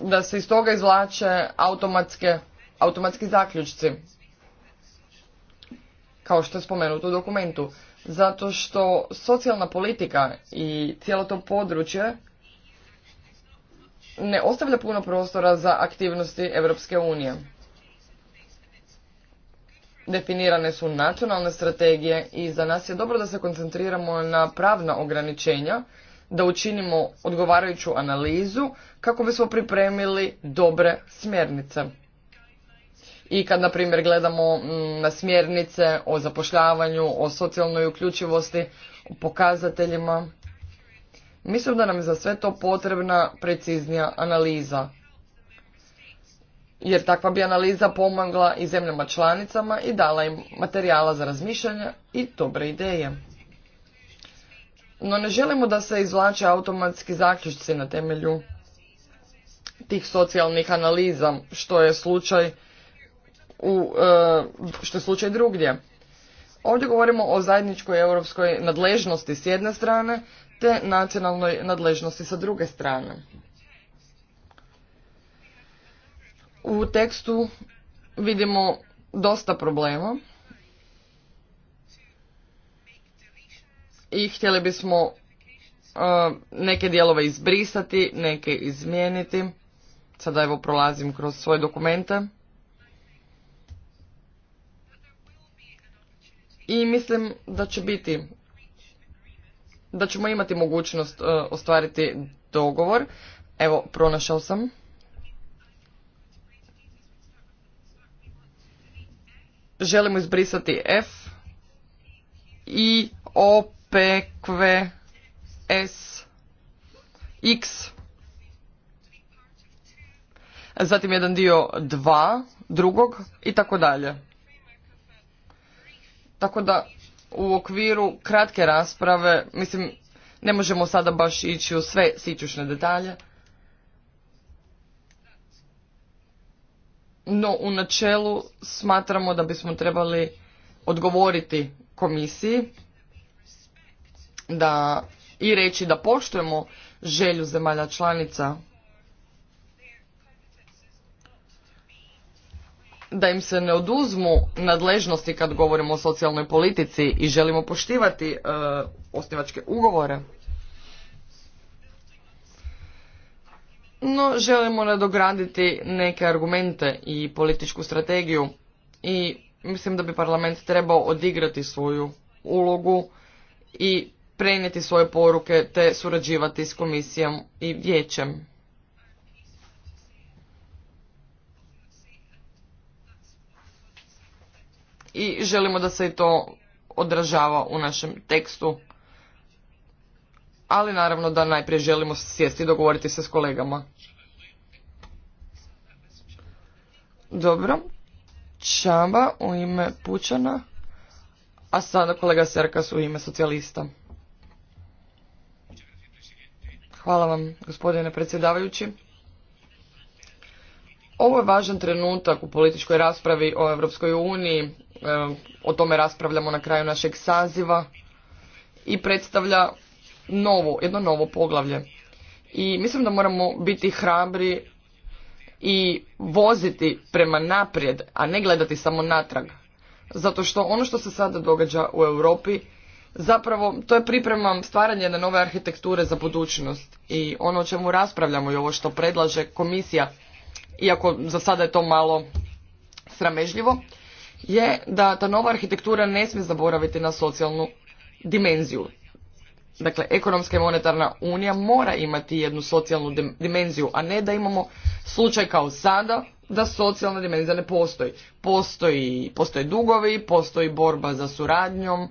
da se iz toga izvlače automatski zaključci, kao što je spomenuto u dokumentu. Zato što socijalna politika i cijelo to područje ne ostavlja puno prostora za aktivnosti Europske unije. Definirane su nacionalne strategije i za nas je dobro da se koncentriramo na pravna ograničenja, da učinimo odgovarajuću analizu kako bismo pripremili dobre smjernice. I kad, na primjer, gledamo mm, na smjernice o zapošljavanju, o socijalnoj uključivosti, o pokazateljima, Mislim da nam je za sve to potrebna preciznija analiza. Jer takva bi analiza pomogla i zemljama članicama i dala im materijala za razmišljanje i dobre ideje. No ne želimo da se izvlače automatski zaključci na temelju tih socijalnih analiza, što je slučaj u, e, što je slučaj drugdje. Ovdje govorimo o zajedničkoj europskoj nadležnosti s jedne strane, te nacionalnoj nadležnosti sa druge strane. U tekstu vidimo dosta problema i htjeli bismo e, neke dijelove izbrisati, neke izmijeniti. Sada evo prolazim kroz svoje dokumente. I mislim da će biti da ćemo imati mogućnost e, ostvariti dogovor. Evo, pronašao sam. Želimo izbrisati F i O, P, Q, S, X. Zatim jedan dio dva, drugog i tako dalje. Tako da u okviru kratke rasprave, mislim, ne možemo sada baš ići u sve sićušne detalje, no u načelu smatramo da bismo trebali odgovoriti komisiji da i reći da poštujemo želju zemalja članica da im se ne oduzmu nadležnosti kad govorimo o socijalnoj politici i želimo poštivati e, osnivačke ugovore. No, želimo nadograditi neke argumente i političku strategiju i mislim da bi parlament trebao odigrati svoju ulogu i prenijeti svoje poruke te surađivati s komisijom i vijećem. i želimo da se i to odražava u našem tekstu. Ali naravno da najprije želimo sjesti i dogovoriti se s kolegama. Dobro. Čamba u ime Pučana, a sada kolega Serkas u ime socijalista. Hvala vam, gospodine predsjedavajući. Ovo je važan trenutak u političkoj raspravi o Europskoj uniji E, o tome raspravljamo na kraju našeg saziva i predstavlja novo, jedno novo poglavlje. I mislim da moramo biti hrabri i voziti prema naprijed, a ne gledati samo natrag. Zato što ono što se sada događa u Europi, zapravo to je priprema stvaranje jedne nove arhitekture za budućnost. I ono o čemu raspravljamo i ovo što predlaže komisija, iako za sada je to malo sramežljivo, je da ta nova arhitektura ne smije zaboraviti na socijalnu dimenziju. Dakle, ekonomska i monetarna unija mora imati jednu socijalnu dimenziju, a ne da imamo slučaj kao sada da socijalna dimenzija ne postoji. Postoji, postoje dugovi, postoji borba za suradnjom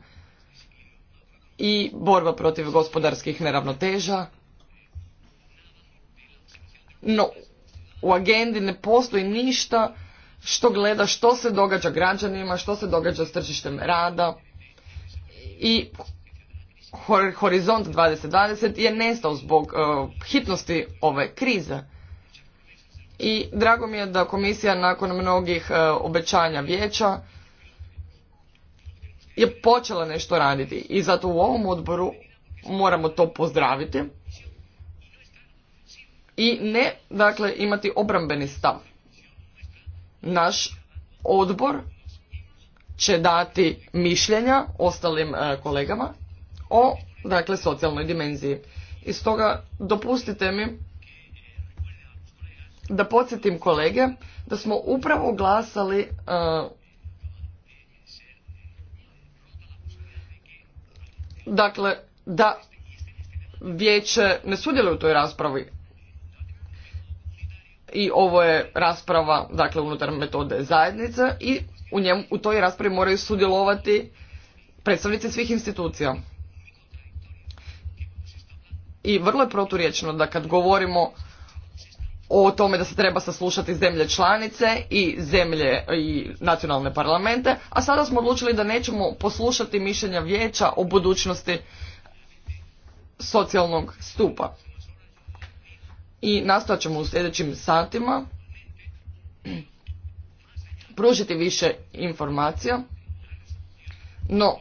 i borba protiv gospodarskih neravnoteža. No, u agendi ne postoji ništa što gleda što se događa građanima, što se događa s tržištem rada i Horizont 2020 je nestao zbog e, hitnosti ove krize. I drago mi je da komisija nakon mnogih e, obećanja vijeća je počela nešto raditi i zato u ovom odboru moramo to pozdraviti i ne dakle imati obrambeni stav. Naš odbor će dati mišljenja ostalim e, kolegama o dakle socijalnoj dimenziji. I stoga dopustite mi da podsjetim kolege da smo upravo glasali e, dakle da vijeće ne sudjeluje u toj raspravi i ovo je rasprava dakle unutar metode zajednice i u, njemu, u toj raspravi moraju sudjelovati predstavnici svih institucija. I vrlo je proturječno da kad govorimo o tome da se treba saslušati zemlje članice i zemlje i nacionalne parlamente, a sada smo odlučili da nećemo poslušati mišljenja vijeća o budućnosti socijalnog stupa i nastojat ćemo u sljedećim satima pružiti više informacija, no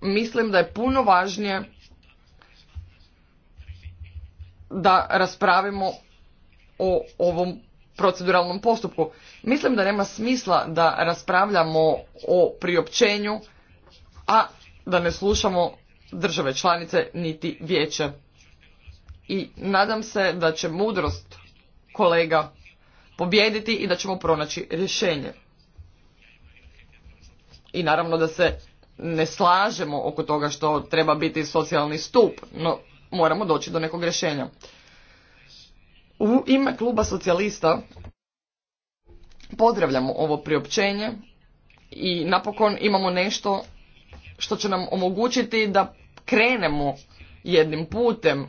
mislim da je puno važnije da raspravimo o ovom proceduralnom postupku. Mislim da nema smisla da raspravljamo o priopćenju, a da ne slušamo države članice niti vijeće i nadam se da će mudrost kolega pobijediti i da ćemo pronaći rješenje. I naravno da se ne slažemo oko toga što treba biti socijalni stup, no moramo doći do nekog rješenja. U ime kluba socijalista pozdravljamo ovo priopćenje i napokon imamo nešto što će nam omogućiti da krenemo jednim putem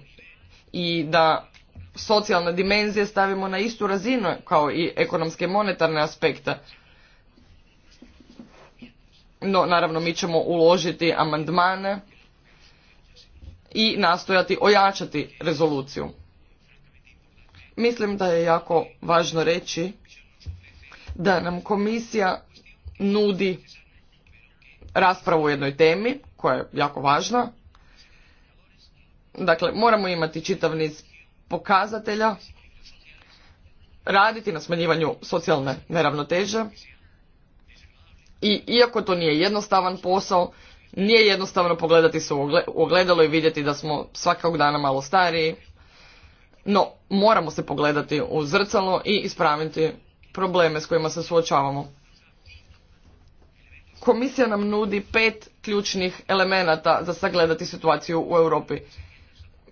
i da socijalne dimenzije stavimo na istu razinu kao i ekonomske i monetarne aspekte. No, naravno, mi ćemo uložiti amandmane i nastojati ojačati rezoluciju. Mislim da je jako važno reći da nam komisija nudi raspravu u jednoj temi koja je jako važna, Dakle, moramo imati čitav niz pokazatelja, raditi na smanjivanju socijalne neravnoteže i iako to nije jednostavan posao, nije jednostavno pogledati se u ogledalo i vidjeti da smo svakog dana malo stariji, no moramo se pogledati u zrcalo i ispraviti probleme s kojima se suočavamo. Komisija nam nudi pet ključnih elemenata za sagledati situaciju u Europi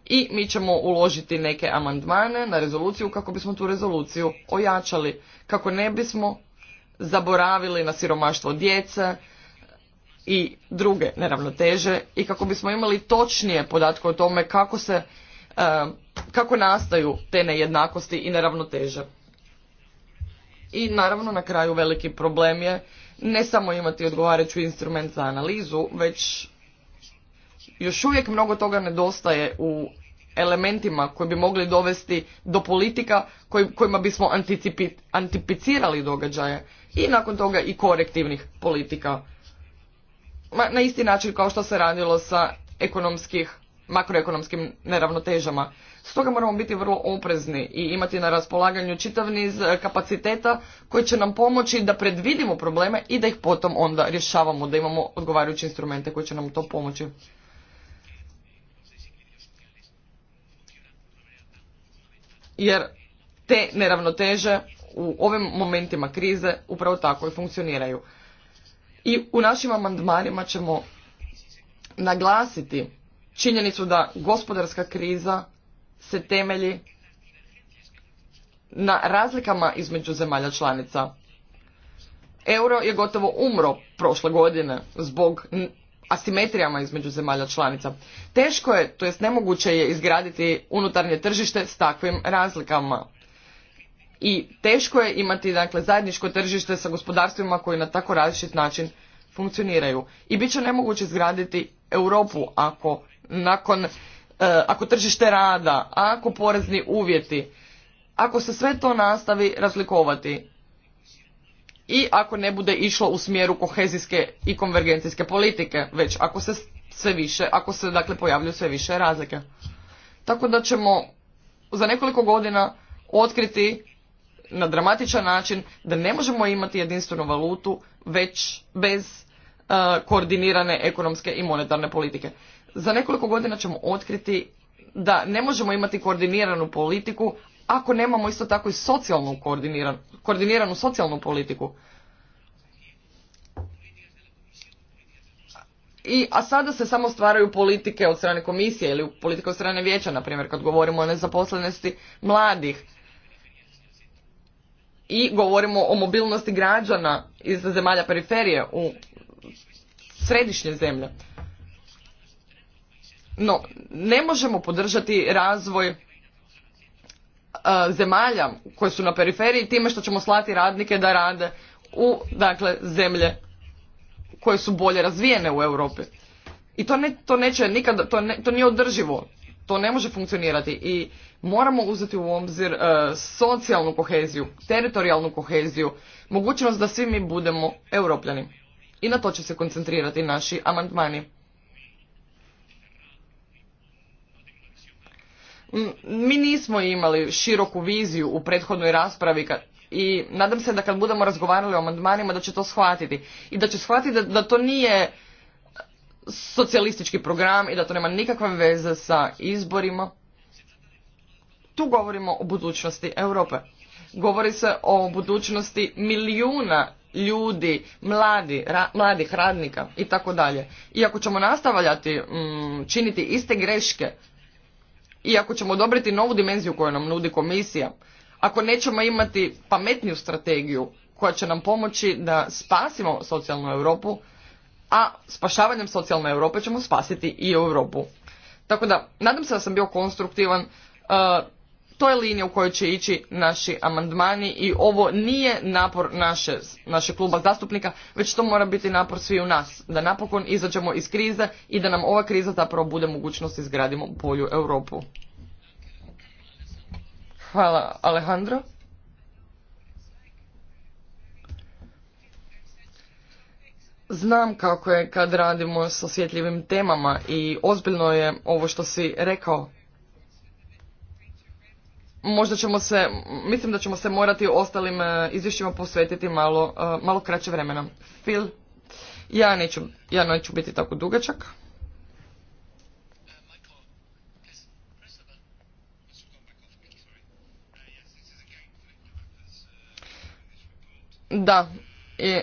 i mi ćemo uložiti neke amandmane na rezoluciju kako bismo tu rezoluciju ojačali, kako ne bismo zaboravili na siromaštvo djece i druge neravnoteže i kako bismo imali točnije podatke o tome kako se e, kako nastaju te nejednakosti i neravnoteže. I naravno na kraju veliki problem je ne samo imati odgovarajući instrument za analizu, već još uvijek mnogo toga nedostaje u elementima koji bi mogli dovesti do politika kojima bismo anticipicirali događaje i nakon toga i korektivnih politika. Ma, na isti način kao što se radilo sa ekonomskih, makroekonomskim neravnotežama. Stoga moramo biti vrlo oprezni i imati na raspolaganju čitav niz e, kapaciteta koji će nam pomoći da predvidimo probleme i da ih potom onda rješavamo, da imamo odgovarajuće instrumente koji će nam to pomoći. jer te neravnoteže u ovim momentima krize upravo tako i funkcioniraju. I u našim amandmanima ćemo naglasiti činjenicu da gospodarska kriza se temelji na razlikama između zemalja članica. Euro je gotovo umro prošle godine zbog asimetrijama između zemalja članica. Teško je, to jest nemoguće je izgraditi unutarnje tržište s takvim razlikama. I teško je imati dakle, zajedničko tržište sa gospodarstvima koji na tako različit način funkcioniraju. I bit će nemoguće izgraditi Europu ako nakon, e, ako tržište rada, ako porezni uvjeti, ako se sve to nastavi razlikovati i ako ne bude išlo u smjeru kohezijske i konvergencijske politike, već ako se sve više, ako se dakle pojavljuju sve više razlike. Tako da ćemo za nekoliko godina otkriti na dramatičan način da ne možemo imati jedinstvenu valutu već bez e, koordinirane ekonomske i monetarne politike. Za nekoliko godina ćemo otkriti da ne možemo imati koordiniranu politiku ako nemamo isto tako i socijalnu koordiniranu koordiniranu socijalnu politiku. I, a sada se samo stvaraju politike od strane komisije ili politike od strane vijeća, na primjer, kad govorimo o nezaposlenosti mladih. I govorimo o mobilnosti građana iz zemalja periferije u središnje zemlje. No, ne možemo podržati razvoj E, zemalja koje su na periferiji time što ćemo slati radnike da rade u dakle zemlje koje su bolje razvijene u Europi. I to ne, to neće nikada, to, to nije održivo, to ne može funkcionirati i moramo uzeti u obzir e, socijalnu koheziju, teritorijalnu koheziju, mogućnost da svi mi budemo europljani. I na to će se koncentrirati naši amandmani. Mi nismo imali široku viziju u prethodnoj raspravi i nadam se da kad budemo razgovarali o amandmanima da će to shvatiti i da će shvatiti da, to nije socijalistički program i da to nema nikakve veze sa izborima. Tu govorimo o budućnosti Europe. Govori se o budućnosti milijuna ljudi, mladi, mladih radnika i tako dalje. I ako ćemo nastavljati činiti iste greške i ako ćemo odobriti novu dimenziju koju nam nudi komisija, ako nećemo imati pametniju strategiju koja će nam pomoći da spasimo socijalnu Europu, a spašavanjem socijalne Europe ćemo spasiti i Europu. Tako da, nadam se da sam bio konstruktivan, e, to je linija u kojoj će ići naši amandmani i ovo nije napor naše, naše kluba zastupnika, već to mora biti napor svi u nas, da napokon izađemo iz krize i da nam ova kriza zapravo bude mogućnost izgradimo bolju Europu. Hvala Alejandro. Znam kako je kad radimo s osjetljivim temama i ozbiljno je ovo što si rekao možda ćemo se, mislim da ćemo se morati ostalim e, izvješćima posvetiti malo, e, malo kraće vremena. fil ja neću, ja neću biti tako dugačak. Da, i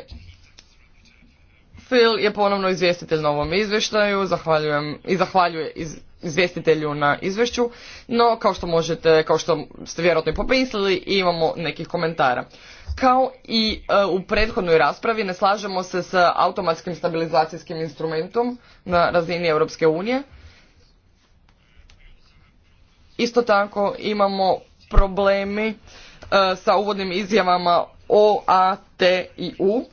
Phil je ponovno izvjestitelj na ovom izvještaju, zahvaljujem i zahvaljuje iz, izvjestitelju na izvješću, no kao što možete, kao što ste vjerojatno i popisali, imamo nekih komentara. Kao i e, u prethodnoj raspravi ne slažemo se s automatskim stabilizacijskim instrumentom na razini Europske unije. Isto tako imamo problemi e, sa uvodnim izjavama O, A, T i U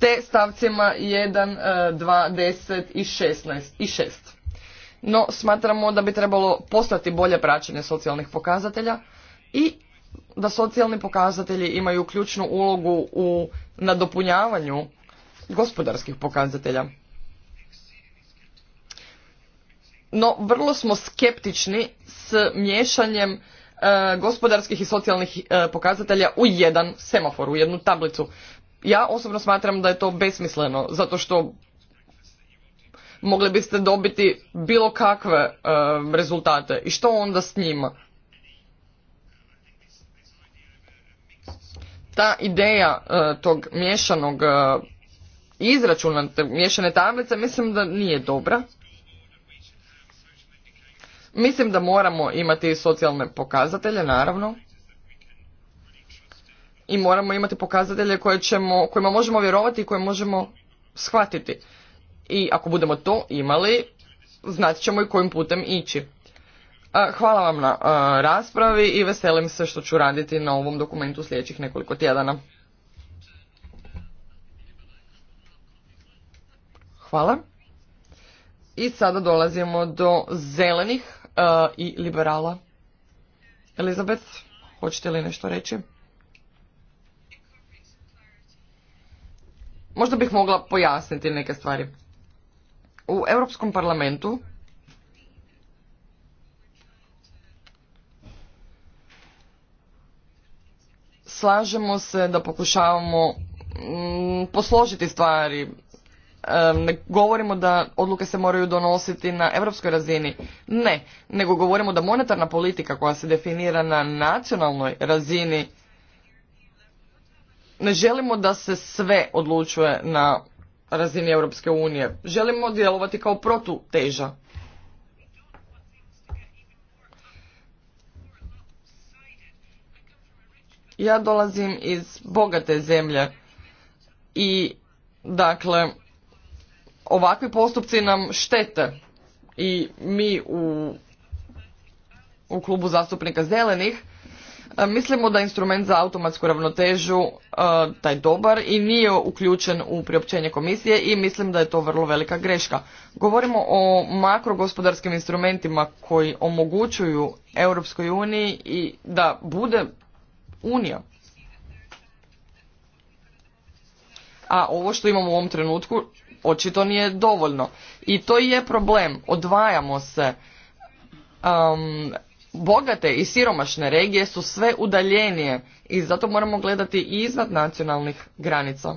te stavcima 1, 2, 10 i 16 i 6 no smatramo da bi trebalo postati bolje praćenje socijalnih pokazatelja i da socijalni pokazatelji imaju ključnu ulogu u nadopunjavanju gospodarskih pokazatelja. No, vrlo smo skeptični s miješanjem e, gospodarskih i socijalnih e, pokazatelja u jedan semafor, u jednu tablicu. Ja osobno smatram da je to besmisleno, zato što mogli biste dobiti bilo kakve e, rezultate i što onda s njima ta ideja e, tog miješanog e, izračuna te miješane tablice mislim da nije dobra mislim da moramo imati socijalne pokazatelje naravno i moramo imati pokazatelje koje ćemo, kojima možemo vjerovati i koje možemo shvatiti i ako budemo to imali, znat ćemo i kojim putem ići. E, hvala vam na e, raspravi i veselim se što ću raditi na ovom dokumentu sljedećih nekoliko tjedana. Hvala. I sada dolazimo do zelenih e, i liberala. Elizabeth, hoćete li nešto reći? Možda bih mogla pojasniti neke stvari u Europskom parlamentu slažemo se da pokušavamo mm, posložiti stvari. Ne govorimo da odluke se moraju donositi na europskoj razini. Ne, nego govorimo da monetarna politika koja se definira na nacionalnoj razini ne želimo da se sve odlučuje na razini Europske unije. Želimo djelovati kao protuteža. Ja dolazim iz bogate zemlje i dakle ovakvi postupci nam štete i mi u, u klubu zastupnika zelenih E, mislimo da instrument za automatsku ravnotežu e, taj dobar i nije uključen u priopćenje komisije i mislim da je to vrlo velika greška. Govorimo o makrogospodarskim instrumentima koji omogućuju Europskoj uniji i da bude unija. A ovo što imamo u ovom trenutku očito nije dovoljno. I to je problem. Odvajamo se bogate i siromašne regije su sve udaljenije i zato moramo gledati i iznad nacionalnih granica.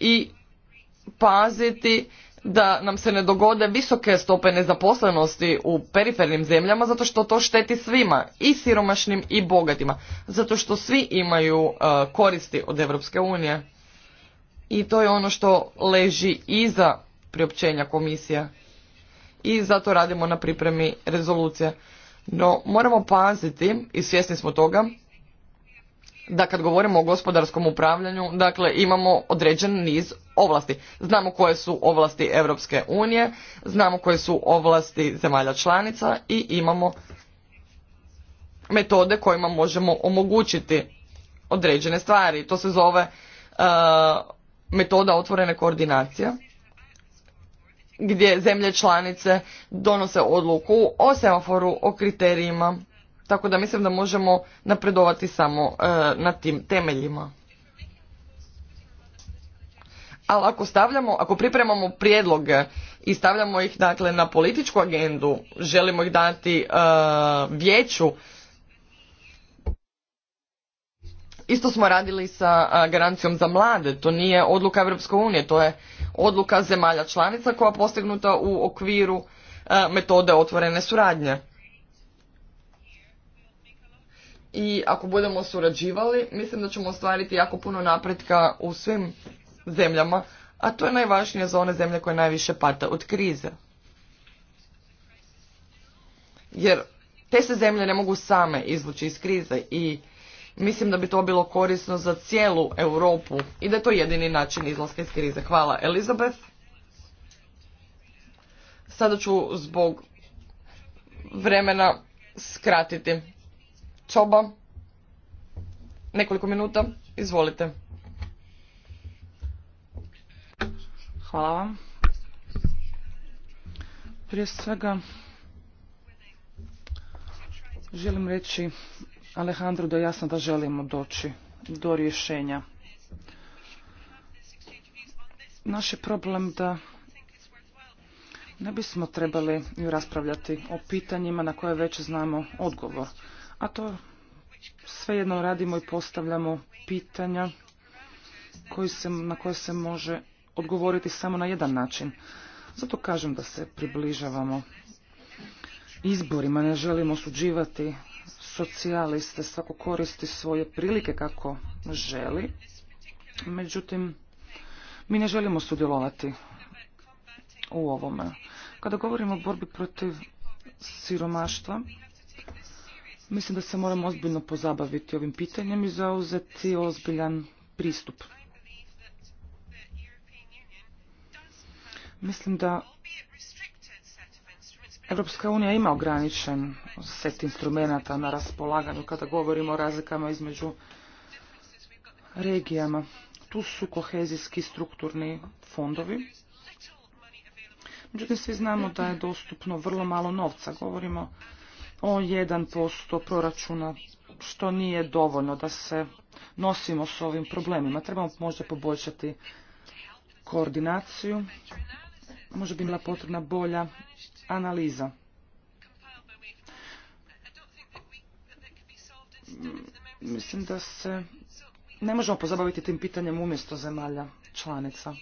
I paziti da nam se ne dogode visoke stope nezaposlenosti u perifernim zemljama zato što to šteti svima i siromašnim i bogatima zato što svi imaju uh, koristi od Europske unije i to je ono što leži iza priopćenja komisije i zato radimo na pripremi rezolucije. No, moramo paziti i svjesni smo toga da kad govorimo o gospodarskom upravljanju, dakle imamo određen niz ovlasti. Znamo koje su ovlasti Europske unije, znamo koje su ovlasti zemalja članica i imamo metode kojima možemo omogućiti određene stvari. To se zove e, metoda otvorene koordinacije gdje zemlje članice donose odluku o semaforu, o kriterijima. Tako da mislim da možemo napredovati samo e, na tim temeljima. Ali ako stavljamo, ako pripremamo prijedloge i stavljamo ih dakle na političku agendu, želimo ih dati e, vijeću, isto smo radili sa e, garancijom za mlade, to nije odluka Europske unije, to je odluka zemalja članica koja postignuta u okviru e, metode otvorene suradnje. I ako budemo surađivali, mislim da ćemo ostvariti jako puno napretka u svim zemljama, a to je najvažnije za one zemlje koje najviše pate od krize. Jer te se zemlje ne mogu same izvući iz krize i Mislim da bi to bilo korisno za cijelu Europu i da je to jedini način izlaska iz krize. Hvala, Elizabeth. Sada ću zbog vremena skratiti. Čoba, nekoliko minuta, izvolite. Hvala vam. Prije svega želim reći Alejandro da jasno da želimo doći do rješenja. Naš je problem da ne bismo trebali raspravljati o pitanjima na koje već znamo odgovor. A to svejedno radimo i postavljamo pitanja koji se, na koje se može odgovoriti samo na jedan način. Zato kažem da se približavamo izborima, ne želimo suđivati socijaliste, svako koristi svoje prilike kako želi. Međutim, mi ne želimo sudjelovati u ovome. Kada govorimo o borbi protiv siromaštva, mislim da se moramo ozbiljno pozabaviti ovim pitanjem i zauzeti ozbiljan pristup. Mislim da Europska unija ima ograničen set instrumenata na raspolaganju kada govorimo o razlikama između regijama. Tu su kohezijski strukturni fondovi. Međutim, svi znamo da je dostupno vrlo malo novca. Govorimo o 1% proračuna, što nije dovoljno da se nosimo s ovim problemima. Trebamo možda poboljšati koordinaciju. možda bi bila potrebna bolja analiza. Mislim da se ne možemo pozabaviti tim pitanjem umjesto zemalja članica.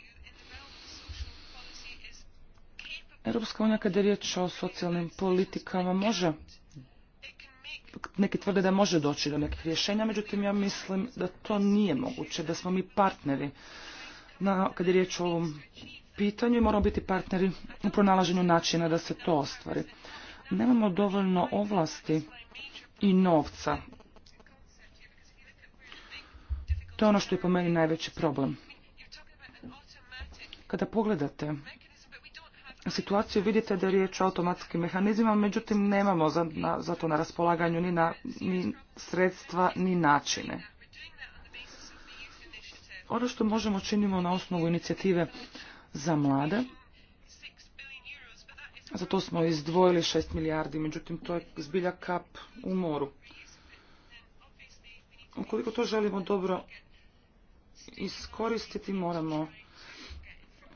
Europska unija kada je riječ o socijalnim politikama može, neki tvrde da može doći do nekih rješenja, međutim ja mislim da to nije moguće, da smo mi partneri na, kad je riječ o ovom pitanju i moramo biti partneri u pronalaženju načina da se to ostvari. Nemamo dovoljno ovlasti i novca. To je ono što je po meni najveći problem. Kada pogledate situaciju vidite da je riječ o automatskim mehanizmima, međutim nemamo za, na, za to na raspolaganju ni, na, ni sredstva ni načine. Ono što možemo činimo na osnovu inicijative za mlade. Za to smo izdvojili 6 milijardi, međutim to je zbilja kap u moru. Ukoliko to želimo dobro iskoristiti, moramo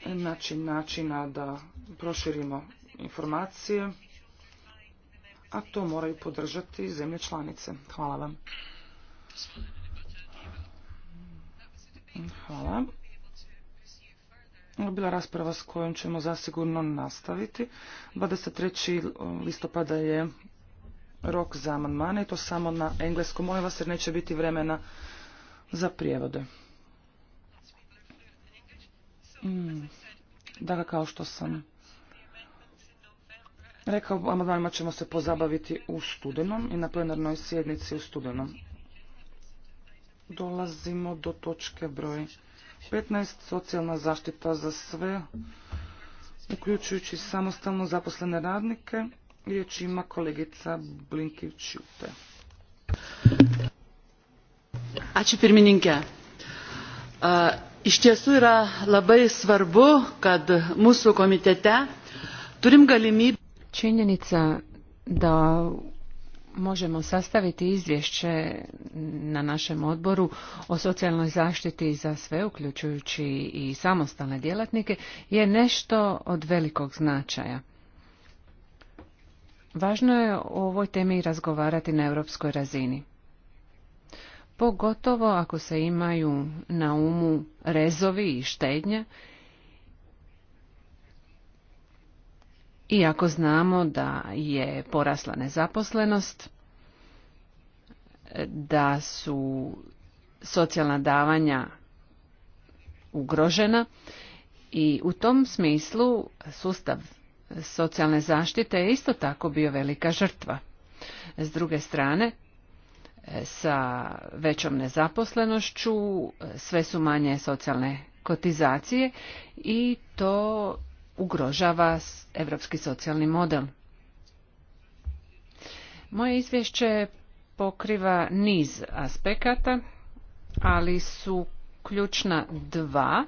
naći načina da proširimo informacije, a to moraju podržati zemlje članice. Hvala vam. Hvala bila rasprava s kojom ćemo zasigurno nastaviti. 23. Eh, listopada je rok za amandmane i to samo na engleskom. Molim vas jer neće biti vremena za prijevode. Hmm. Da kao što sam rekao, amandmanima ćemo se pozabaviti u studenom i na plenarnoj sjednici u studenom. Dolazimo do točke broj 15. Socijalna zaštita za sve, uključujući samostalno zaposlene radnike. Riječ ima kolegica Blinkiv-Čute. Ačiū pirmininkė. Iš tiesų yra labai svarbu, kad mūsų komitete turim galimybę. Činjenica da možemo sastaviti izvješće na našem odboru o socijalnoj zaštiti za sve, uključujući i samostalne djelatnike, je nešto od velikog značaja. Važno je o ovoj temi razgovarati na europskoj razini. Pogotovo ako se imaju na umu rezovi i štednje, Iako znamo da je porasla nezaposlenost, da su socijalna davanja ugrožena i u tom smislu sustav socijalne zaštite je isto tako bio velika žrtva. S druge strane, sa većom nezaposlenošću sve su manje socijalne kotizacije i to ugrožava europski socijalni model. Moje izvješće pokriva niz aspekata, ali su ključna dva.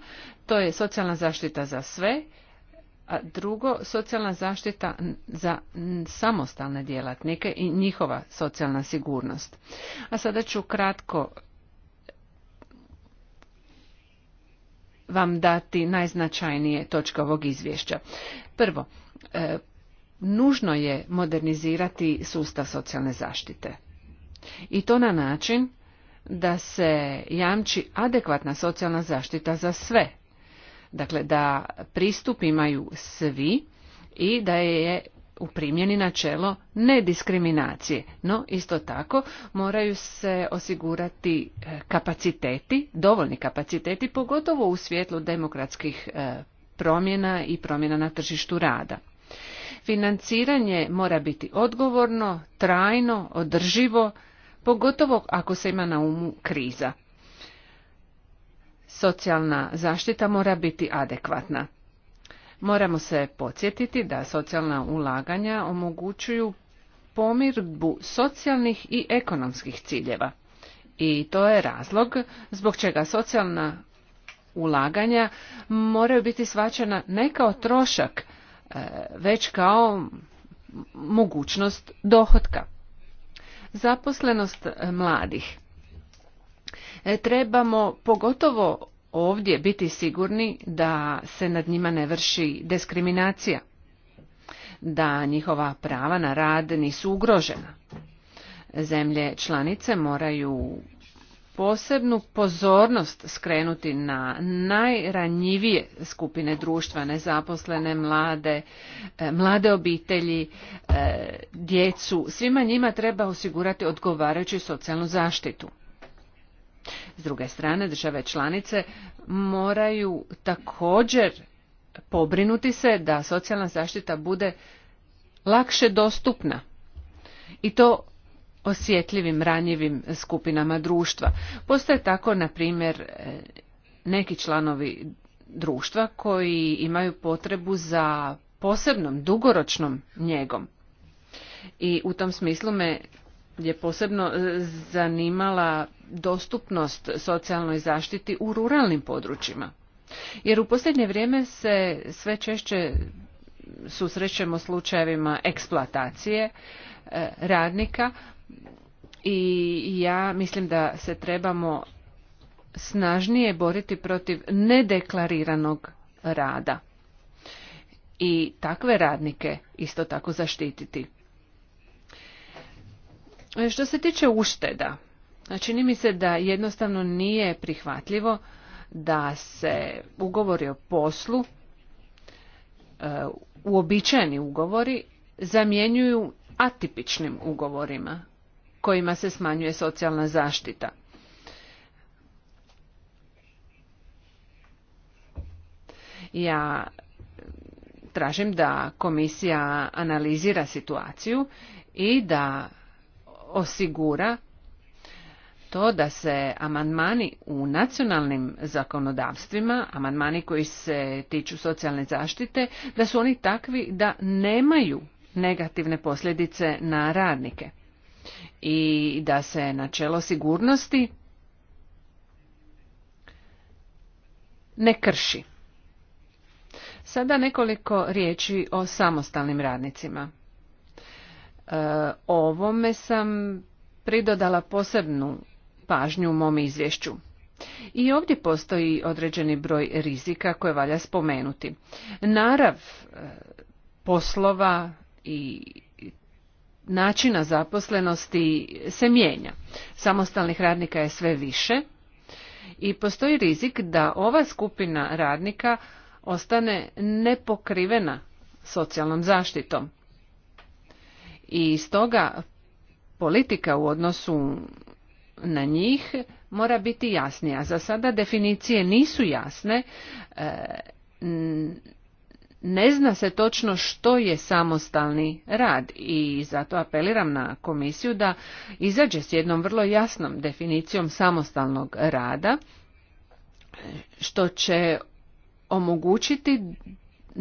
To je socijalna zaštita za sve, a drugo socijalna zaštita za samostalne djelatnike i njihova socijalna sigurnost. A sada ću kratko vam dati najznačajnije točke ovog izvješća. Prvo, e, nužno je modernizirati sustav socijalne zaštite. I to na način da se jamči adekvatna socijalna zaštita za sve. Dakle, da pristup imaju svi i da je u primjeni načelo nediskriminacije, no isto tako moraju se osigurati e, kapaciteti, dovoljni kapaciteti, pogotovo u svjetlu demokratskih e, promjena i promjena na tržištu rada. Financiranje mora biti odgovorno, trajno, održivo, pogotovo ako se ima na umu kriza. Socijalna zaštita mora biti adekvatna. Moramo se podsjetiti da socijalna ulaganja omogućuju pomirbu socijalnih i ekonomskih ciljeva. I to je razlog zbog čega socijalna ulaganja moraju biti svačena ne kao trošak, e, već kao mogućnost dohotka. Zaposlenost mladih. E, trebamo pogotovo ovdje biti sigurni da se nad njima ne vrši diskriminacija, da njihova prava na rad nisu ugrožena. Zemlje članice moraju posebnu pozornost skrenuti na najranjivije skupine društva, nezaposlene, mlade, e, mlade obitelji, e, djecu. Svima njima treba osigurati odgovarajuću socijalnu zaštitu. S druge strane, države članice moraju također pobrinuti se da socijalna zaštita bude lakše dostupna i to osjetljivim ranjivim skupinama društva. Postoje tako, na primjer, e, neki članovi društva koji imaju potrebu za posebnom dugoročnom njegom. I u tom smislu me je posebno e, zanimala dostupnost socijalnoj zaštiti u ruralnim područjima. Jer u posljednje vrijeme se sve češće susrećemo slučajevima eksploatacije e, radnika i ja mislim da se trebamo snažnije boriti protiv nedeklariranog rada i takve radnike isto tako zaštititi. E, što se tiče ušteda, znači, čini mi se da jednostavno nije prihvatljivo da se ugovori o poslu, e, uobičajeni ugovori, zamjenjuju atipičnim ugovorima kojima se smanjuje socijalna zaštita. Ja tražim da komisija analizira situaciju i da osigura to da se amandmani u nacionalnim zakonodavstvima, amandmani koji se tiču socijalne zaštite, da su oni takvi da nemaju negativne posljedice na radnike i da se načelo sigurnosti ne krši. Sada nekoliko riječi o samostalnim radnicima. E, ovome sam pridodala posebnu pažnju u mom izvješću. I ovdje postoji određeni broj rizika koje valja spomenuti. Narav e, poslova i načina zaposlenosti se mijenja. Samostalnih radnika je sve više i postoji rizik da ova skupina radnika ostane nepokrivena socijalnom zaštitom. I stoga politika u odnosu na njih mora biti jasnija. Za sada definicije nisu jasne. E, ne zna se točno što je samostalni rad i zato apeliram na komisiju da izađe s jednom vrlo jasnom definicijom samostalnog rada što će omogućiti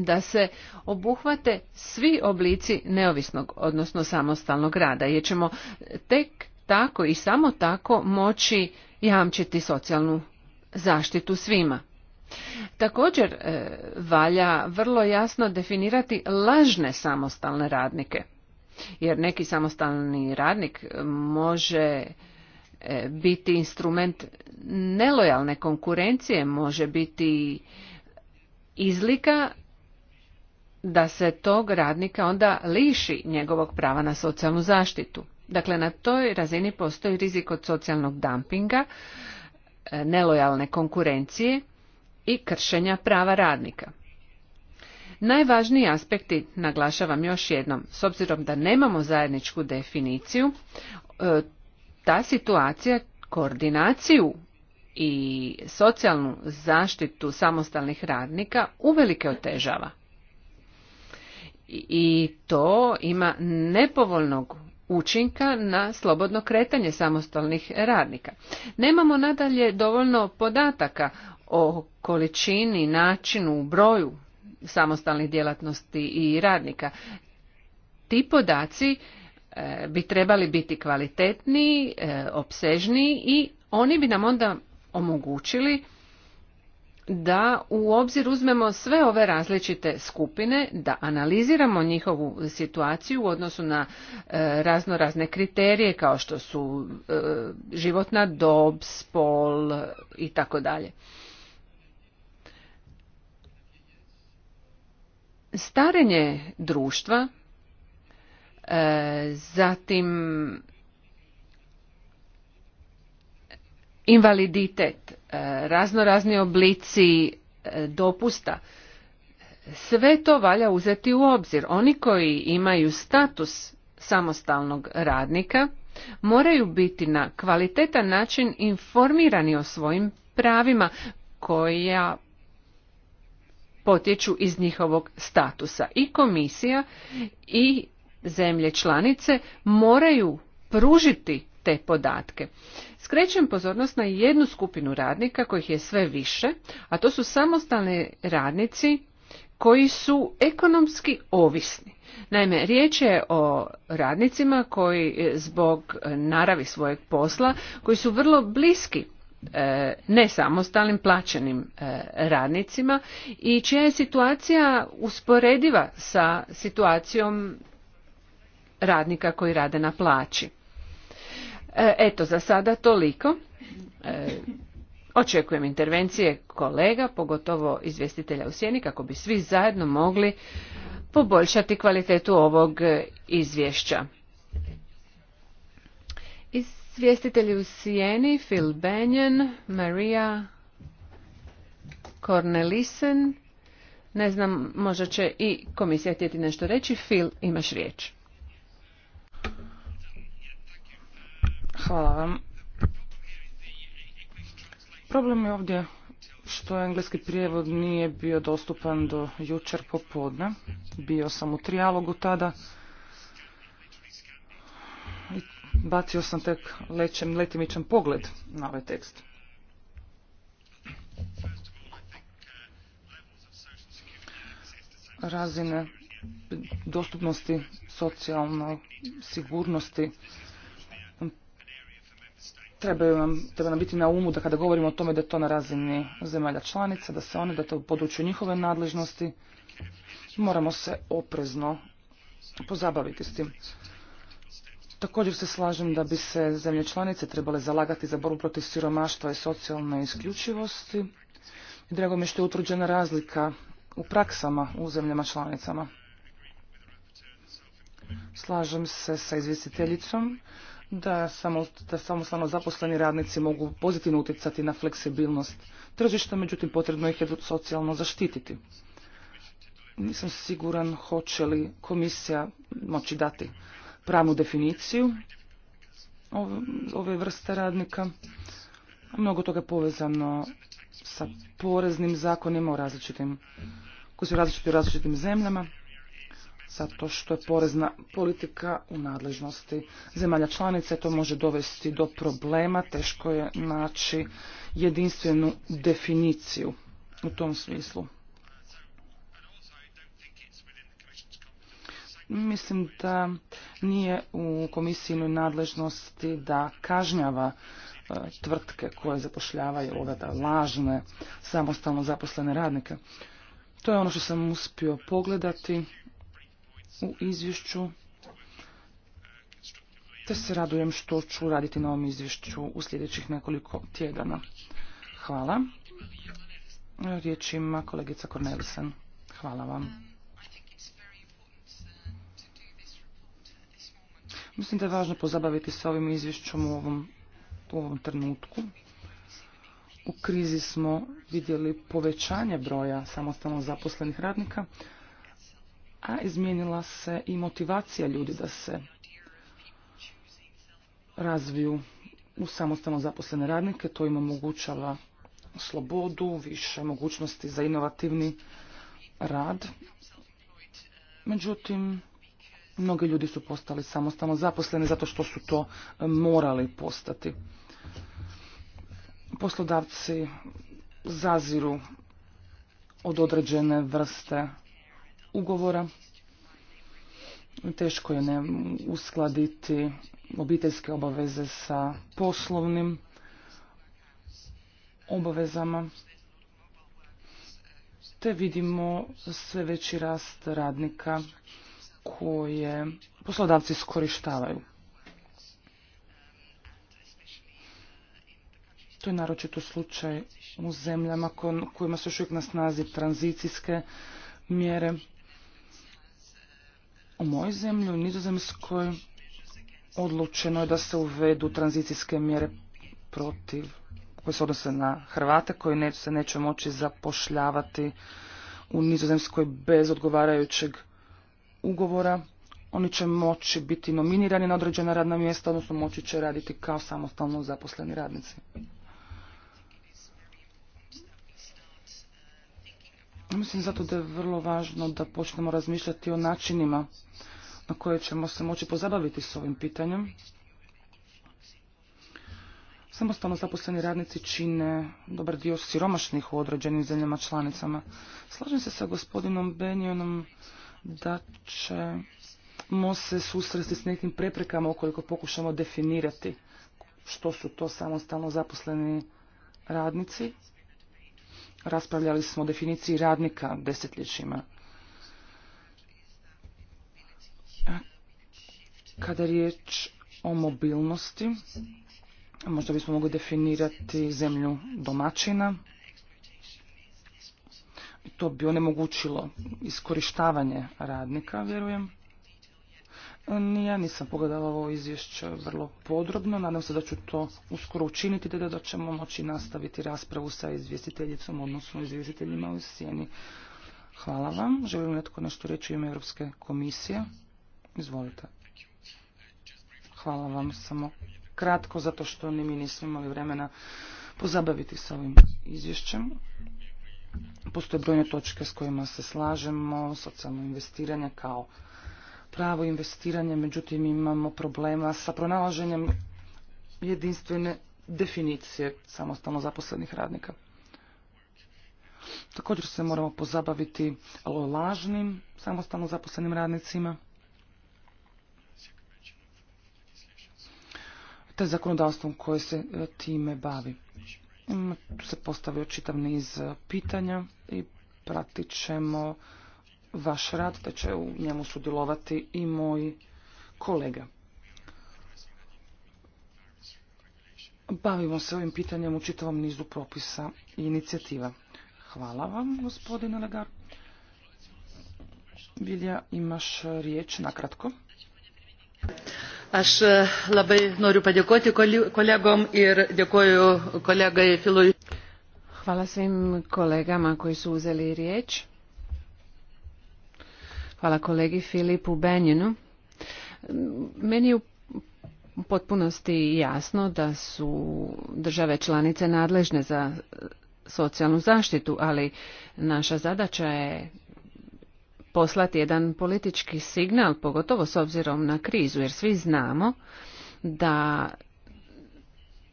da se obuhvate svi oblici neovisnog, odnosno samostalnog rada, jer ćemo tek tako i samo tako moći jamčiti socijalnu zaštitu svima. Također e, valja vrlo jasno definirati lažne samostalne radnike, jer neki samostalni radnik može e, biti instrument nelojalne konkurencije, može biti izlika da se tog radnika onda liši njegovog prava na socijalnu zaštitu. Dakle, na toj razini postoji rizik od socijalnog dumpinga, e, nelojalne konkurencije i kršenja prava radnika. Najvažniji aspekti, naglašavam još jednom, s obzirom da nemamo zajedničku definiciju, e, ta situacija koordinaciju i socijalnu zaštitu samostalnih radnika uvelike otežava i to ima nepovoljnog učinka na slobodno kretanje samostalnih radnika. Nemamo nadalje dovoljno podataka o količini, načinu, broju samostalnih djelatnosti i radnika. Ti podaci e, bi trebali biti kvalitetniji, e, opsežniji i oni bi nam onda omogućili da u obzir uzmemo sve ove različite skupine, da analiziramo njihovu situaciju u odnosu na e, razno razne kriterije kao što su e, životna dob, spol e, i tako dalje. Starenje društva, zatim invaliditet, e, raznorazni oblici e, dopusta, sve to valja uzeti u obzir. Oni koji imaju status samostalnog radnika moraju biti na kvalitetan način informirani o svojim pravima koja potječu iz njihovog statusa. I komisija i zemlje članice moraju pružiti te podatke. Skrećem pozornost na jednu skupinu radnika kojih je sve više, a to su samostalni radnici koji su ekonomski ovisni. Naime, riječ je o radnicima koji e, zbog e, naravi svojeg posla, koji su vrlo bliski e, ne plaćenim radnicima i čija je situacija usporediva sa situacijom radnika koji rade na plaći. E, eto, za sada toliko. E, očekujem intervencije kolega, pogotovo izvjestitelja u sjeni, kako bi svi zajedno mogli poboljšati kvalitetu ovog izvješća. Izvjestitelji u sjeni, Phil Benjen, Maria Cornelissen, ne znam, možda će i komisija htjeti nešto reći. Phil, imaš riječ. Hvala vam. Problem je ovdje što engleski prijevod nije bio dostupan do jučer popodne. Bio sam u trijalogu tada. I bacio sam tek lećem, letimičan pogled na ovaj tekst. Razine dostupnosti socijalnoj sigurnosti Trebaju nam, treba nam biti na umu da kada govorimo o tome da je to na razini zemalja članica, da se one, da to u području njihove nadležnosti, moramo se oprezno pozabaviti s tim. Također se slažem da bi se zemlje članice trebale zalagati za borbu protiv siromaštva i socijalne isključivosti. I drago mi je što je utvrđena razlika u praksama u zemljama članicama. Slažem se sa izvjestiteljicom da, samo, da samostalno zaposleni radnici mogu pozitivno utjecati na fleksibilnost tržišta, međutim potrebno ih je socijalno zaštititi. Nisam siguran hoće li komisija moći dati pravnu definiciju ove vrste radnika. Mnogo toga je povezano sa poreznim zakonima različitim, koji su različiti u različitim zemljama zato što je porezna politika u nadležnosti zemalja članice. To može dovesti do problema, teško je naći jedinstvenu definiciju u tom smislu. Mislim da nije u komisijinoj nadležnosti da kažnjava e, tvrtke koje zapošljavaju ove lažne samostalno zaposlene radnike. To je ono što sam uspio pogledati u izvješću, te se radujem što ću raditi na ovom izvješću u sljedećih nekoliko tjedana. Hvala. Riječ ima kolegica Cornelisen. Hvala vam. Mislim da je važno pozabaviti se ovim izvješćom u ovom, u ovom trenutku. U krizi smo vidjeli povećanje broja samostalno zaposlenih radnika, a izmijenila se i motivacija ljudi da se razviju u samostalno zaposlene radnike. To im omogućava slobodu, više mogućnosti za inovativni rad. Međutim, mnogi ljudi su postali samostalno zaposleni zato što su to morali postati. Poslodavci zaziru od određene vrste ugovora. Teško je ne uskladiti obiteljske obaveze sa poslovnim obavezama. Te vidimo sve veći rast radnika koje poslodavci skorištavaju. To je naročito slučaj u zemljama kojima su još uvijek na snazi tranzicijske mjere. U mojoj zemlji, u Nizozemskoj, odlučeno je da se uvedu tranzicijske mjere protiv, koje se odnose na Hrvate, koji ne, se neće moći zapošljavati u Nizozemskoj bez odgovarajućeg ugovora. Oni će moći biti nominirani na određena radna mjesta, odnosno moći će raditi kao samostalno zaposleni radnici. Mislim zato da je vrlo važno da počnemo razmišljati o načinima na koje ćemo se moći pozabaviti s ovim pitanjem. Samostalno zaposleni radnici čine dobar dio siromašnih u određenim zemljama članicama. Slažem se sa gospodinom Benjonom da ćemo se susresti s nekim preprekama ukoliko pokušamo definirati što su to samostalno zaposleni radnici Raspravljali smo o definiciji radnika desetljećima. Kada je riječ o mobilnosti, možda bismo mogli definirati zemlju domaćina. To bi onemogućilo iskorištavanje radnika, vjerujem. Ja nisam pogledala ovo izvješće vrlo podrobno, nadam se da ću to uskoro učiniti, te da ćemo moći nastaviti raspravu sa izvjestiteljicom, odnosno izvjestiteljima u sjeni. Hvala vam. Želim netko nešto reći u ime Europske komisije? Izvolite. Hvala vam samo kratko, zato što ni mi nismo imali vremena pozabaviti sa ovim izvješćem. Postoje brojne točke s kojima se slažemo, socijalno investiranje kao pravo investiranje, međutim imamo problema sa pronalaženjem jedinstvene definicije samostalno zaposlenih radnika. Također se moramo pozabaviti lažnim samostalno zaposlenim radnicima. te zakonodavstvom koje se e, time bavi. Tu se postavio čitav niz e, pitanja i pratit ćemo vaš rad, te će u njemu sudjelovati i moji kolega. Bavimo se ovim pitanjem u čitavom nizu propisa i inicijativa. Hvala vam, gospodine Legar. Vilja, imaš riječ nakratko. Aš e, labai noriu padėkoti kolegom ir dėkoju kolegai Filui. Hvala svim kolegama koji su uzeli riječ. Hvala kolegi Filipu Benjinu. Meni je u potpunosti jasno da su države članice nadležne za socijalnu zaštitu, ali naša zadaća je poslati jedan politički signal, pogotovo s obzirom na krizu, jer svi znamo da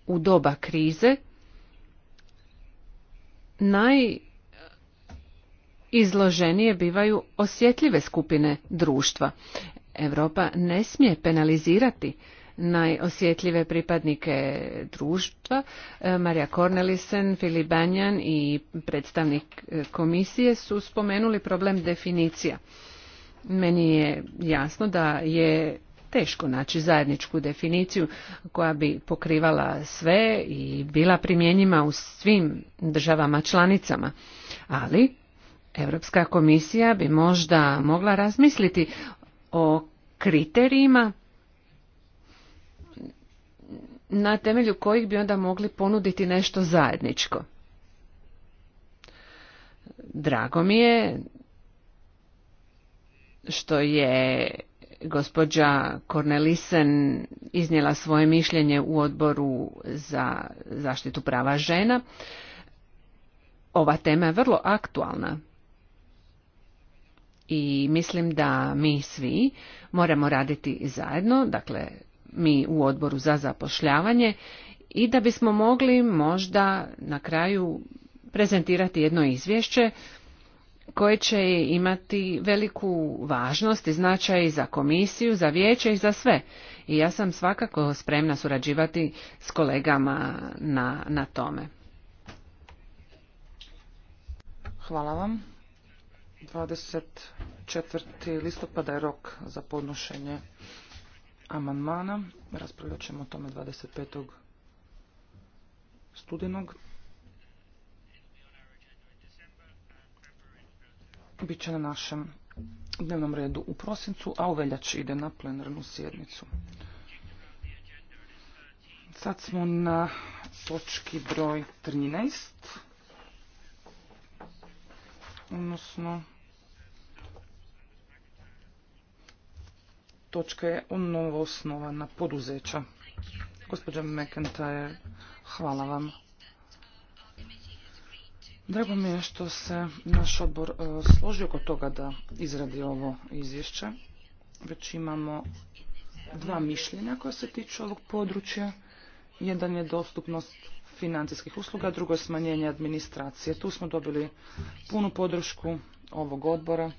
u doba krize naj izloženije bivaju osjetljive skupine društva. Europa ne smije penalizirati najosjetljive pripadnike društva. E, Marija Kornelisen, Filip Banjan i predstavnik e, komisije su spomenuli problem definicija. Meni je jasno da je teško naći zajedničku definiciju koja bi pokrivala sve i bila primjenjima u svim državama članicama. Ali Europska komisija bi možda mogla razmisliti o kriterijima na temelju kojih bi onda mogli ponuditi nešto zajedničko. Drago mi je što je gospođa Kornelisen iznijela svoje mišljenje u odboru za zaštitu prava žena. Ova tema je vrlo aktualna i mislim da mi svi moramo raditi zajedno, dakle mi u odboru za zapošljavanje i da bismo mogli možda na kraju prezentirati jedno izvješće koje će imati veliku važnost i značaj za komisiju, za vijeće i za sve. I ja sam svakako spremna surađivati s kolegama na, na tome. Hvala vam. 24. listopada je rok za podnošenje amandmana. Raspravljat ćemo o tome 25. studenog. Biće na našem dnevnom redu u prosincu, a u veljači ide na plenarnu sjednicu. Sad smo na točki broj 13, odnosno točke novo osnovana poduzeća. Gospođa McIntyre, hvala vam. Drago mi je što se naš odbor e, složio oko toga da izradi ovo izvješće. Već imamo dva mišljenja koja se tiču ovog područja. Jedan je dostupnost financijskih usluga, drugo je smanjenje administracije. Tu smo dobili punu podršku ovog odbora.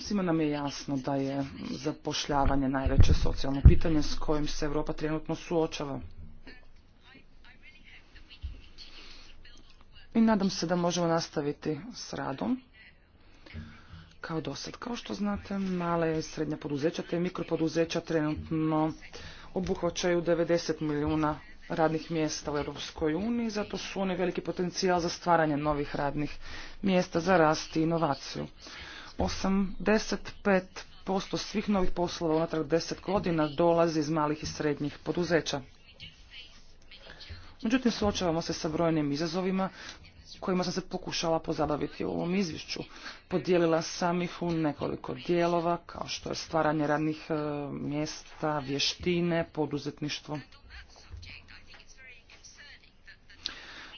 Svima nam je jasno da je zapošljavanje najveće socijalno pitanje s kojim se Europa trenutno suočava. I nadam se da možemo nastaviti s radom kao sad. Kao što znate, male i srednja poduzeća te mikropoduzeća trenutno obuhvaćaju 90 milijuna radnih mjesta u Europskoj uniji, zato su oni veliki potencijal za stvaranje novih radnih mjesta za rast i inovaciju. 85% svih novih poslova unatrag 10 godina dolazi iz malih i srednjih poduzeća. Međutim, suočavamo se sa brojnim izazovima kojima sam se pokušala pozabaviti u ovom izvješću. Podijelila sam ih u nekoliko dijelova, kao što je stvaranje radnih e, mjesta, vještine, poduzetništvo.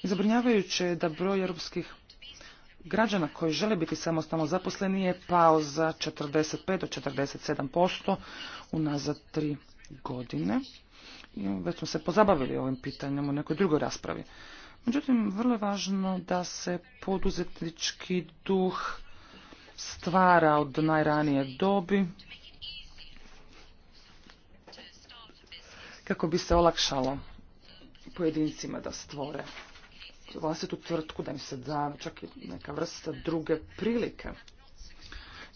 I je da broj europskih građana koji žele biti samostalno zaposleni je pao za 45 do 47% unazad tri godine. I već smo se pozabavili ovim pitanjem u nekoj drugoj raspravi. Međutim, vrlo je važno da se poduzetnički duh stvara od najranije dobi kako bi se olakšalo pojedincima da stvore vlastitu tvrtku, da im se da čak i neka vrsta druge prilike.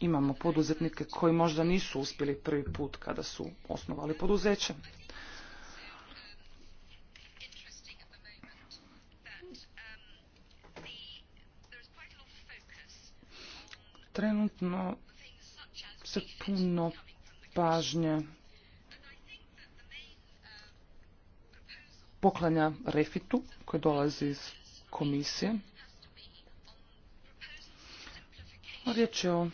Imamo poduzetnike koji možda nisu uspjeli prvi put kada su osnovali poduzeće. Trenutno se puno pažnje poklanja refitu koji dolazi iz komisije. Riječ je o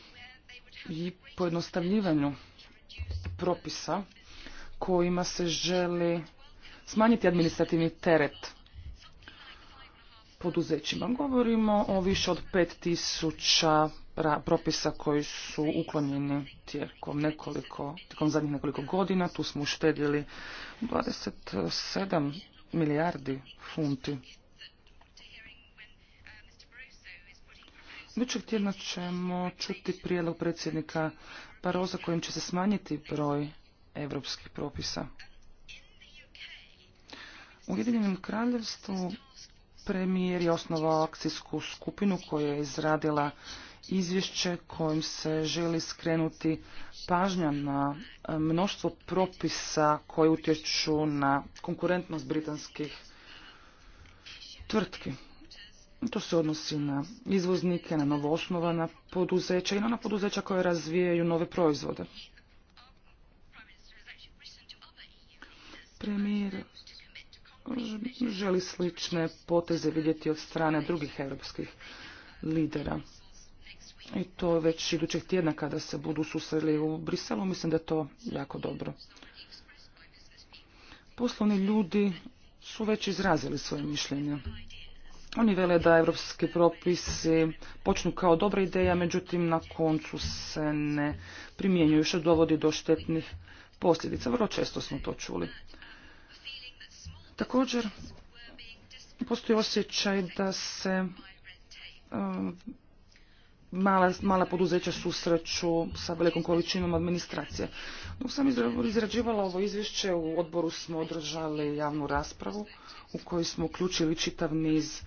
i pojednostavljivanju propisa kojima se želi smanjiti administrativni teret poduzećima. Govorimo o više od 5000 propisa koji su uklonjeni tijekom nekoliko, tijekom zadnjih nekoliko godina. Tu smo uštedjeli 27 milijardi funti. Idućeg tjedna ćemo čuti prijedlog predsjednika Paroza kojim će se smanjiti broj europskih propisa. U Ujedinjenom kraljevstvu premijer je osnovao akcijsku skupinu koja je izradila izvješće kojim se želi skrenuti pažnja na e, mnoštvo propisa koji utječu na konkurentnost britanskih tvrtki. To se odnosi na izvoznike, na novoosnovana poduzeća i na ona poduzeća koje razvijaju nove proizvode. Premijer eh, želi slične poteze vidjeti od strane drugih europskih lidera. I to već idućeg tjedna kada se budu susreli u Briselu, mislim da je to jako dobro. Poslovni ljudi su već izrazili svoje mišljenje. Oni vele da evropski propisi počnu kao dobra ideja, međutim na koncu se ne primjenjuju što dovodi do štetnih posljedica. Vrlo često smo to čuli. Također, postoji osjećaj da se um, mala, poduzeća susreću sa velikom količinom administracije. Dok sam izrađivala ovo izvješće, u odboru smo održali javnu raspravu u kojoj smo uključili čitav niz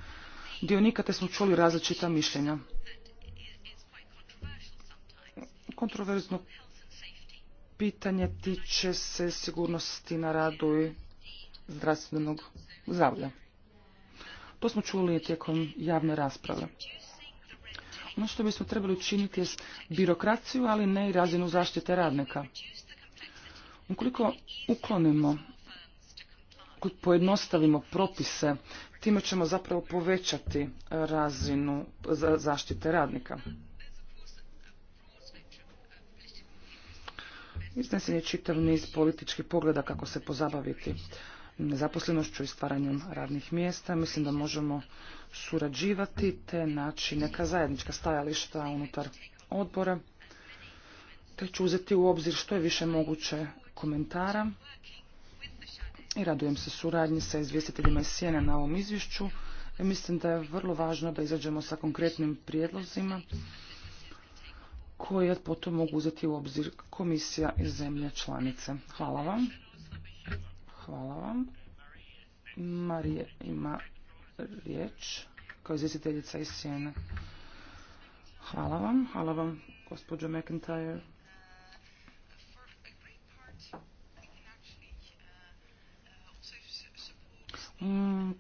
dionika te smo čuli različita mišljenja. Kontroverzno pitanje tiče se sigurnosti na radu i zdravstvenog zavlja. To smo čuli tijekom javne rasprave. Ono što bismo trebali učiniti je birokraciju, ali ne i razinu zaštite radnika. Ukoliko uklonimo, pojednostavimo propise, time ćemo zapravo povećati razinu zaštite radnika. Iznesen je čitav niz političkih pogleda kako se pozabaviti nezaposlenošću i stvaranjem radnih mjesta. Mislim da možemo surađivati te naći neka zajednička stajališta unutar odbora te ću uzeti u obzir što je više moguće komentara i radujem se suradnji sa izvjestiteljima iz Sjene na ovom izvješću. I mislim da je vrlo važno da izađemo sa konkretnim prijedlozima koje potom mogu uzeti u obzir komisija i zemlje članice. Hvala vam. Hvala vam. Marije ima riječ kao izvjestiteljica iz Sjene. Hvala vam, hvala vam gospođo McIntyre. Mm.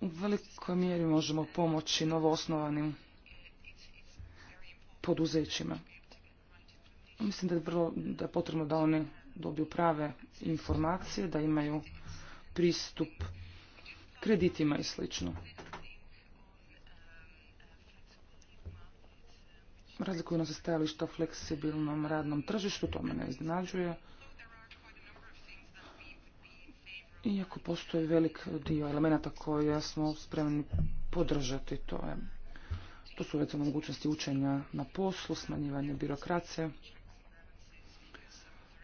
U velikoj mjeri možemo pomoći novoosnovanim poduzećima. Mislim da je, da je potrebno da oni dobiju prave informacije, da imaju pristup kreditima i sl. Razlikuju nas stajališta o fleksibilnom radnom tržištu, to me ne iznenađuje. Iako postoji velik dio elemenata koje smo spremni podržati, to je to su recimo mogućnosti učenja na poslu, smanjivanje birokracije.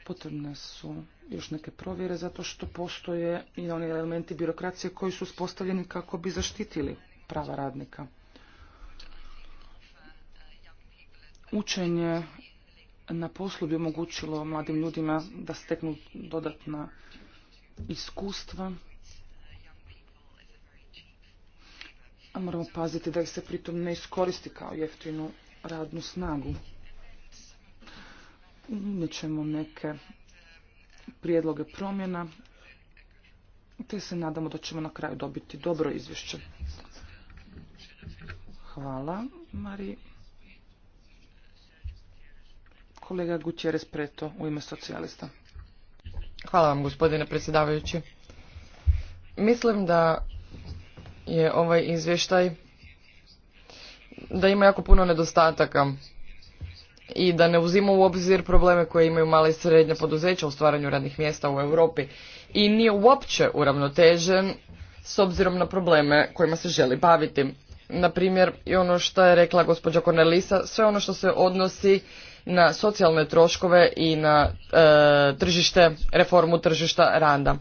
Potrebne su još neke provjere zato što postoje i oni elementi birokracije koji su uspostavljeni kako bi zaštitili prava radnika. Učenje na poslu bi omogućilo mladim ljudima da steknu dodatna iskustva. A moramo paziti da ih se pritom ne iskoristi kao jeftinu radnu snagu ćemo neke prijedloge promjena, te se nadamo da ćemo na kraju dobiti dobro izvješće. Hvala, Mari. Kolega Gutierrez Preto u ime socijalista. Hvala vam, gospodine predsjedavajući. Mislim da je ovaj izvještaj da ima jako puno nedostataka i da ne uzima u obzir probleme koje imaju male i srednje poduzeća u stvaranju radnih mjesta u Europi i nije uopće uravnotežen s obzirom na probleme kojima se želi baviti. Na primjer, i ono što je rekla gospođa Cornelisa, sve ono što se odnosi na socijalne troškove i na e, tržište, reformu tržišta randa.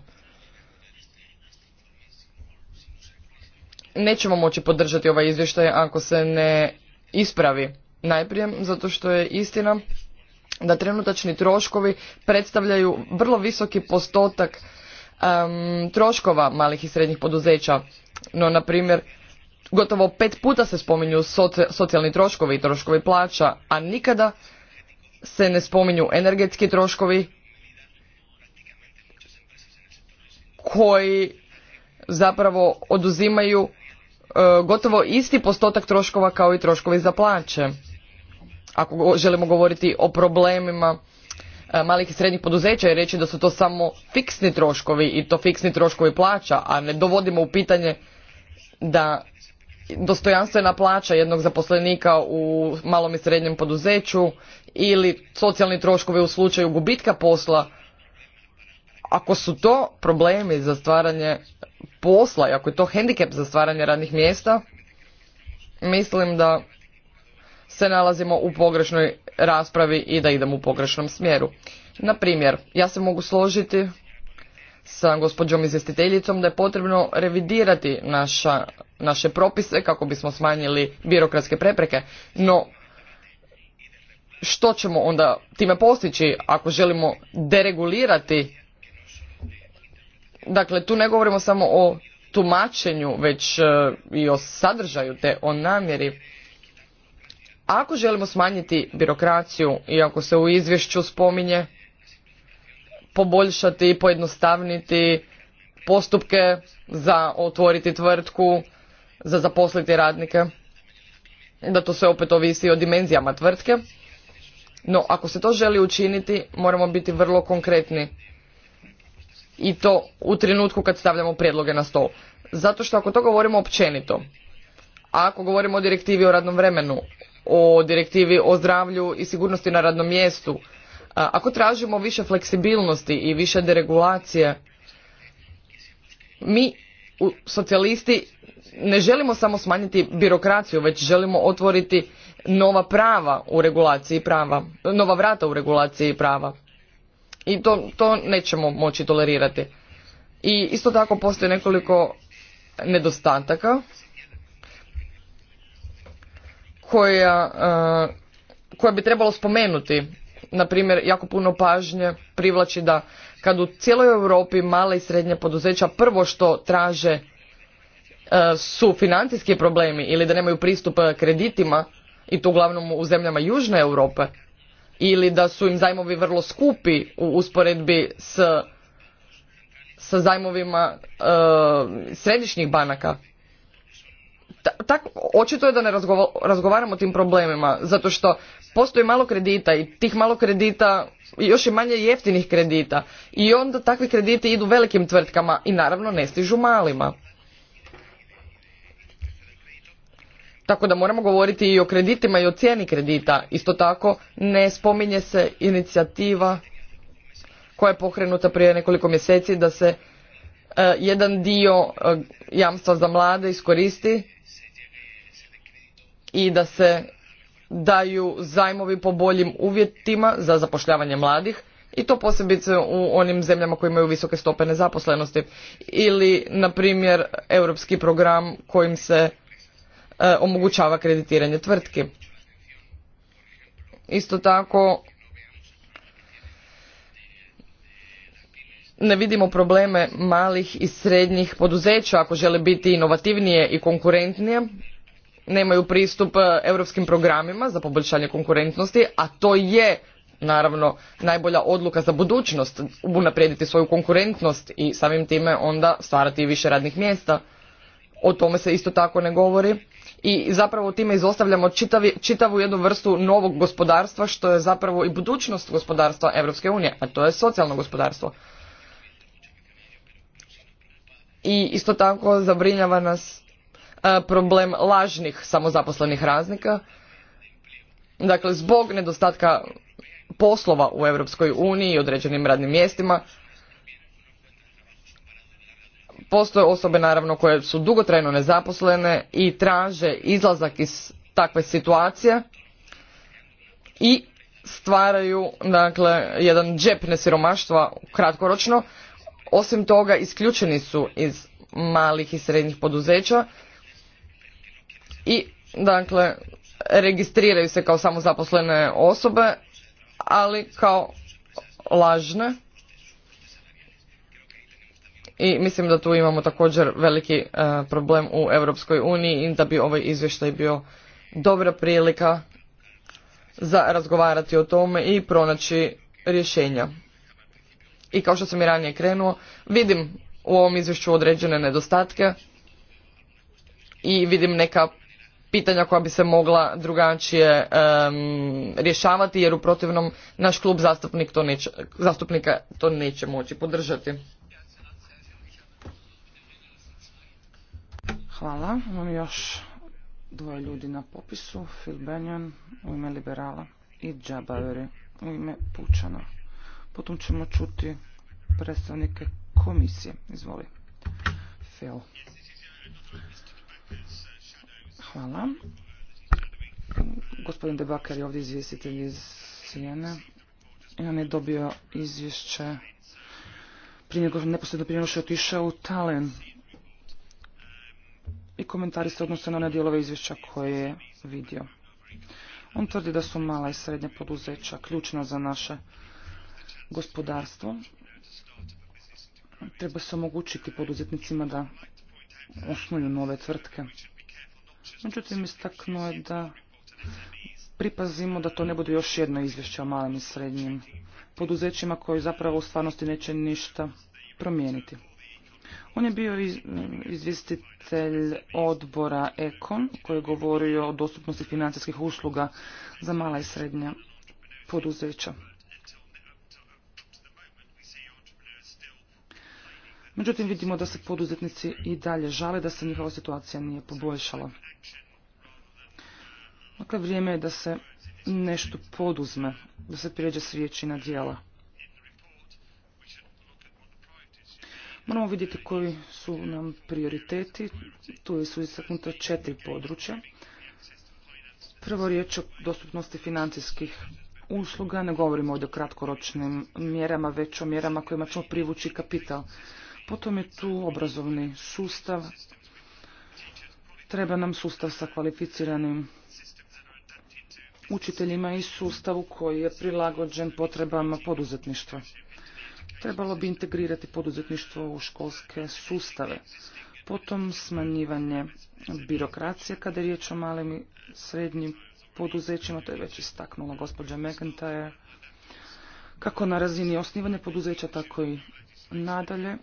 Nećemo moći podržati ovaj izvještaj ako se ne ispravi Najprije zato što je istina da trenutačni troškovi predstavljaju vrlo visoki postotak troškova malih i srednjih poduzeća. No, na primjer, gotovo pet puta se spominju socijalni troškovi i troškovi plaća, a nikada se ne spominju energetski troškovi koji zapravo oduzimaju e, gotovo isti postotak troškova kao i troškovi za plaće ako želimo govoriti o problemima e, malih i srednjih poduzeća i reći da su to samo fiksni troškovi i to fiksni troškovi plaća, a ne dovodimo u pitanje da dostojanstvena plaća jednog zaposlenika u malom i srednjem poduzeću ili socijalni troškovi u slučaju gubitka posla, ako su to problemi za stvaranje posla i ako je to hendikep za stvaranje radnih mjesta, mislim da se nalazimo u pogrešnoj raspravi i da idemo u pogrešnom smjeru. Na primjer, ja se mogu složiti sa gospođom izvjestiteljicom da je potrebno revidirati naša, naše propise kako bismo smanjili birokratske prepreke, no što ćemo onda time postići ako želimo deregulirati dakle tu ne govorimo samo o tumačenju već e, i o sadržaju te o namjeri ako želimo smanjiti birokraciju, i ako se u izvješću spominje, poboljšati i pojednostavniti postupke za otvoriti tvrtku, za zaposliti radnike, da to se opet ovisi o dimenzijama tvrtke. No, ako se to želi učiniti, moramo biti vrlo konkretni. I to u trenutku kad stavljamo prijedloge na stol. Zato što ako to govorimo općenito, a ako govorimo o direktivi o radnom vremenu, o direktivi o zdravlju i sigurnosti na radnom mjestu, ako tražimo više fleksibilnosti i više deregulacije, mi socijalisti ne želimo samo smanjiti birokraciju, već želimo otvoriti nova prava u regulaciji prava, nova vrata u regulaciji prava. I to, to nećemo moći tolerirati. I isto tako postoji nekoliko nedostataka koja, e, koja bi trebalo spomenuti. Na primjer, jako puno pažnje privlači da kad u cijeloj Europi male i srednje poduzeća prvo što traže e, su financijski problemi ili da nemaju pristup e, kreditima i to uglavnom u zemljama Južne Europe ili da su im zajmovi vrlo skupi u usporedbi s, sa zajmovima središnjih banaka tak, očito je da ne razgovaramo o tim problemima, zato što postoji malo kredita i tih malo kredita još je manje jeftinih kredita i onda takvi krediti idu velikim tvrtkama i naravno ne stižu malima. Tako da moramo govoriti i o kreditima i o cijeni kredita. Isto tako ne spominje se inicijativa koja je pokrenuta prije nekoliko mjeseci da se e, jedan dio e, jamstva za mlade iskoristi i da se daju zajmovi po boljim uvjetima za zapošljavanje mladih i to posebice u onim zemljama koje imaju visoke stope nezaposlenosti ili na primjer europski program kojim se e, omogućava kreditiranje tvrtki isto tako ne vidimo probleme malih i srednjih poduzeća ako žele biti inovativnije i konkurentnije nemaju pristup europskim programima za poboljšanje konkurentnosti, a to je naravno najbolja odluka za budućnost, unaprijediti svoju konkurentnost i samim time onda stvarati više radnih mjesta. O tome se isto tako ne govori i zapravo time izostavljamo čitavi, čitavu jednu vrstu novog gospodarstva što je zapravo i budućnost gospodarstva Europske unije, a to je socijalno gospodarstvo. I isto tako zabrinjava nas E, problem lažnih samozaposlenih raznika. Dakle, zbog nedostatka poslova u Europskoj uniji i određenim radnim mjestima, postoje osobe naravno koje su dugotrajno nezaposlene i traže izlazak iz takve situacije i stvaraju dakle jedan džep nesiromaštva kratkoročno osim toga isključeni su iz malih i srednjih poduzeća i dakle registriraju se kao samozaposlene osobe, ali kao lažne. I mislim da tu imamo također veliki e, problem u Europskoj uniji i da bi ovaj izvještaj bio dobra prilika za razgovarati o tome i pronaći rješenja. I kao što sam i ranije krenuo, vidim u ovom izvješću određene nedostatke i vidim neka pitanja koja bi se mogla drugačije rješavati jer u protivnom naš klub zastupnik to neće, zastupnika to neće moći podržati. Hvala. Imam još dvoje ljudi na popisu. Phil Bennion u ime Liberala i Džabaveri u ime Pučana. Potom ćemo čuti predstavnike komisije. Izvoli. Phil. Hvala. Gospodin Debakar je ovdje izvjestitelj iz Sijene. I on je dobio izvješće prije neposredno prije nego što je otišao u Talen. I komentari se odnose na one dijelove izvješća koje je vidio. On tvrdi da su mala i srednja poduzeća ključna za naše gospodarstvo. Treba se omogućiti poduzetnicima da osnuju nove tvrtke. Međutim, istaknuo je da pripazimo da to ne bude još jedno izvješće o malim i srednjim poduzećima koji zapravo u stvarnosti neće ništa promijeniti. On je bio izvjestitelj odbora Ekon koji je govorio o dostupnosti financijskih usluga za mala i srednja poduzeća. Međutim, vidimo da se poduzetnici i dalje žale da se njihova situacija nije poboljšala. Dakle, vrijeme je da se nešto poduzme, da se prijeđe s riječi na dijela. Moramo vidjeti koji su nam prioriteti. Tu su istaknuta četiri područja. Prvo riječ o dostupnosti financijskih usluga. Ne govorimo ovdje o kratkoročnim mjerama, već o mjerama kojima ćemo privući kapital. Potom je tu obrazovni sustav. Treba nam sustav sa kvalificiranim učiteljima i sustavu koji je prilagođen potrebama poduzetništva. Trebalo bi integrirati poduzetništvo u školske sustave. Potom smanjivanje birokracije kada je riječ o malim i srednjim poduzećima, to je već istaknula gospođa McIntyre, kako na razini osnivanja poduzeća, tako i nadalje.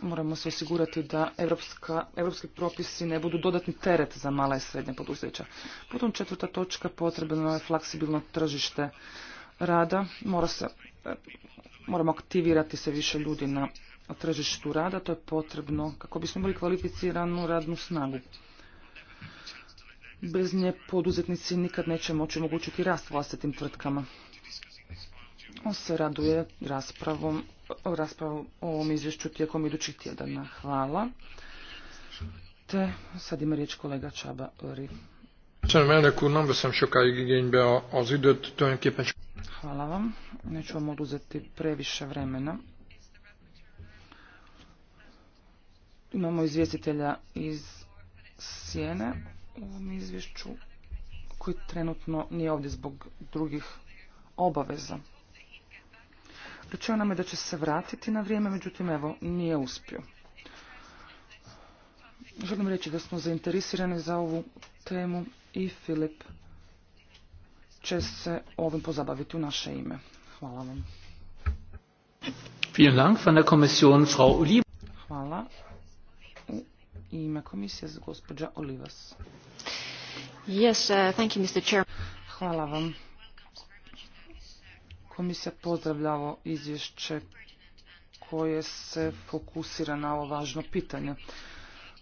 Moramo se osigurati da evropska, evropski propisi ne budu dodatni teret za mala i srednja poduzeća. Potom četvrta točka potrebno je fleksibilno tržište rada. moramo aktivirati se više ljudi na tržištu rada. To je potrebno kako bismo imali kvalificiranu radnu snagu. Bez nje poduzetnici nikad neće moći omogućiti rast vlastitim tvrtkama. On se raduje raspravom, o ovom izvješću tijekom idućih tjedana. Hvala. Te sad ima riječ kolega Čaba Ri. Hvala vam. Neću vam oduzeti previše vremena. Imamo izvjestitelja iz Sjene u ovom izvješću koji trenutno nije ovdje zbog drugih obaveza. Obećao nam je da će se vratiti na vrijeme, međutim, evo, nije uspio. Želim reći da smo zainteresirani za ovu temu i Filip će se ovim pozabaviti u naše ime. Hvala vam. Hvala. U ime komisije za gospođa Olivas. Yes, uh, thank you, Mr. Hvala vam. Komisija pozdravlja ovo izvješće koje se fokusira na ovo važno pitanje.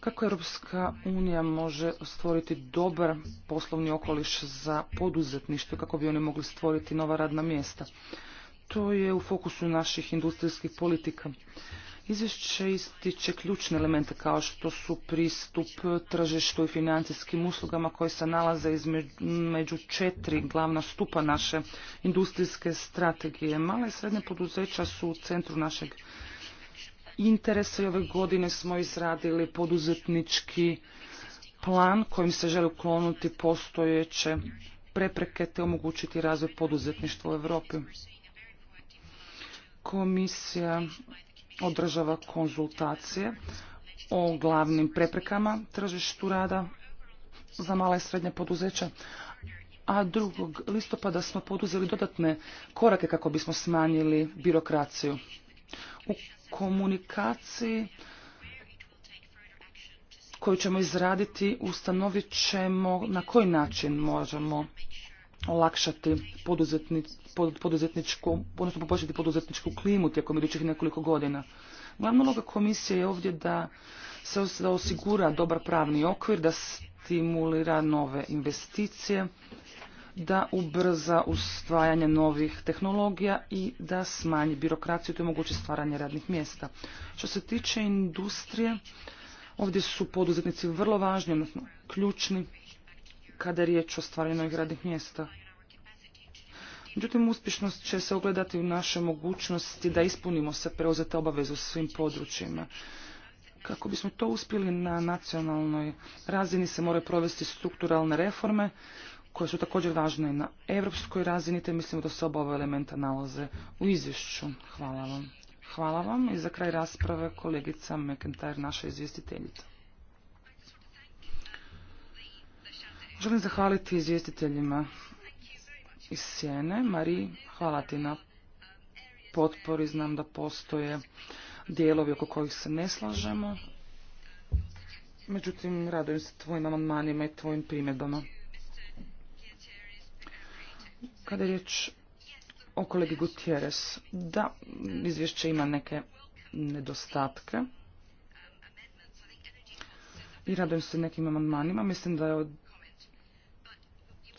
Kako Europska unija može stvoriti dobar poslovni okoliš za poduzetništvo kako bi oni mogli stvoriti nova radna mjesta? To je u fokusu naših industrijskih politika. Izvješće ističe ključne elemente kao što su pristup tržištu i financijskim uslugama koji se nalaze između četiri glavna stupa naše industrijske strategije. Male i srednje poduzeća su u centru našeg interesa i ove godine smo izradili poduzetnički plan kojim se želi ukloniti postojeće prepreke te omogućiti razvoj poduzetništva u Europi. Komisija održava konzultacije o glavnim preprekama tržištu rada za mala i srednja poduzeća, a 2. listopada smo poduzeli dodatne korake kako bismo smanjili birokraciju. U komunikaciji koju ćemo izraditi ustanovit ćemo na koji način možemo olakšati poduzetničku, odnosno poboljšati poduzetničku klimu tijekom idućih nekoliko godina. Glavna uloga komisije je ovdje da se osigura dobar pravni okvir, da stimulira nove investicije, da ubrza ustvajanje novih tehnologija i da smanji birokraciju i omogući stvaranje radnih mjesta. Što se tiče industrije, ovdje su poduzetnici vrlo važni, odnosno ključni kada je riječ o stvaranju radnih mjesta. Međutim, uspješnost će se ogledati u naše mogućnosti da ispunimo se preuzete obaveze u svim područjima. Kako bismo to uspjeli na nacionalnoj razini se moraju provesti strukturalne reforme koje su također važne na europskoj razini, te mislimo da se oba ova elementa nalaze u izvješću. Hvala vam. Hvala vam i za kraj rasprave kolegica McIntyre, naša izvjestiteljica. Želim zahvaliti izvjestiteljima iz Sjene. Mariji, hvala ti na potpori. Znam da postoje dijelovi oko kojih se ne slažemo. Međutim, radujem se tvojim amandmanima i tvojim primjedbama. Kada je riječ o kolegi Gutierrez, da, izvješće ima neke nedostatke i radujem se nekim amandmanima. Mislim da je od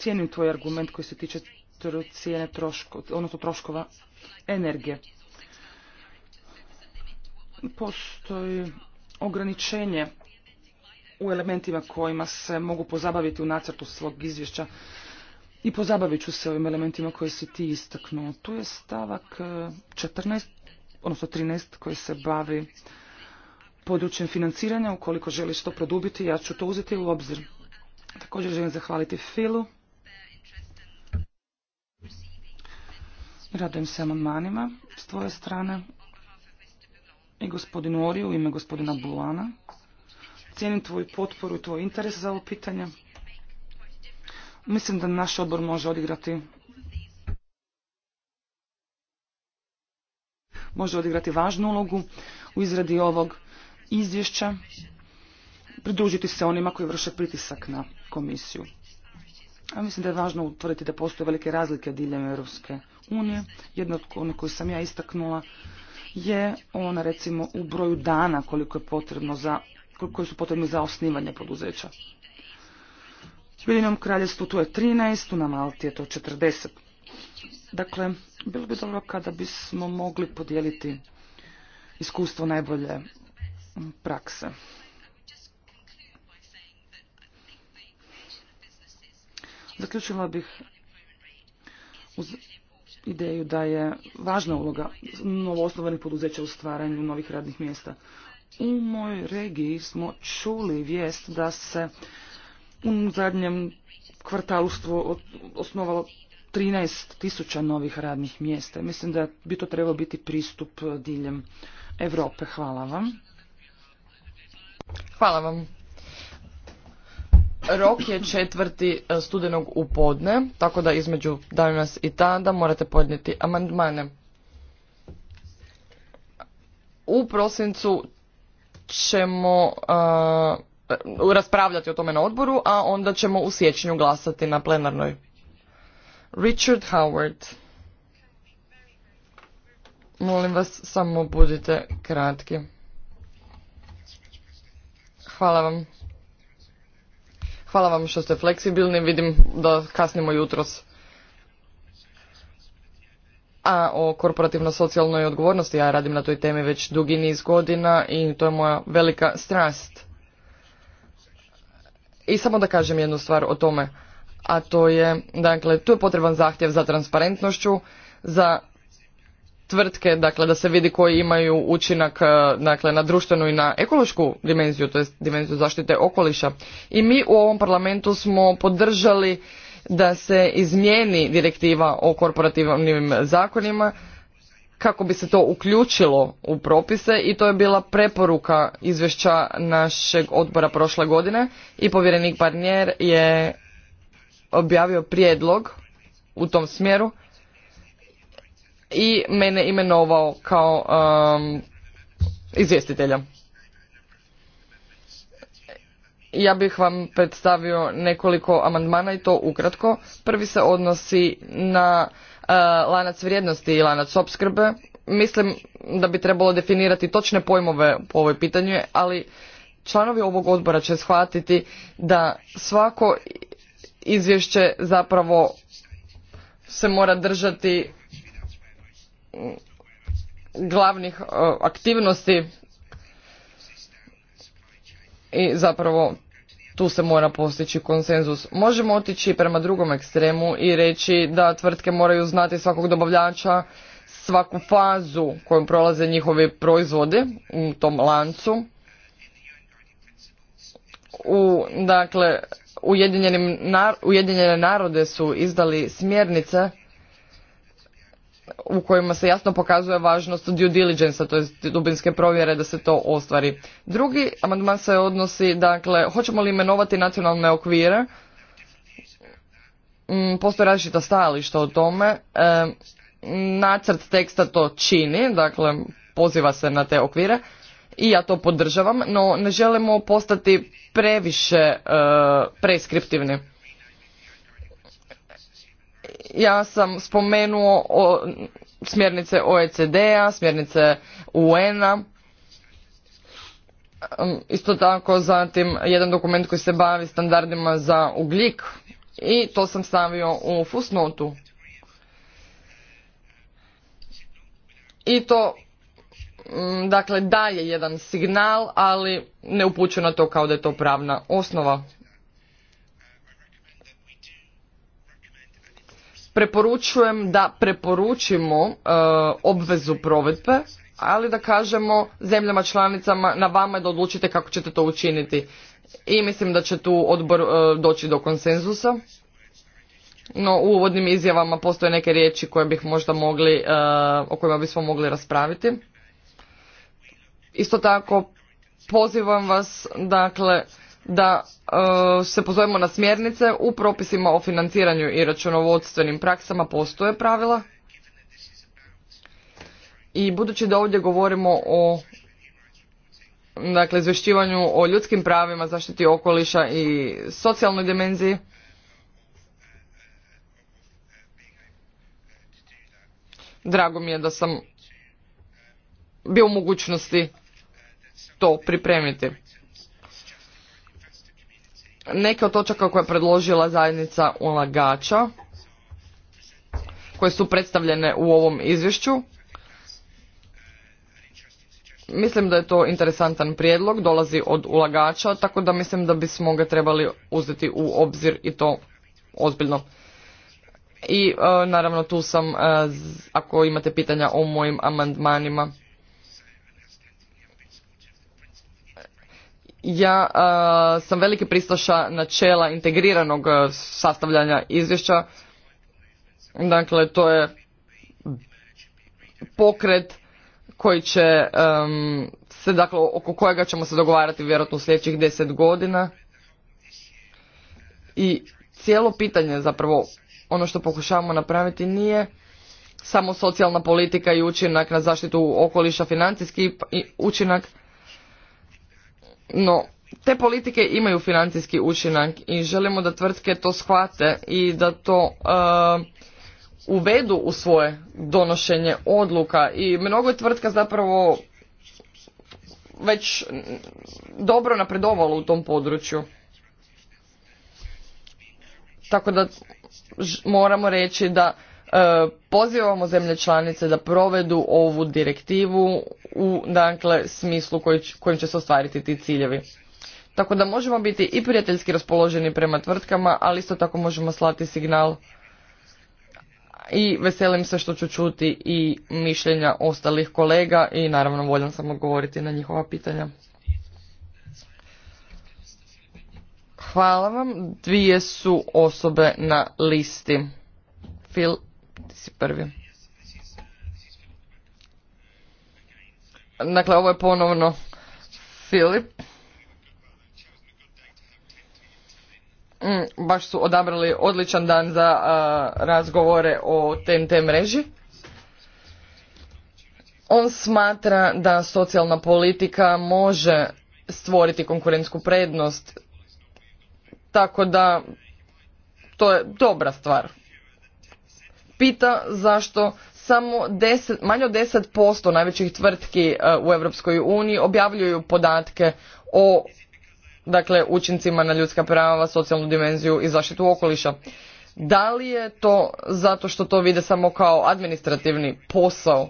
cijenim tvoj argument koji se tiče cijene troško, odnosno troškova energije. Postoji ograničenje u elementima kojima se mogu pozabaviti u nacrtu svog izvješća i pozabavit ću se ovim elementima koje si ti istaknuo. Tu je stavak 14, e, odnosno 13 koji se bavi područjem financiranja. Ukoliko želiš to produbiti, ja ću to uzeti u obzir. Također želim zahvaliti Filu Radujem se amandmanima s tvoje strane i gospodinu Oriju u ime gospodina Bulana. Cijenim tvoju potporu i tvoj interes za ovo pitanje. Mislim da naš odbor može odigrati može odigrati važnu ulogu u izradi ovog izvješća, pridružiti se onima koji vrše pritisak na komisiju. A mislim da je važno utvrditi da postoje velike razlike diljem Europske unije, jedna od onih koju sam ja istaknula je ona recimo u broju dana koliko je potrebno za, koji su potrebni za osnivanje poduzeća. U ujedinjenom kraljestvu tu je 13, na Malti je to 40. Dakle, bilo bi dobro kada bismo mogli podijeliti iskustvo najbolje prakse. Zaključila bih ideju da je važna uloga novoosnovanih poduzeća u stvaranju novih radnih mjesta. U mojoj regiji smo čuli vijest da se u zadnjem kvartalu osnovalo 13 tisuća novih radnih mjesta. Mislim da bi to trebao biti pristup diljem Europe. Hvala vam. Hvala vam. Rok je četvrti e, studenog u podne, tako da između danas i tada morate podnijeti amandmane. U prosincu ćemo uh, raspravljati o tome na odboru, a onda ćemo u siječnju glasati na plenarnoj. Richard Howard. Molim vas, samo budite kratki. Hvala vam. Hvala vam što ste fleksibilni, vidim da kasnimo jutros. A o korporativno-socijalnoj odgovornosti ja radim na toj temi već dugi niz godina i to je moja velika strast. I samo da kažem jednu stvar o tome, a to je, dakle, tu je potreban zahtjev za transparentnošću, za tvrtke, dakle da se vidi koji imaju učinak e, dakle, na društvenu i na ekološku dimenziju, to dimenziju zaštite okoliša. I mi u ovom parlamentu smo podržali da se izmijeni direktiva o korporativnim zakonima kako bi se to uključilo u propise i to je bila preporuka izvješća našeg odbora prošle godine i povjerenik Barnier je objavio prijedlog u tom smjeru i mene imenovao kao um, izvjestitelja. Ja bih vam predstavio nekoliko amandmana i to ukratko. Prvi se odnosi na uh, lanac vrijednosti i lanac opskrbe. Mislim da bi trebalo definirati točne pojmove po ovoj pitanju, ali članovi ovog odbora će shvatiti da svako izvješće zapravo se mora držati glavnih e, aktivnosti i zapravo tu se mora postići konsenzus. Možemo otići prema drugom ekstremu i reći da tvrtke moraju znati svakog dobavljača, svaku fazu kojom prolaze njihovi proizvodi u tom lancu. U, dakle, Ujedinjene narode su izdali smjernice u kojima se jasno pokazuje važnost due diligence-a, to je dubinske provjere da se to ostvari. Drugi amandman se odnosi, dakle, hoćemo li imenovati nacionalne okvire? Mm, postoje različita stajališta o tome. E, nacrt teksta to čini, dakle, poziva se na te okvire i ja to podržavam, no ne želimo postati previše e, preskriptivni ja sam spomenuo o, smjernice OECD-a, smjernice UN-a, e um, isto tako zatim jedan dokument koji se bavi standardima za ugljik i to sam stavio u fusnotu. I to, mm, dakle, daje jedan signal, ali ne upućuje na to kao da je to pravna osnova. preporučujem da preporučimo e, obvezu provedbe, ali da kažemo zemljama članicama na vama je da odlučite kako ćete to učiniti. I mislim da će tu odbor e, doći do konsenzusa. No, u uvodnim izjavama postoje neke riječi koje bih možda mogli, e, o kojima bismo mogli raspraviti. Isto tako, pozivam vas, dakle, da e, se pozovemo na smjernice u propisima o financiranju i računovodstvenim praksama postoje pravila i budući da ovdje govorimo o dakle izvješćivanju o ljudskim pravima zaštiti okoliša i socijalnoj dimenziji drago mi je da sam bio u mogućnosti to pripremiti neke od točaka koje je predložila zajednica ulagača koje su predstavljene u ovom izvješću. Mislim da je to interesantan prijedlog, dolazi od ulagača, tako da mislim da bismo ga trebali uzeti u obzir i to ozbiljno. I e, naravno tu sam, e, ako imate pitanja o mojim amandmanima, ja e, sam veliki pristaša načela integriranog e, sastavljanja izvješća. Dakle, to je pokret koji će se, dakle, oko kojega ćemo se dogovarati vjerojatno u sljedećih deset godina. I cijelo pitanje zapravo, ono što pokušavamo napraviti nije samo socijalna politika i učinak na zaštitu okoliša, financijski učinak, no, te politike imaju financijski učinak i želimo da tvrtke to shvate i da to uh, uvedu u svoje donošenje odluka i mnogo je tvrtka zapravo već dobro napredovalo u tom području. Tako da moramo reći da E, pozivamo zemlje članice da provedu ovu direktivu u dakle smislu kojim će se ostvariti ti ciljevi. Tako da možemo biti i prijateljski raspoloženi prema tvrtkama, ali isto tako možemo slati signal i veselim se što ću čuti i mišljenja ostalih kolega i naravno voljan sam govoriti na njihova pitanja. Hvala vam. Dvije su osobe na listi. Phil ti prvi. Dakle, ovo je ponovno Filip. Mm, baš su odabrali odličan dan za razgovore o TNT mreži. On smatra da socijalna politika može stvoriti konkurentsku prednost, tako da to je dobra stvar pita zašto samo 10, manje od 10% najvećih tvrtki e, u Europskoj uniji objavljuju podatke o dakle učincima na ljudska prava, socijalnu dimenziju i zaštitu okoliša. Da li je to zato što to vide samo kao administrativni posao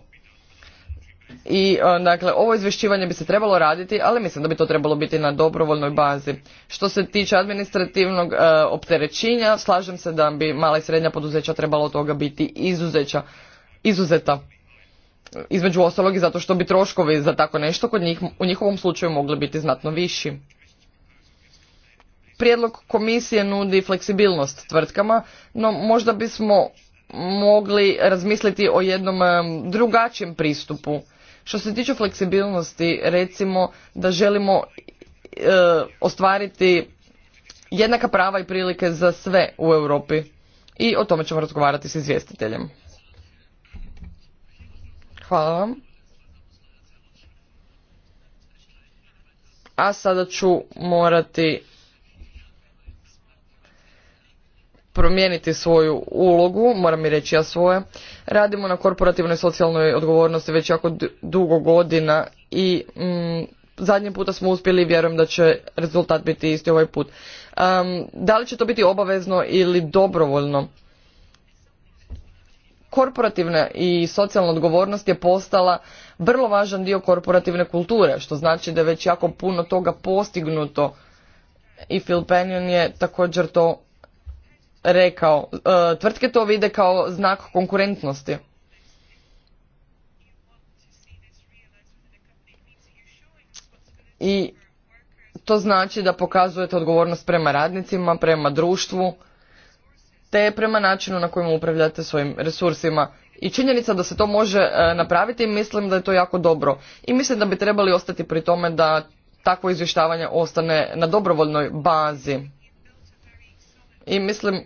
i e, dakle, ovo izvješćivanje bi se trebalo raditi, ali mislim da bi to trebalo biti na dobrovoljnoj bazi. Što se tiče administrativnog e, opterećenja, slažem se da bi mala i srednja poduzeća trebalo od toga biti izuzeća, izuzeta. Između ostalog i zato što bi troškovi za tako nešto kod njih u njihovom slučaju mogli biti znatno viši. Prijedlog komisije nudi fleksibilnost tvrtkama, no možda bismo mogli razmisliti o jednom e, drugačijem pristupu što se tiče fleksibilnosti, recimo da želimo e, ostvariti jednaka prava i prilike za sve u Europi i o tome ćemo razgovarati s izvjestiteljem. Hvala vam. A sada ću morati promijeniti svoju ulogu, moram i reći ja svoje. Radimo na korporativnoj socijalnoj odgovornosti već jako dugo godina i mm, zadnji puta smo uspjeli i vjerujem da će rezultat biti isti ovaj put. da li će to biti obavezno ili dobrovoljno? Korporativna i socijalna odgovornost je postala vrlo važan dio korporativne kulture, što znači da je već jako puno toga postignuto i Phil je također to rekao, e, tvrtke to vide kao znak konkurentnosti. I to znači da pokazujete odgovornost prema radnicima, prema društvu, te prema načinu na kojem upravljate svojim resursima. I činjenica da se to može e, napraviti, mislim da je to jako dobro. I mislim da bi trebali ostati pri tome da takvo izvještavanje ostane na dobrovoljnoj bazi i mislim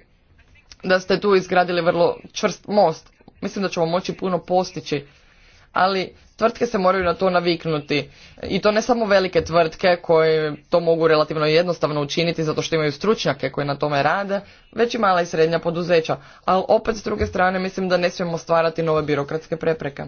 da ste tu izgradili vrlo čvrst most. Mislim da ćemo moći puno postići, ali tvrtke se moraju na to naviknuti. I to ne samo velike tvrtke koje to mogu relativno jednostavno učiniti zato što imaju stručnjake koji na tome rade, već i mala i srednja poduzeća. Ali opet s druge strane mislim da ne smijemo stvarati nove birokratske prepreke.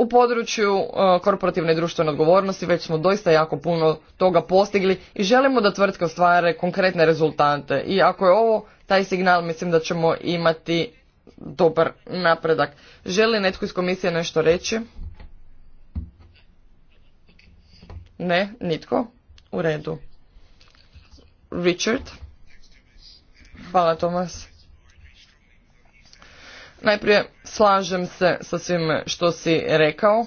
U području e, korporativne i društvene odgovornosti već smo doista jako puno toga postigli i želimo da tvrtke ostvare konkretne rezultate. I ako je ovo taj signal, mislim da ćemo imati dobar napredak. Želi netko iz komisije nešto reći? Ne, nitko. U redu. Richard? Hvala, Tomas. Najprije slažem se sa svim što si rekao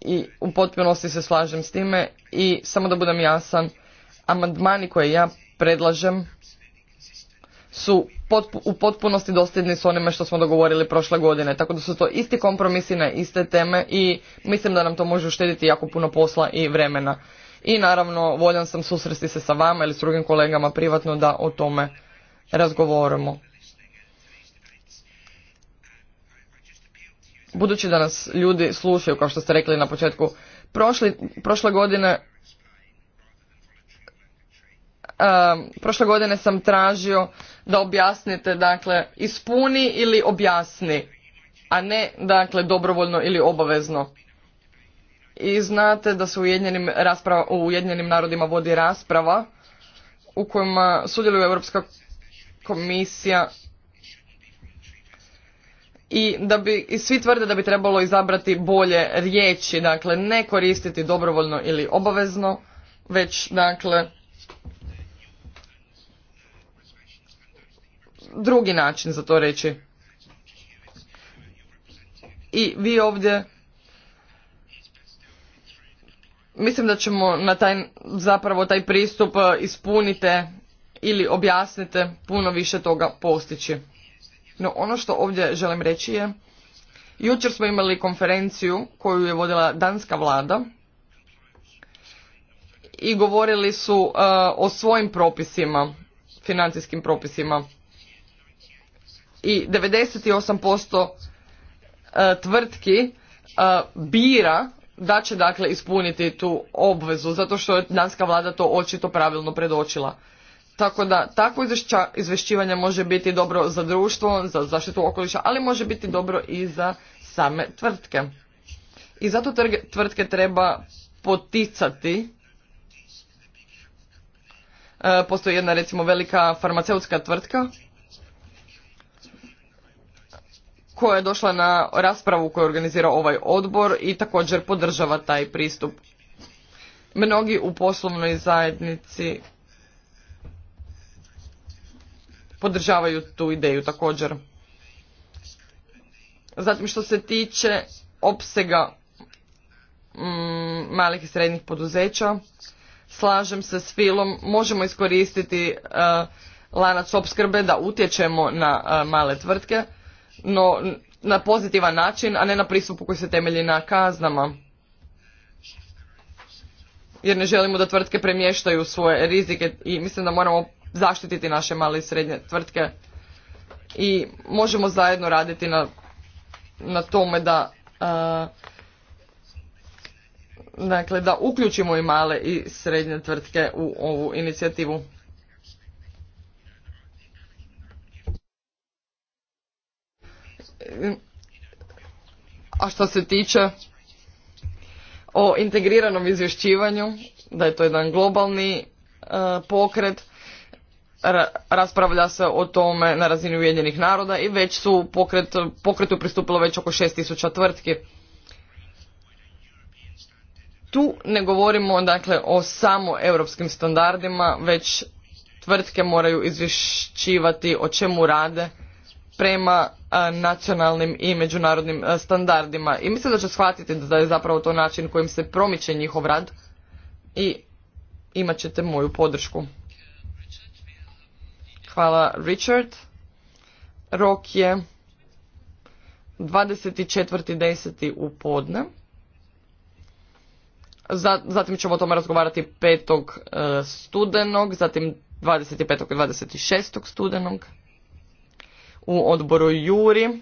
i u potpunosti se slažem s time i samo da budem jasan, amandmani koje ja predlažem su u potpunosti dosljedni s onime što smo dogovorili prošle godine. Tako da su to isti kompromisi na iste teme i mislim da nam to može uštediti jako puno posla i vremena. I naravno, voljan sam susresti se sa vama ili s drugim kolegama privatno da o tome razgovorimo. budući da nas ljudi slušaju, kao što ste rekli na početku, prošli, prošle godine um, prošle godine sam tražio da objasnite, dakle, ispuni ili objasni, a ne, dakle, dobrovoljno ili obavezno. I znate da se u Ujedinjenim, rasprava, u Ujedinjenim narodima vodi rasprava u kojima sudjeluje Europska komisija i da bi i svi tvrde da bi trebalo izabrati bolje riječi, dakle ne koristiti dobrovoljno ili obavezno, već dakle drugi način za to reći. I vi ovdje mislim da ćemo na taj zapravo taj pristup e, ispunite ili objasnite puno više toga postići. No ono što ovdje želim reći je, jučer smo imali konferenciju koju je vodila danska vlada i govorili su uh, o svojim propisima, financijskim propisima. I 98% uh, tvrtki uh, bira da će dakle ispuniti tu obvezu zato što je danska vlada to očito pravilno predočila. Tako da takvo izvješćivanje može biti dobro za društvo, za zaštitu okoliša, ali može biti dobro i za same tvrtke. I zato tvrtke treba poticati. E, postoji jedna recimo velika farmaceutska tvrtka koja je došla na raspravu koju organizira ovaj odbor i također podržava taj pristup. Mnogi u poslovnoj zajednici podržavaju tu ideju također. Zatim što se tiče opsega mm, malih i srednjih poduzeća, slažem se s filom, možemo iskoristiti e, lanac opskrbe da utječemo na e, male tvrtke, no na pozitivan način, a ne na pristupu koji se temelji na kaznama. Jer ne želimo da tvrtke premještaju svoje rizike i mislim da moramo zaštititi naše male i srednje tvrtke i možemo zajedno raditi na, na tome da e, dakle da uključimo i male i srednje tvrtke u ovu inicijativu. A što se tiče o integriranom izvješćivanju, da je to jedan globalni e, pokret, raspravlja se o tome na razini Ujedinjenih naroda i već su pokret, pokretu pristupilo već oko 6000 tvrtki. Tu ne govorimo dakle o samo europskim standardima, već tvrtke moraju izvješćivati o čemu rade prema e, nacionalnim i međunarodnim e, standardima. I mislim da će shvatiti da je zapravo to način kojim se promiče njihov rad i imat ćete moju podršku. Hvala Richard. Rok je 24.10. u podne. Zatim ćemo o tome razgovarati 5. E, studenog, zatim 25. i 26. studenog u odboru Juri.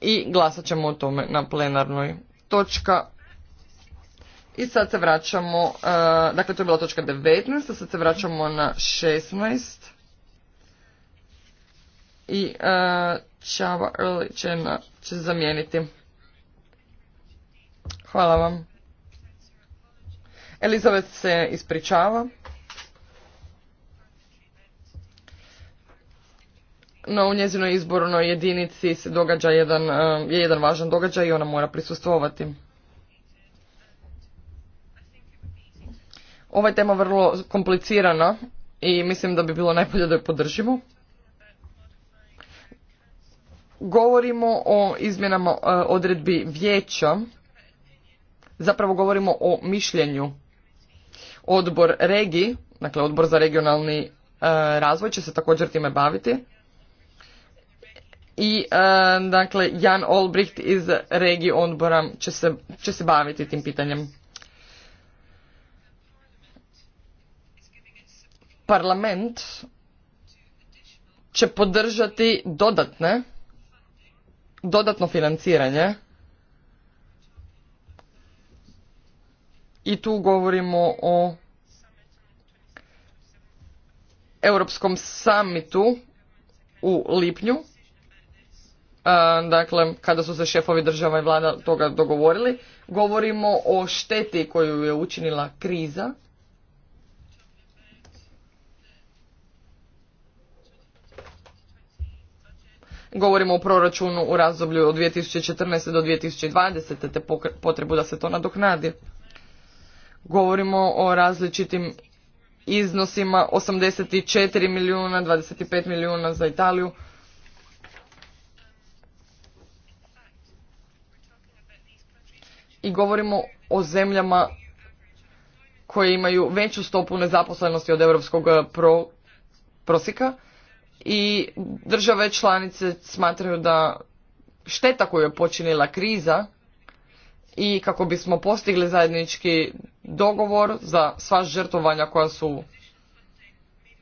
I glasat ćemo o tome na plenarnoj. Točka i sad se vraćamo, eh, dakle to je bila točka 19, a sad se vraćamo na 16. I Čava eh, Early će, se će zamijeniti. Hvala vam. Elizabeth se ispričava. No, u njezinoj izbornoj jedinici se događa jedan, eh, je jedan važan događaj i ona mora prisustvovati. Ova je tema vrlo komplicirana i mislim da bi bilo najbolje da je podržimo. Govorimo o izmjenama e, odredbi vijeća, zapravo govorimo o mišljenju. Odbor regi, dakle odbor za regionalni e, razvoj će se također time baviti. I e, dakle Jan Olbricht iz regije odbora će se, će se baviti tim pitanjem. parlament će podržati dodatne, dodatno financiranje i tu govorimo o Europskom samitu u lipnju, dakle kada su se šefovi država i vlada toga dogovorili, govorimo o šteti koju je učinila kriza Govorimo o proračunu u razdoblju od 2014. do 2020. te potrebu da se to nadoknadi. Govorimo o različitim iznosima 84 milijuna, 25 milijuna za Italiju. I govorimo o zemljama koje imaju veću stopu nezaposlenosti od evropskog eh, prosjeka i države članice smatraju da šteta koju je počinila kriza i kako bismo postigli zajednički dogovor za sva žrtovanja koja su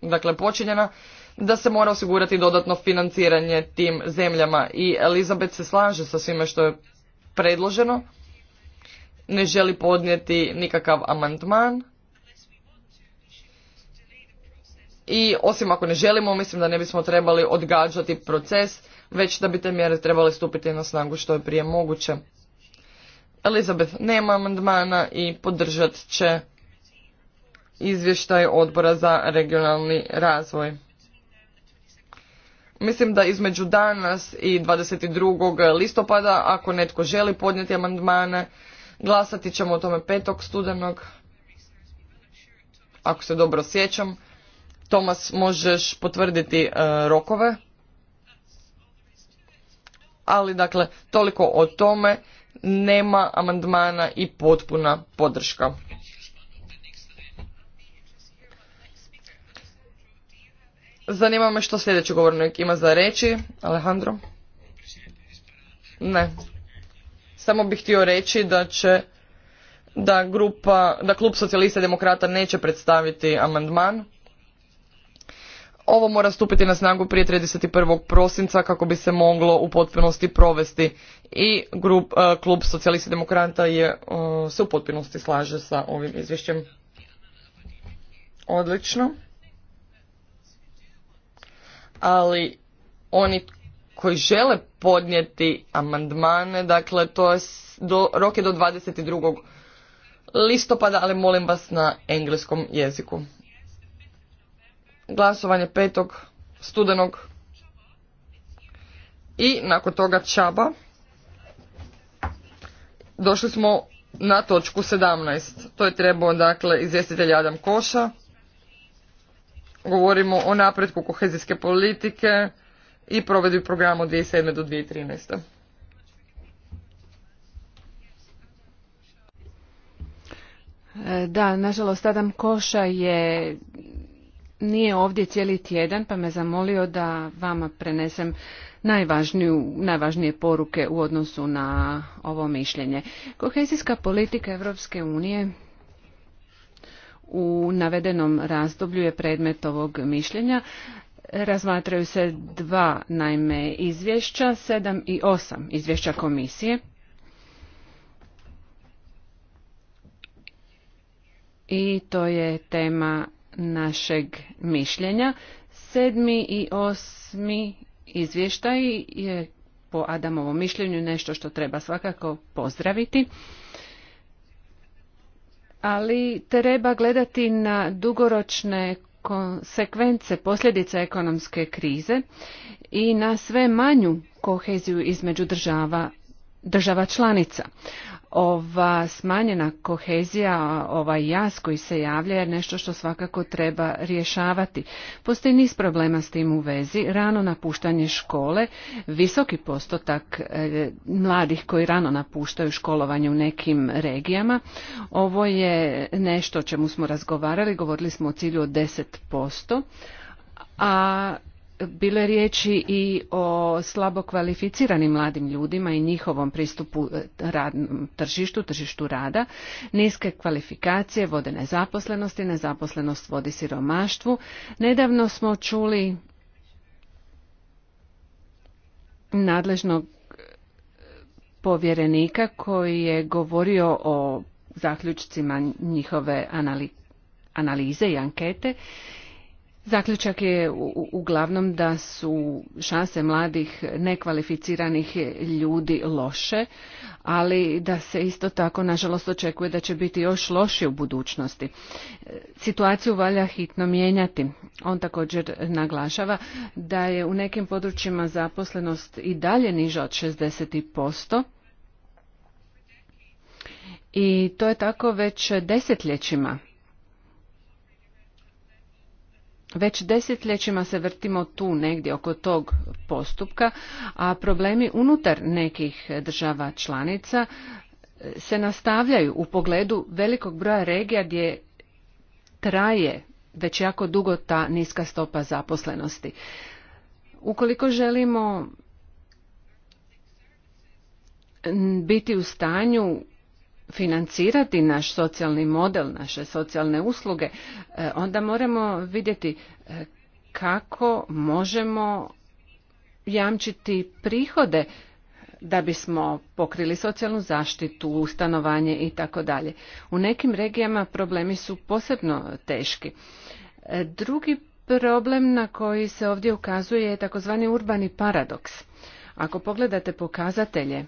dakle počinjena da se mora osigurati dodatno financiranje tim zemljama i Elizabeth se slaže sa svime što je predloženo ne želi podnijeti nikakav amandman i osim ako ne želimo, mislim da ne bismo trebali odgađati proces, već da bi te mjere trebale stupiti na snagu što je prije moguće. Elizabeth nema amandmana i podržat će izvještaj odbora za regionalni razvoj. Mislim da između danas i 22. listopada, ako netko želi podnijeti amandmane, glasati ćemo o tome 5. studenog, ako se dobro sjećam Tomas, možeš potvrditi e, rokove? Ali, dakle, toliko o tome. Nema amandmana i potpuna podrška. Zanima me što sljedeći govornik ima za reći. Alejandro? Ne. Samo bih htio reći da će da grupa, da klub socijalista i demokrata neće predstaviti amandman. Ovo mora stupiti na snagu prije 31. prosinca kako bi se moglo u potpunosti provesti i grup, e, klub socijalista demokrata je, e, se u potpunosti slaže sa ovim izvješćem. Odlično. Ali oni koji žele podnijeti amandmane, dakle to je do, rok je do 22. listopada, ali molim vas na engleskom jeziku glasovanje petog studenog i nakon toga Čaba. Došli smo na točku 17. To je trebao dakle izvjestitelj Adam Koša. Govorimo o napretku kohezijske politike i provedbi programa od 2007. do 2013. Da, nažalost, Adam Koša je nije ovdje cijeli tjedan pa me zamolio da vama prenesem najvažnije poruke u odnosu na ovo mišljenje. Kohezijska politika Europske unije u navedenom razdoblju je predmet ovog mišljenja. Razmatraju se dva najme, izvješća, sedam i osam izvješća komisije. I to je tema našeg mišljenja. Sedmi i osmi izvještaj je po Adamovom mišljenju nešto što treba svakako pozdraviti. Ali treba gledati na dugoročne konsekvence posljedica ekonomske krize i na sve manju koheziju između država, država članica ova smanjena kohezija, ovaj jaz koji se javlja je nešto što svakako treba rješavati. Postoji niz problema s tim u vezi, rano napuštanje škole, visoki postotak e, mladih koji rano napuštaju školovanje u nekim regijama. Ovo je nešto o čemu smo razgovarali, govorili smo o cilju od 10%, a je riječi i o slabo kvalificiranim mladim ljudima i njihovom pristupu eh, radnom tržištu, tržištu rada. Niske kvalifikacije vode nezaposlenosti, nezaposlenost vodi siromaštvu. Nedavno smo čuli nadležnog eh, povjerenika koji je govorio o zaključcima njihove analize i ankete Zaključak je uglavnom da su šanse mladih nekvalificiranih ljudi loše, ali da se isto tako nažalost očekuje da će biti još lošije u budućnosti. Situaciju valja hitno mijenjati. On također naglašava da je u nekim područjima zaposlenost i dalje niža od 60%. I to je tako već desetljećima već desetljećima se vrtimo tu negdje oko tog postupka, a problemi unutar nekih država članica e, se nastavljaju u pogledu velikog broja regija gdje traje već jako dugo ta niska stopa zaposlenosti. Ukoliko želimo biti u stanju financirati naš socijalni model, naše socijalne usluge, e, onda moramo vidjeti e, kako možemo jamčiti prihode da bismo pokrili socijalnu zaštitu, stanovanje i tako dalje. U nekim regijama problemi su posebno teški. E, drugi problem na koji se ovdje ukazuje je takozvani urbani paradoks. Ako pogledate pokazatelje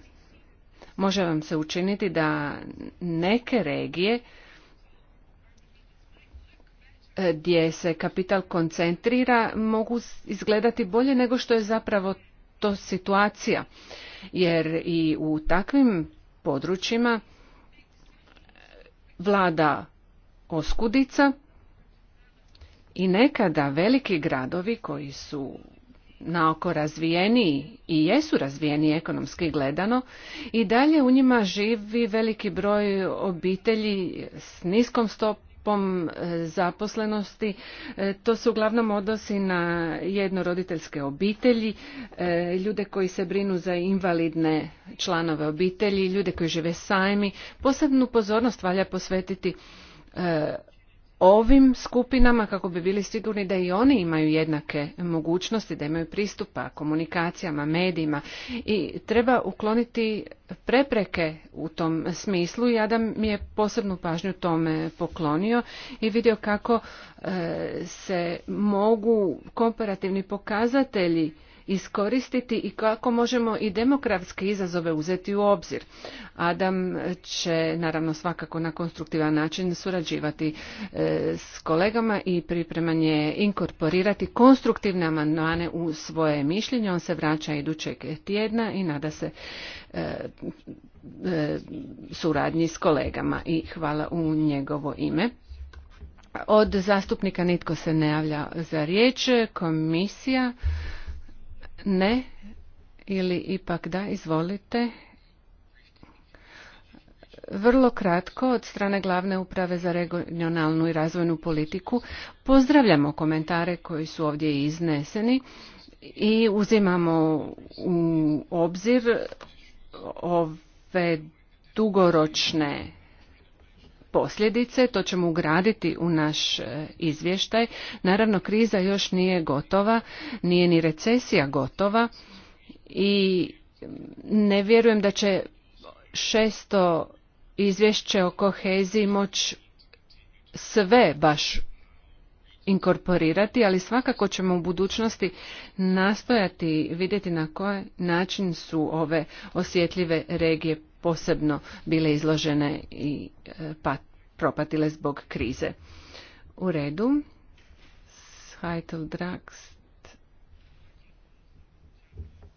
može vam se učiniti da neke regije e, gdje se kapital koncentrira mogu izgledati bolje nego što je zapravo to situacija jer i u takvim područjima e, vlada oskudica i nekada veliki gradovi koji su naoko razvijeniji i jesu razvijeniji ekonomski gledano i dalje u njima živi veliki broj obitelji s niskom stopom e, zaposlenosti. E, to se uglavnom odnosi na jednoroditeljske obitelji, e, ljude koji se brinu za invalidne članove obitelji, ljude koji žive sajmi. Posebnu pozornost valja posvetiti ovim skupinama kako bi bili sigurni da i oni imaju jednake mogućnosti, da imaju pristupa komunikacijama, medijima i treba ukloniti prepreke u tom smislu. Ja da mi je posebnu pažnju tome poklonio i vidio kako e, se mogu komparativni pokazatelji iskoristiti i kako možemo i demokratske izazove uzeti u obzir. Adam će naravno svakako na konstruktivan način surađivati e, s kolegama i pripremanje inkorporirati konstruktivne amandmane u svoje mišljenje. On se vraća idućeg tjedna i nada se e, e, suradnji s kolegama i hvala u njegovo ime. Od zastupnika nitko se ne javlja za riječ. Komisija ne. Ili ipak da, izvolite. Vrlo kratko od strane glavne uprave za regionalnu i razvojnu politiku pozdravljamo komentare koji su ovdje izneseni i uzimamo u obzir ove dugoročne posljedice, to ćemo ugraditi u naš e, izvještaj. Naravno, kriza još nije gotova, nije ni recesija gotova i ne vjerujem da će šesto izvješće o koheziji moć sve baš inkorporirati, ali svakako ćemo u budućnosti nastojati vidjeti na koji način su ove osjetljive regije posebno bile izložene i e, pa-, propatile zbog krize. U redu.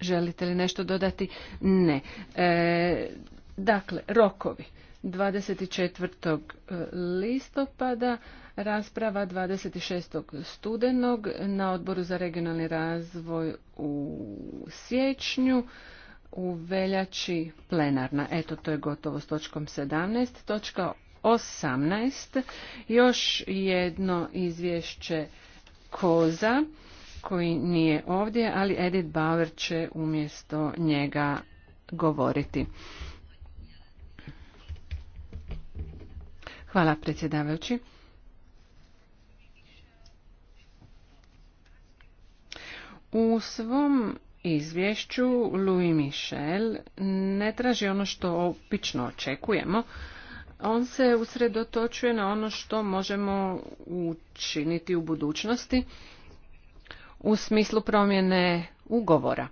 Želite li nešto dodati? Ne. E, dakle, rokovi. 24. E, listopada Rasprava 26. studenog na odboru za regionalni razvoj u siječnju u veljači plenarna. Eto, to je gotovo s točkom 17. Točka 18. Još jedno izvješće Koza koji nije ovdje, ali Edith Bauer će umjesto njega govoriti. Hvala predsjedavajući. U svom izvješću Louis Michel ne traži ono što opično očekujemo, on se usredotočuje na ono što možemo učiniti u budućnosti u smislu promjene ugovora.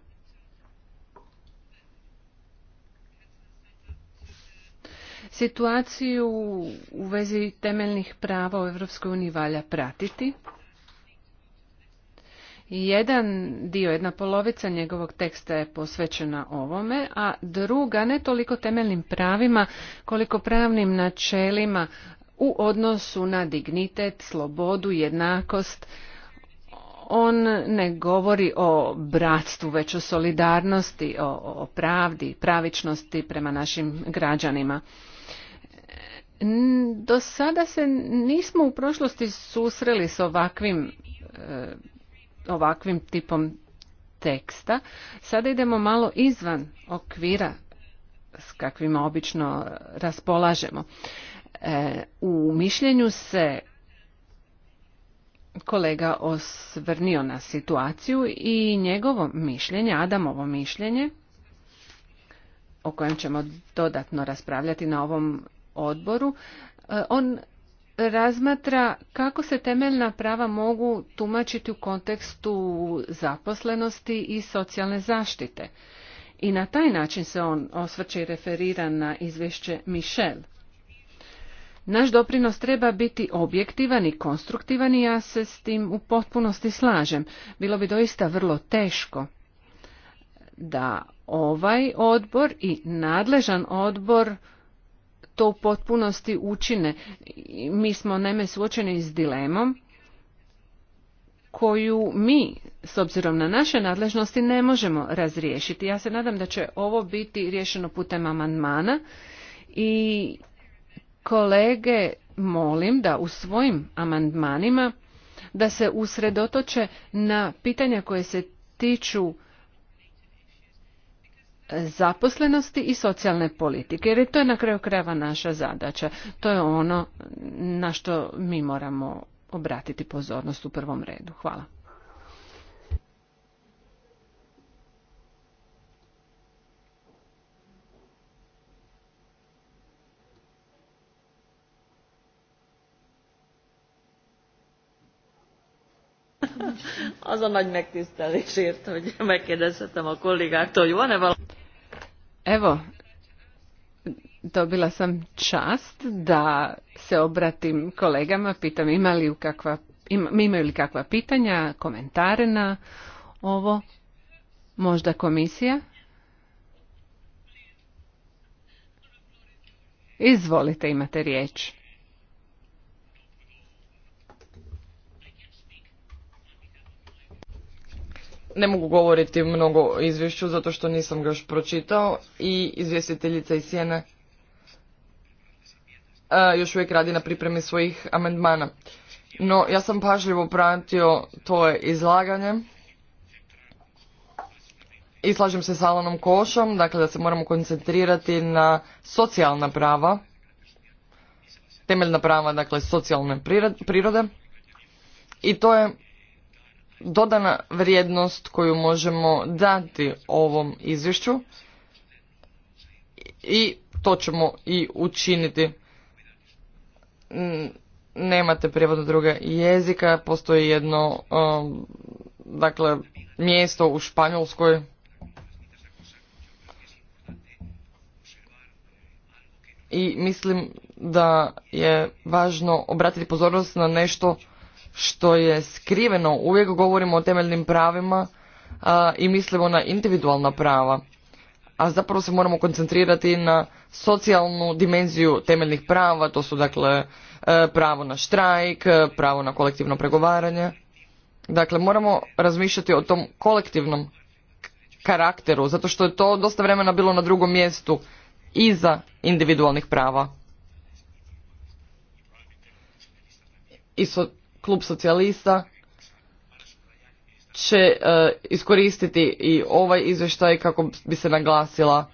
Situaciju u vezi temeljnih prava u EU valja pratiti jedan dio, jedna polovica njegovog teksta je posvećena ovome, a druga ne toliko temeljnim pravima koliko pravnim načelima u odnosu na dignitet, slobodu, jednakost. On ne govori o bratstvu, već o solidarnosti, o, o pravdi, pravičnosti prema našim građanima. Do sada se nismo u prošlosti susreli s ovakvim e, ovakvim tipom teksta. Sada idemo malo izvan okvira s kakvima obično raspolažemo. E, u mišljenju se kolega osvrnio na situaciju i njegovo mišljenje, Adamovo mišljenje, o kojem ćemo dodatno raspravljati na ovom odboru, e, on razmatra kako se temeljna prava mogu tumačiti u kontekstu zaposlenosti i socijalne zaštite. I na taj način se on osvrće i referira na izvješće Michel. Naš doprinos treba biti objektivan i konstruktivan i ja se s tim u potpunosti slažem. Bilo bi doista vrlo teško da ovaj odbor i nadležan odbor to u potpunosti učine. Mi smo naime suočeni s dilemom koju mi, s obzirom na naše nadležnosti, ne možemo razriješiti. Ja se nadam da će ovo biti riješeno putem amandmana i kolege molim da u svojim amandmanima da se usredotoče na pitanja koje se tiču zaposlenosti i socijalne politike, jer je to je na kraju krajeva naša zadaća. To je ono na što mi moramo obratiti pozornost u prvom redu. Hvala. az a nagy megtisztelésért, hogy megkérdezhetem a kollégáktól, hogy van-e valami... Evo, dobila sam čast da se obratim kolegama, pitam ima li kakva, ima, imaju li kakva pitanja, komentare na ovo, možda komisija? Izvolite, imate riječ. Ne mogu govoriti mnogo o izvješću zato što nisam ga još pročitao i izvjestiteljica iz Sjene e, još uvijek radi na pripremi svojih amendmana. No, ja sam pažljivo pratio to je izlaganje i slažem se s Alanom Košom, dakle da se moramo koncentrirati na socijalna prava, temeljna prava, dakle socijalne prirode i to je dodana vrijednost koju možemo dati ovom izvješću i to ćemo i učiniti. Nemate prijevod druga jezika, postoji jedno um, dakle mjesto u Španjolskoj i mislim da je važno obratiti pozornost na nešto što je skriveno. Uvijek govorimo o temeljnim pravima a, i mislimo na individualna prava. A zapravo se moramo koncentrirati na socijalnu dimenziju temeljnih prava. To su dakle e, pravo na štrajk, e, pravo na kolektivno pregovaranje. Dakle, moramo razmišljati o tom kolektivnom karakteru, zato što je to dosta vremena bilo na drugom mjestu iza individualnih prava. I so, klub socijalista će e, iskoristiti i ovaj izvještaj kako bi se naglasila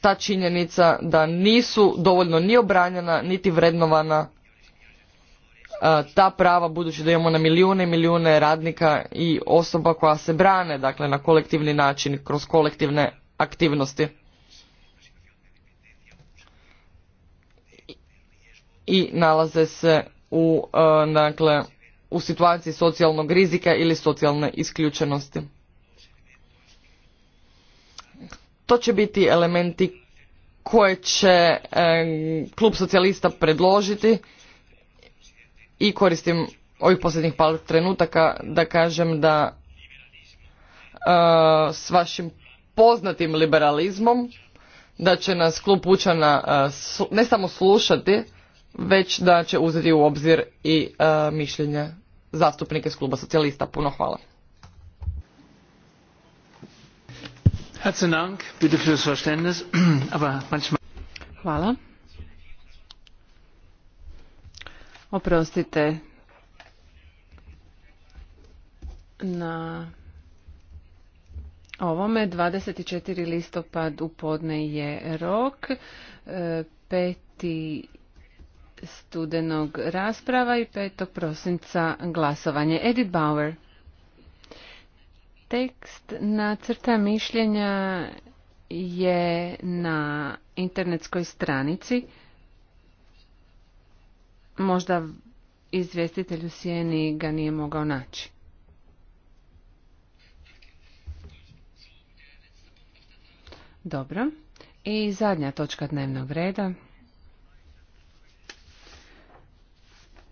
ta činjenica da nisu dovoljno ni obranjena niti vrednovana e, ta prava budući da imamo na milijune i milijune radnika i osoba koja se brane dakle na kolektivni način kroz kolektivne aktivnosti. i nalaze se u, e, dakle, u situaciji socijalnog rizika ili socijalne isključenosti. To će biti elementi koje će e, klub socijalista predložiti i koristim ovih posljednjih par trenutaka da kažem da e, s vašim poznatim liberalizmom da će nas klub pučana ne samo slušati već da će uzeti u obzir i e, mišljenje zastupnike iz kluba socijalista. Puno hvala. Hvala. Oprostite na ovome. 24. listopad u podne je rok. 5. E, studenog rasprava i 5. prosinca glasovanje. Edith Bauer. Tekst na crta mišljenja je na internetskoj stranici. Možda izvjestitelj u sjeni ga nije mogao naći. Dobro. I zadnja točka dnevnog reda.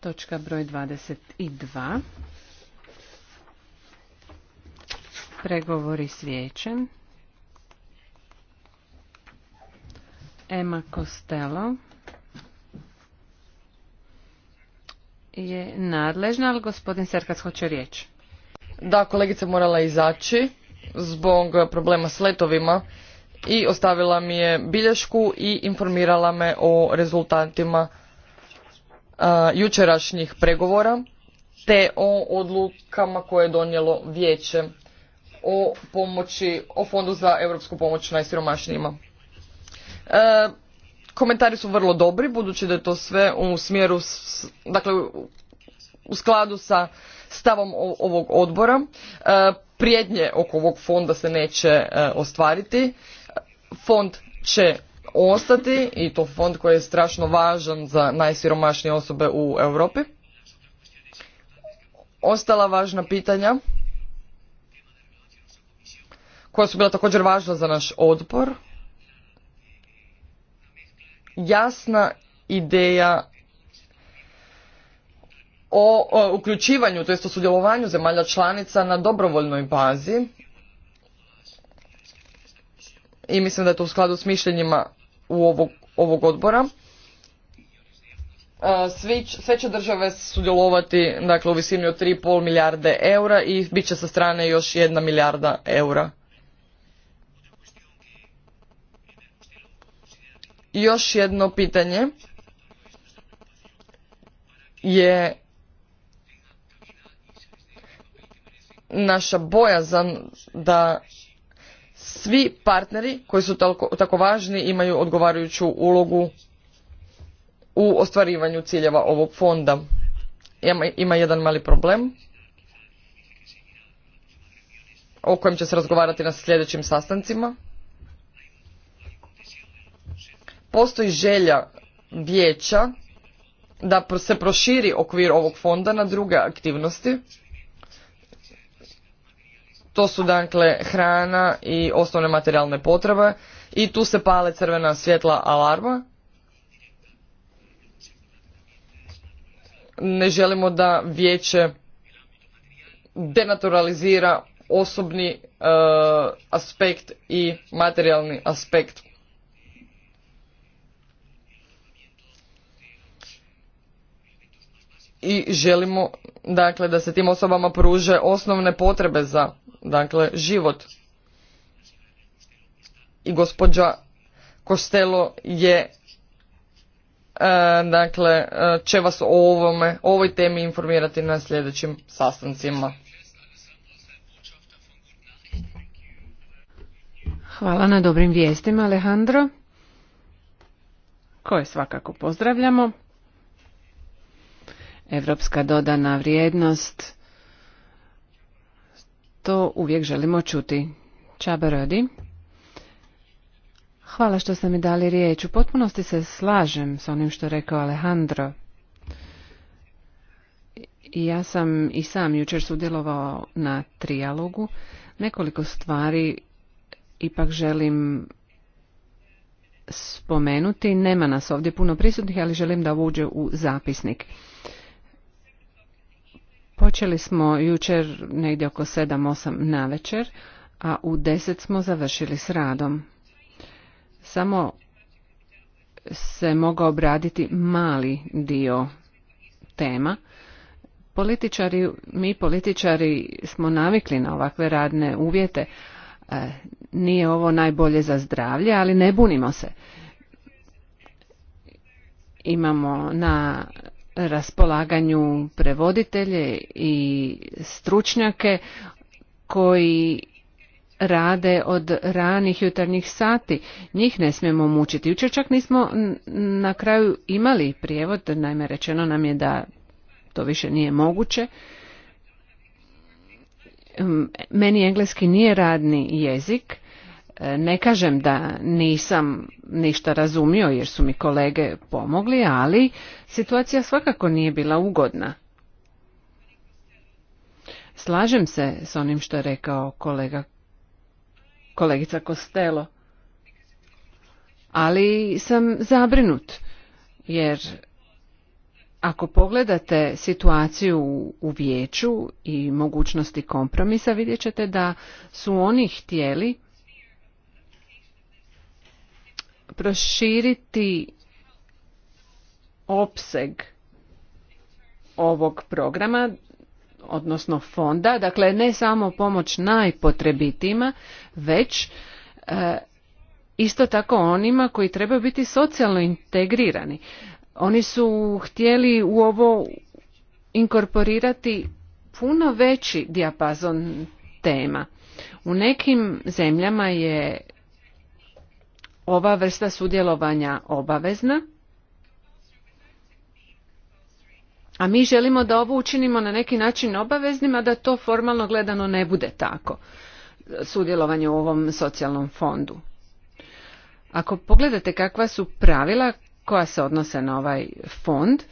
Točka broj 22. Pregovori s vijećem. Ema Costello je nadležna, ali gospodin Serkac hoće riječ. Da, kolegica morala izaći zbog problema s letovima i ostavila mi je bilješku i informirala me o rezultatima jučerašnjih pregovora te o odlukama koje je donijelo vijeće o pomoći, o fondu za europsku pomoć najsiromašnijima. E, komentari su vrlo dobri, budući da je to sve u smjeru, dakle, u skladu sa stavom ovog odbora. E, prijednje oko ovog fonda se neće e, ostvariti. Fond će ostati i to fond koji je strašno važan za najsiromašnije osobe u Europi. Ostala važna pitanja koja su bila također važna za naš odbor. Jasna ideja o, uključivanju, to jest o sudjelovanju zemalja članica na dobrovoljnoj bazi i mislim da je to u skladu s mišljenjima u ovog, ovog odbora. E, svi, sve će države sudjelovati dakle, u visini od 3,5 milijarde eura i bit će sa strane još jedna milijarda eura. još jedno pitanje je naša bojazan da svi partneri koji su tako, važni imaju odgovarajuću ulogu u ostvarivanju ciljeva ovog fonda. Ima, ima jedan mali problem o kojem će se razgovarati na sljedećim sastancima. Postoji želja vijeća da se proširi okvir ovog fonda na druge aktivnosti to su dakle hrana i osnovne materijalne potrebe i tu se pale crvena svjetla alarma. Ne želimo da vijeće denaturalizira osobni e, aspekt i materijalni aspekt. I želimo dakle da se tim osobama pruže osnovne potrebe za dakle život. I gospođa Kostelo je e, dakle e, će vas o ovome, o ovoj temi informirati na sljedećim sastancima. Hvala na dobrim vijestima Alejandro, koje svakako pozdravljamo. Evropska dodana vrijednost to uvijek želimo čuti. Čabe Rodi. Hvala što ste mi dali riječ. U potpunosti se slažem s onim što rekao Alejandro. Ja sam i sam jučer sudjelovao na trijalogu. Nekoliko stvari ipak želim spomenuti. Nema nas ovdje puno prisutnih, ali želim da uđe u zapisnik. Počeli smo jučer negdje oko 7-8 na večer, a u 10 smo završili s radom. Samo se mogao obraditi mali dio tema. Političari, mi političari smo navikli na ovakve radne uvjete. E, nije ovo najbolje za zdravlje, ali ne bunimo se. Imamo na raspolaganju prevoditelje i stručnjake koji rade od ranih jutarnjih sati. Njih ne smijemo mučiti. Jučer čak nismo na kraju imali prijevod, naime rečeno nam je da to više nije moguće. Meni engleski nije radni jezik, E, ne kažem da nisam ništa razumio jer su mi kolege pomogli, ali situacija svakako nije bila ugodna. Slažem se s onim što je rekao kolega, kolegica Kostelo, ali sam zabrinut jer ako pogledate situaciju u vijeću i mogućnosti kompromisa vidjet ćete da su oni htjeli proširiti opseg ovog programa, odnosno fonda, dakle ne samo pomoć najpotrebitijima, već e, isto tako onima koji trebaju biti socijalno integrirani. Oni su htjeli u ovo inkorporirati puno veći dijapazon tema. U nekim zemljama je ova vrsta sudjelovanja obavezna, a mi želimo da ovo učinimo na neki način obaveznim, a da to formalno gledano ne bude tako, sudjelovanje u ovom socijalnom fondu. Ako pogledate kakva su pravila koja se odnose na ovaj fond,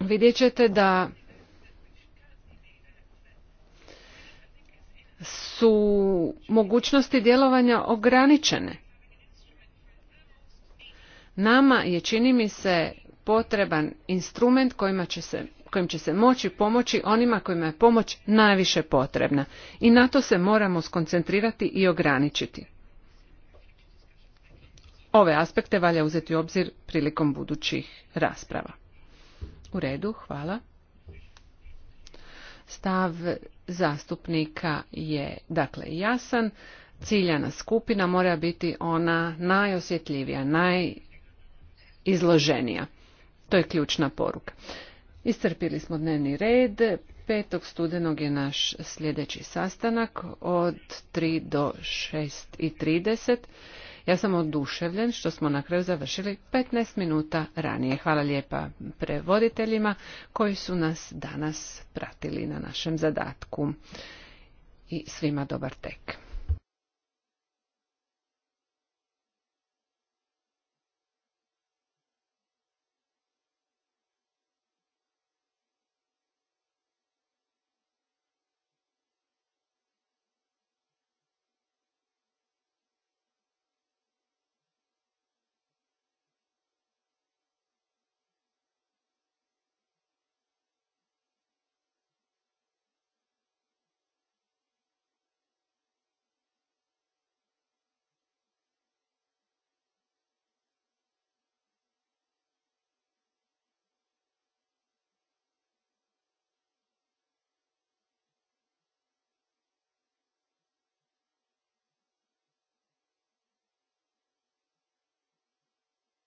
vidjet ćete da su mogućnosti djelovanja ograničene. Nama je, čini mi se, potreban instrument kojima će se kojim će se moći pomoći onima kojima je pomoć najviše potrebna i na to se moramo skoncentrirati i ograničiti. Ove aspekte valja uzeti u obzir prilikom budućih rasprava. U redu, hvala. Stav zastupnika je dakle jasan, ciljana skupina mora biti ona najosjetljivija, naj izloženija. To je ključna poruka. Iscrpili smo dnevni red. 5. studenog je naš sljedeći sastanak od 3 do i 30. Ja sam oduševljen što smo na kraju završili 15 minuta ranije. Hvala lijepa prevoditeljima koji su nas danas pratili na našem zadatku. I svima dobar tek.